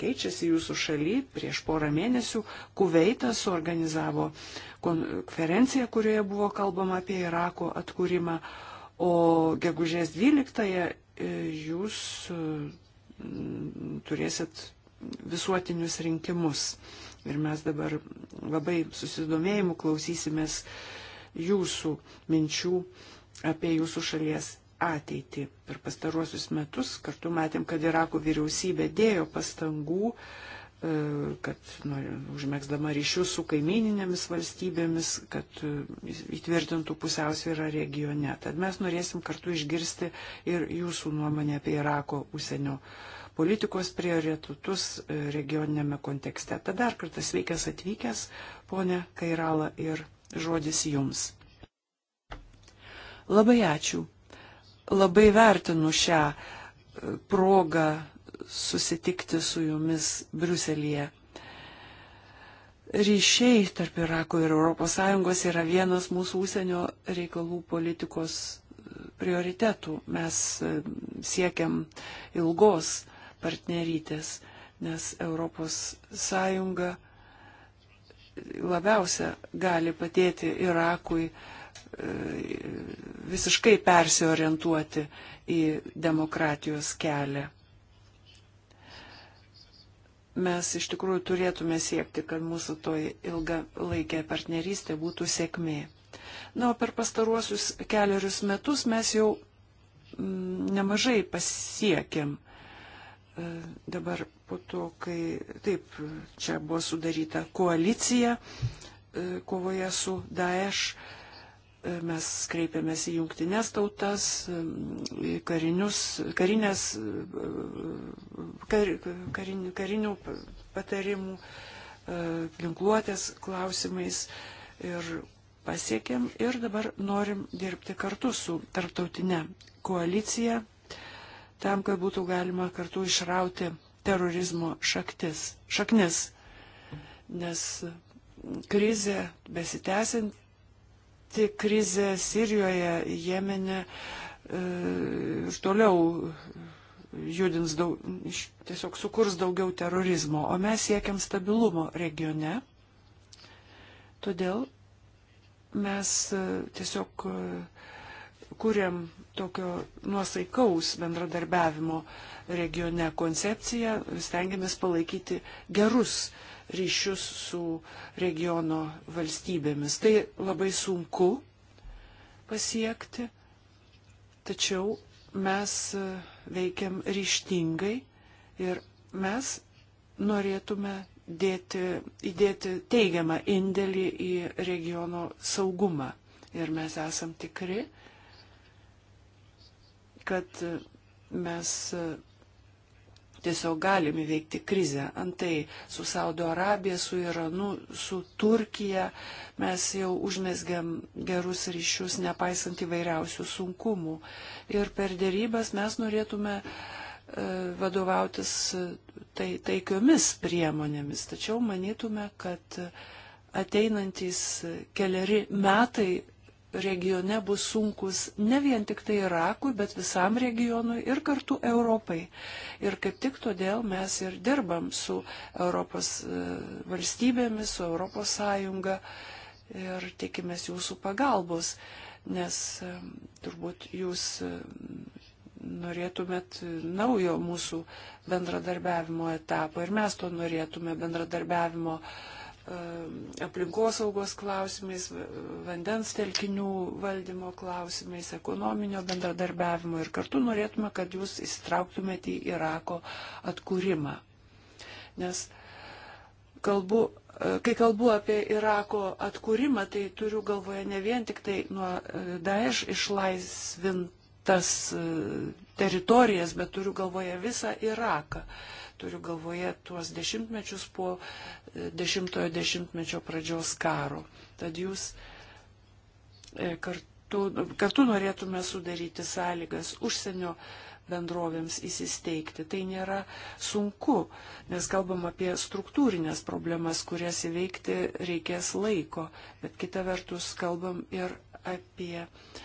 keičiasi jūsų šaly. Prieš porą mėnesių Kuveitas suorganizavo konferenciją, kurioje buvo kalbama apie Irako atkūrimą, o gegužės 12-ąją e, jūs e, turėsit visuotinius rinkimus. Ir mes dabar labai susidomėjimu klausysimės uh, jūsų minčių apie jūsų šalies ateitį. Per pastaruosius metus kartu matėm, kad Irako vyriausybė dėjo pastangų, e, kad nu, užmėgsdama ryšius su kaimininėmis valstybėmis, kad e, įtvirtintų pusiausvyrą regione. Tad mes norėsim kartu išgirsti ir jūsų nuomonę apie Irako užsienio politikos prioritetus e, regioninėme kontekste. Tad dar kartą sveikas atvykęs, ponė Kairala, ir žodis jums. Labai ačiū. Labai vertinu šią e, progą susitikti su jumis Briuselėje. Ryšiai tarp Irako ir ES yra vienas mūsų ūsienio reikalų politikos e, prioritetų. Mes e, siekiam ilgos partnerytės, nes ES labiausia gali padėti Irakui e, visiškai persiorientuoti į demokratijos kelią. Mes iš tikrųjų turėtume siekti, kad mūsų toji ilga laikė partnerystė būtų sėkmė. Na, o per pastaruosius keliarius metus mes jau mm, nemažai pasiekėm. E, dabar po to, kai taip, čia buvo sudaryta koalicija e, kovoje su Daesh, e, mes kreipėmės į jungtinės tautas, e, į karinius, karinės, kar, karin, karinių patarimų, ginkluotės klausimais ir pasiekėm ir dabar norim dirbti kartu su tarptautinė koalicija tam, kad būtų galima kartu išrauti terorizmo šaktis, šaknis, nes krizė, besitęsianti krizė Sirijoje, Jemenė e, ir e, toliau judins daug, tiesiog sukurs daugiau terorizmo, o mes siekiam stabilumo regione. Todėl mes e, tiesiog e, kuriam tokio nuosaikaus bendradarbiavimo regione koncepciją, stengiamės palaikyti gerus ryšius su regiono valstybėmis. Tai labai sunku pasiekti, tačiau mes veikiam ryštingai ir mes norėtume dėti, įdėti teigiamą indėlį į regiono saugumą. Ir mes esam tikri, kad mes tiesiog galim įveikti krizę. Antai su Saudo Arabija, su Iranu, su Turkija mes jau užmesgiam gerus ryšius, nepaisant įvairiausių sunkumų. Ir per dėrybas mes norėtume e, vadovautis e, tai, taikiomis priemonėmis. Tačiau manytume, kad e, ateinantis keliari metai regione bus sunkus ne vien tik tai Irakui, bet visam regionui ir kartu Europai. Ir kaip tik todėl mes ir dirbam su Europos e, valstybėmis, su Europos Sąjunga ir tikimės jūsų pagalbos, nes e, turbūt jūs e, norėtumėt naujo mūsų bendradarbiavimo etapo ir mes to norėtume bendradarbiavimo etapo aplinkosaugos klausimais, vandens telkinių valdymo klausimais, ekonominio bendradarbiavimo ir kartu norėtume, kad jūs įsitrauktumėte į Irako atkūrimą. Nes kalbu, kai kalbu apie Irako atkūrimą, tai turiu galvoje ne vien tik tai nuo Daesh išlaisvintas e, teritorijas, bet turiu galvoje visą Iraką. Uh, Turiu galvoje tuos dešimtmečius po e, dešimtojo dešimtmečio pradžios karo. Tad jūs e, kartu, kartu norėtume sudaryti sąlygas užsienio bendrovėms įsisteigti. Tai nėra sunku, nes kalbam apie struktūrinės problemas, kurias įveikti reikės laiko, bet kita vertus kalbam ir apie uh,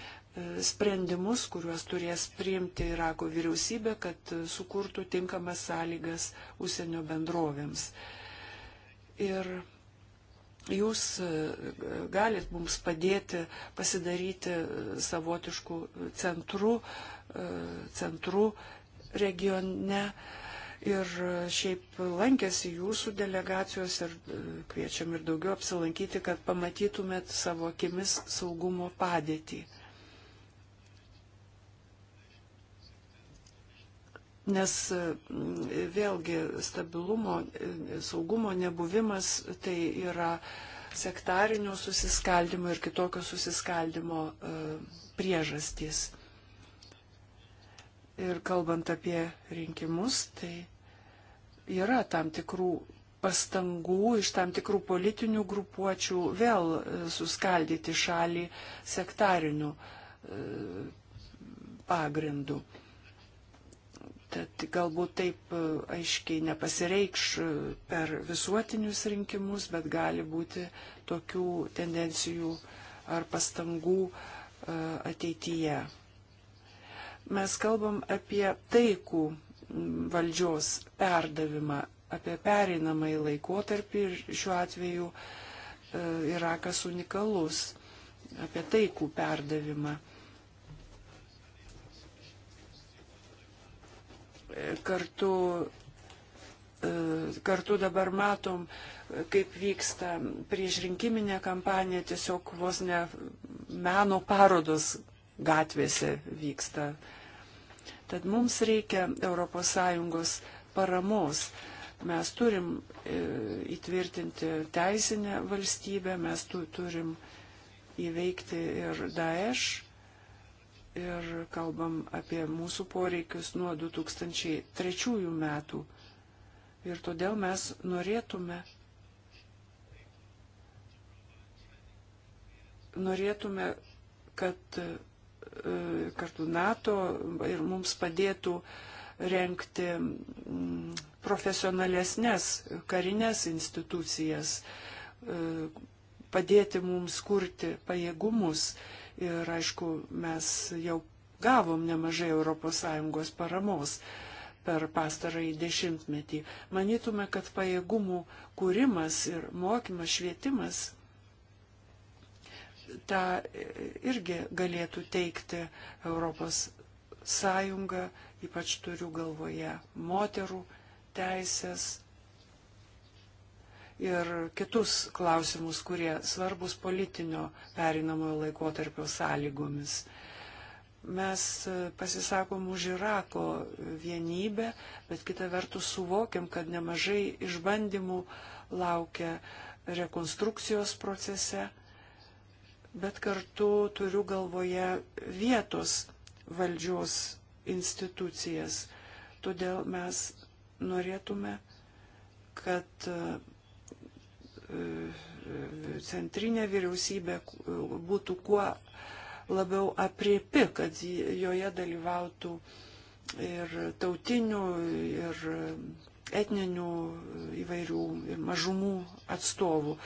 sprendimus, kuriuos turės priimti Irako vyriausybė, kad sukurtų tinkamas sąlygas užsienio bendrovėms. Ir jūs e, galit mums padėti pasidaryti savotiškų centrų, e, centrų regione. Ir šiaip lankėsi jūsų delegacijos ir e, kviečiam ir daugiau apsilankyti, kad pamatytumėt savo akimis saugumo padėtį. nes mm, vėlgi stabilumo, e, saugumo nebuvimas tai yra sektarinio susiskaldimo ir kitokio susiskaldimo e, priežastys. Ir kalbant apie rinkimus, tai yra tam tikrų pastangų iš tam tikrų politinių grupuočių vėl e, suskaldyti šalį sektarinių pagrindų. Tad galbūt taip e, aiškiai nepasireikš e, per visuotinius rinkimus, bet gali būti tokių tendencijų ar pastangų e, ateityje. Mes kalbam apie taikų valdžios perdavimą, apie pereinamąjį laikotarpį ir šiuo atveju Irakas unikalus apie taikų perdavimą. kartu, e, kartu dabar matom, kaip vyksta priešrinkiminė kampanija, tiesiog vos ne meno parodos gatvėse vyksta. Tad mums reikia ES paramos. Mes turim e, įtvirtinti teisinę valstybę, mes tu, turim įveikti ir Daesh ir kalbam apie mūsų poreikius nuo 2003 metų. Ir todėl mes norėtume, norėtume, kad e, kartu NATO ir mums padėtų renkti mm, profesionalesnės karinės institucijas, e, padėti mums kurti pajėgumus Ir aišku, mes jau gavom nemažai ES paramos per pastarąjį dešimtmetį. Manytume, kad pajėgumų kūrimas ir mokymas, švietimas tą irgi galėtų teikti ES, ypač turiu galvoje moterų teisės, ir kitus klausimus, kurie svarbus politinio perinamojo laikotarpio sąlygomis. Mes e, pasisakom už Irako vienybę, bet kitą vertus suvokiam, kad nemažai išbandymų laukia rekonstrukcijos procese, bet kartu turiu galvoje vietos valdžios institucijas. Todėl mes norėtume, kad e, E, centrinė vyriausybė būtų kuo labiau apriepi, kad joje dalyvautų ir tautinių, ir etninių įvairių ir mažumų atstovų.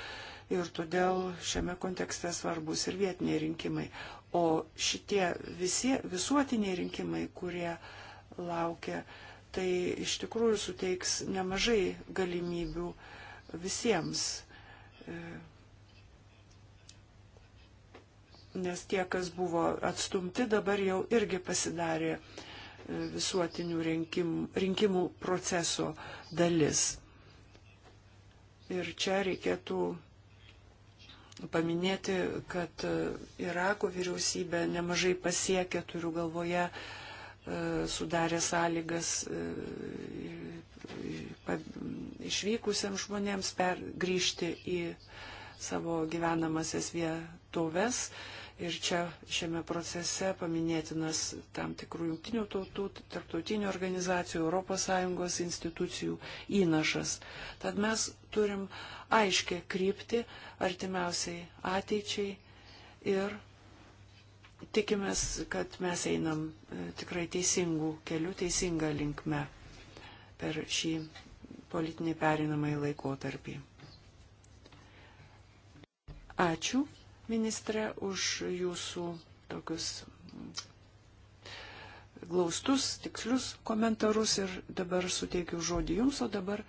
Ir todėl šiame kontekste svarbus ir vietiniai rinkimai. O šitie visi visuotiniai rinkimai, kurie laukia, tai iš tikrųjų suteiks nemažai galimybių visiems E, nes tie, kas buvo atstumti, dabar jau irgi pasidarė e, visuotinių rinkimų, rinkimų proceso dalis. Ir čia reikėtų paminėti, kad e, Irako vyriausybė nemažai pasiekė, turiu galvoje, sudarė sąlygas išvykusiems žmonėms per, grįžti į savo gyvenamasias vietoves. Ir čia šiame procese paminėtinas tam tikrų jungtinių tautų, tarptautinių organizacijų, ES institucijų įnašas. Tad mes turim aiškę krypti artimiausiai ateičiai ir tikimės, kad mes einam e, tikrai teisingų kelių, teisingą linkmę per šį politinį perinamąjį laikotarpį. Ačiū, ministrė, už jūsų tokius glaustus, tikslius komentarus ir dabar suteikiu žodį jums, o dabar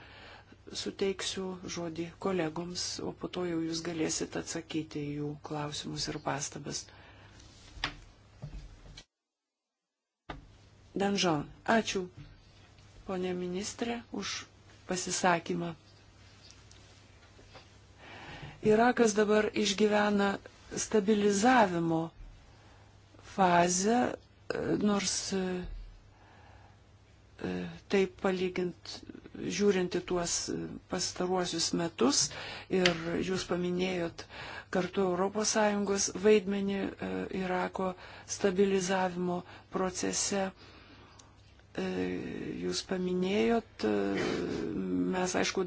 suteiksiu žodį kolegoms, o po to jau jūs galėsit atsakyti į jų klausimus ir pastabas. Danžon, ačiū, ponė ministrė, už pasisakymą. Irakas dabar išgyvena stabilizavimo fazę, e, nors e, e, taip palygint žiūrinti tuos pastaruosius metus ir jūs paminėjot kartu ES vaidmenį Irako stabilizavimo procese. E, jūs paminėjot, e, mes aišku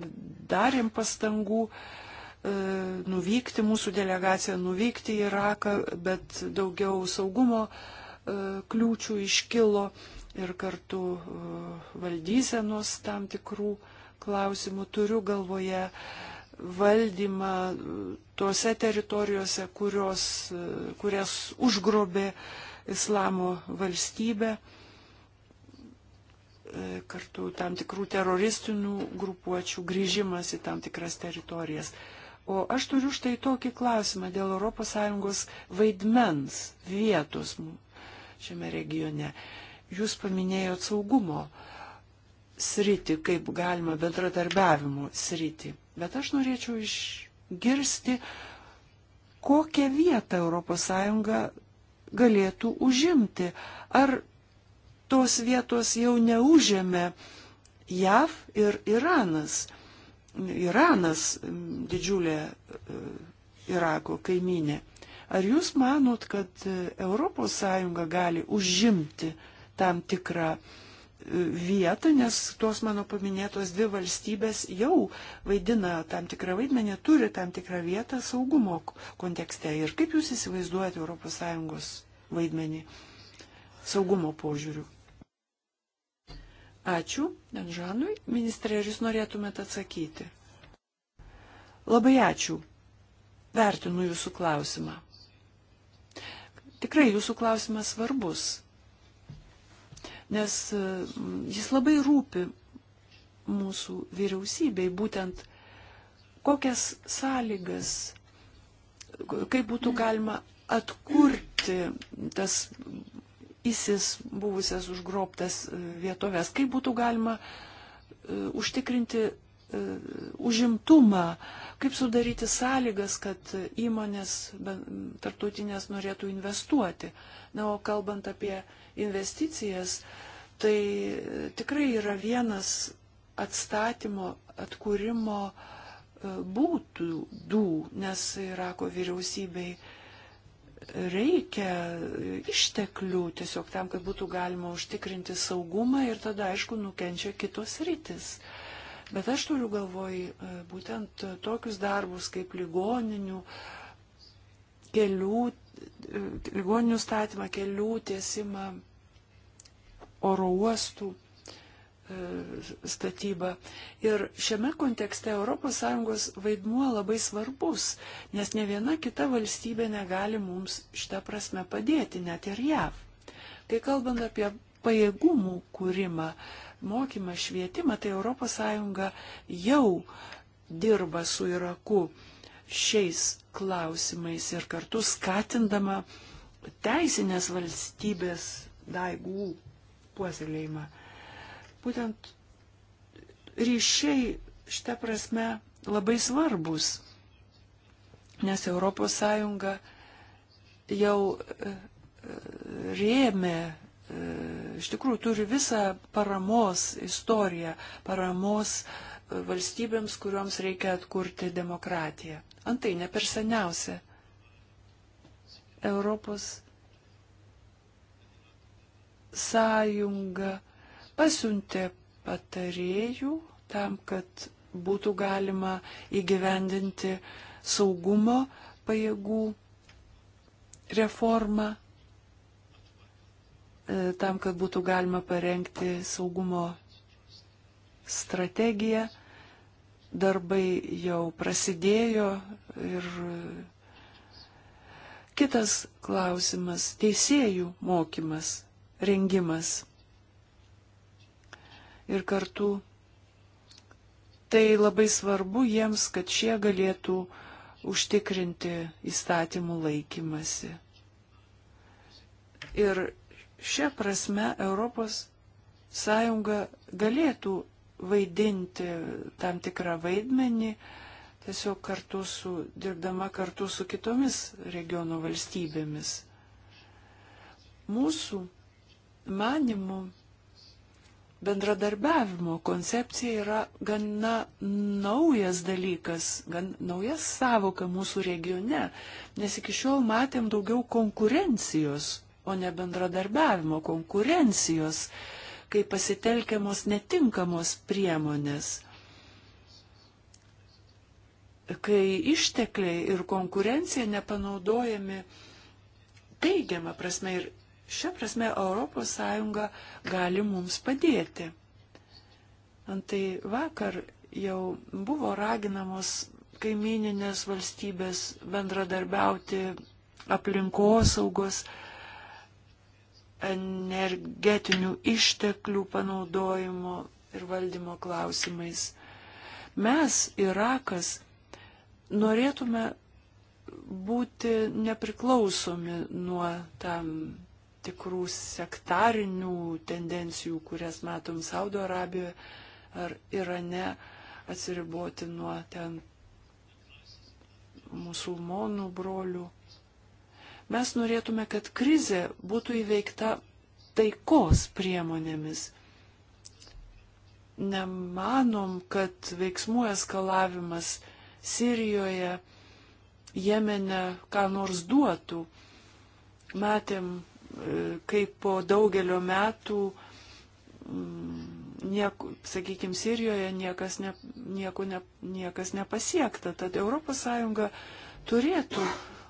darėm pastangų e, nuvykti, mūsų delegacija nuvykti į Iraką, bet daugiau saugumo kliūčių iškilo ir kartu valdysenos tam tikrų klausimų turiu galvoje valdymą tose teritorijose, kurios, kurias užgrobė islamo valstybė. E, kartu tam tikrų teroristinių grupuočių grįžimas į tam tikras teritorijas. O aš turiu štai tokį klausimą dėl ES vaidmens vietos šiame regione. Jūs paminėjot saugumo sritį, kaip galima bendradarbiavimo sritį. Bet aš norėčiau išgirsti, kokią vietą ES galėtų užimti. Ar tos vietos jau neužėmė JAV ir Iranas. Iranas didžiulė e, Irako kaiminė. Ar jūs manot, kad ES gali užimti tam tikrą e, vietą, nes tuos mano paminėtos dvi valstybės jau vaidina tam tikrą vaidmenį, turi tam tikrą vietą saugumo kontekste. Ir kaip jūs įsivaizduojate ES vaidmenį saugumo požiūriu? Ačiū, Danžanui. Ministrė, ar jūs norėtumėt atsakyti? Labai ačiū. Vertinu jūsų klausimą. Tikrai jūsų klausimas svarbus, nes mm, jis labai rūpi mūsų vyriausybei, būtent kokias sąlygas, kaip būtų galima atkurti tas įsis buvusias užgrobtas e, vietovės, kaip būtų galima e, užtikrinti e, užimtumą, kaip sudaryti sąlygas, kad įmonės tarptautinės norėtų investuoti. Na, o kalbant apie investicijas, tai tikrai yra vienas atstatymo, atkūrimo būtų, nes Irako vyriausybei reikia išteklių tiesiog tam, kad būtų galima užtikrinti saugumą ir tada, aišku, nukenčia kitos rytis. Bet aš turiu galvoj e, būtent tokius darbus kaip ligoninių, kelių, e, ligoninių statymą, kelių tiesimą, oro uostų. E, statybą. Ir šiame kontekste ES vaidmuo labai svarbus, nes ne viena kita valstybė negali mums šitą prasme padėti, net ir JAV. Kai kalbant apie pajėgumų kūrimą, mokymą, švietimą, tai ES jau dirba su Iraku šiais klausimais ir kartu skatindama teisinės valstybės daigų puoselėjimą būtent ryšiai šitą prasme labai svarbus, nes ES jau e, e, rėmė, e, iš tikrųjų turi visą paramos istoriją, paramos valstybėms, kuriuoms reikia atkurti demokratiją. Antai, ne per seniausia Europos sąjunga pasiuntė patarėjų tam, kad būtų galima įgyvendinti saugumo pajėgų reformą, e, tam, kad būtų galima parengti saugumo strategiją. Darbai jau prasidėjo ir kitas klausimas - teisėjų mokymas, rengimas ir kartu tai labai svarbu jiems, kad šie galėtų užtikrinti įstatymų laikymasi. Ir šią prasme Europos Sąjunga galėtų vaidinti tam tikrą vaidmenį, tiesiog kartu su, dirbdama kartu su kitomis regiono valstybėmis. Mūsų manimų bendradarbiavimo koncepcija yra gana naujas dalykas, gan naujas savoka mūsų regione, nes iki šiol matėm daugiau konkurencijos, o ne bendradarbiavimo konkurencijos, kai pasitelkiamos netinkamos priemonės. Kai ištekliai ir konkurencija nepanaudojami teigiamą prasme ir Šia prasme ES gali mums padėti. Antai vakar jau buvo raginamos kaimininės valstybės bendradarbiauti aplinkosaugos, energetinių išteklių panaudojimo ir valdymo klausimais. Mes, Irakas, norėtume būti nepriklausomi nuo tam tikrų sektarinių tendencijų, kurias matom Saudo Arabijoje ar Irane, atsiriboti nuo ten musulmonų brolių. Mes norėtume, kad krizė būtų įveikta taikos priemonėmis. Nemanom, kad veiksmų eskalavimas Sirijoje, Jemene ką nors duotų. Matėm kaip po daugelio metų, mm, niek, sakykime, Sirijoje niekas, ne, nieko ne, niekas nepasiekta. Tad ES turėtų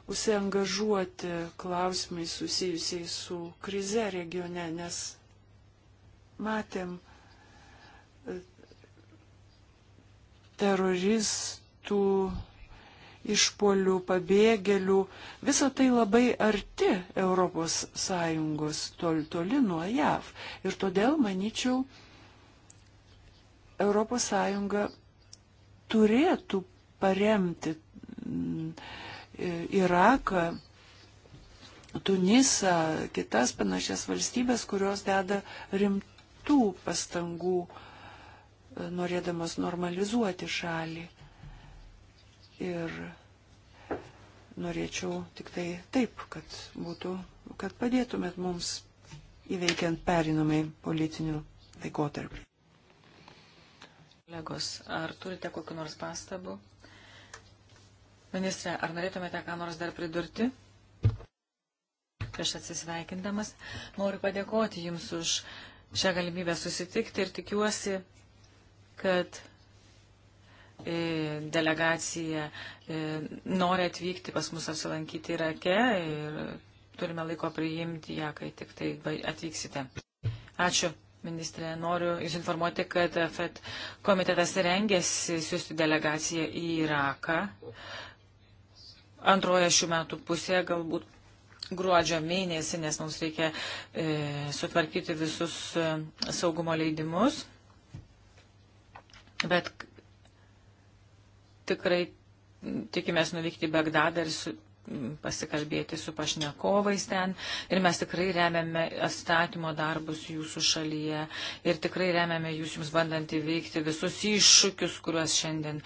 užsiengažuoti klausimai susijusiai su krize regione, nes matėm e, teroristų išpolių, pabėgėlių. Visa tai labai arti ES, tol, toli nuo JAV. Ir todėl, manyčiau, ES turėtų paremti mm, Iraką, Tunisą, kitas panašias valstybės, kurios deda rimtų pastangų e, norėdamas normalizuoti šalį. Ir norėčiau tik tai taip, kad būtų, kad padėtumėt mums įveikiant perinamai politinių laikotarpį. Legos, ar turite kokiu nors pastabu? Ministre, ar norėtumėte ką nors dar pridurti? Prieš atsisveikindamas, noriu padėkoti Jums už šią galimybę susitikti ir tikiuosi, kad E, delegacija e, nori atvykti pas mus apsilankyti Irake ir turime laiko priimti ją, kai tik tai atvyksite. Ačiū. Ministrė, noriu Jūs informuoti, kad FED komitetas rengėsi siūsti delegaciją į Iraką. Antroje šių metų pusėje galbūt gruodžio mėnesį, nes mums reikia e, sutvarkyti visus e, saugumo leidimus. Bet tikrai tikimės nuvykti į Bagdadą ir su, pasikalbėti su pašnekovais ten. Ir mes tikrai remiame atstatymo darbus jūsų šalyje ir tikrai remiame jūs jums bandant įveikti visus iššūkius, kuriuos šiandien,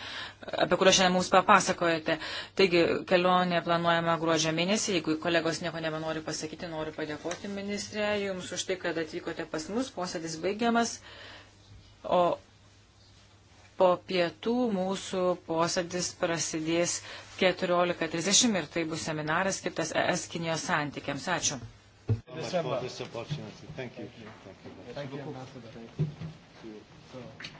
apie kuriuos šiandien mums papasakojate. Taigi, kelionė planuojama gruodžio mėnesį. Jeigu kolegos nieko nebenori pasakyti, noriu padėkoti ministrė jums už tai, kad atvykote pas mus. Posėdis baigiamas. O Po pietų mūsų posėdis prasidės 14.30 ir tai bus seminaras skirtas ES Kinijos santykiams. Ačiū. December. Thank you. Thank you. Thank you. Thank you.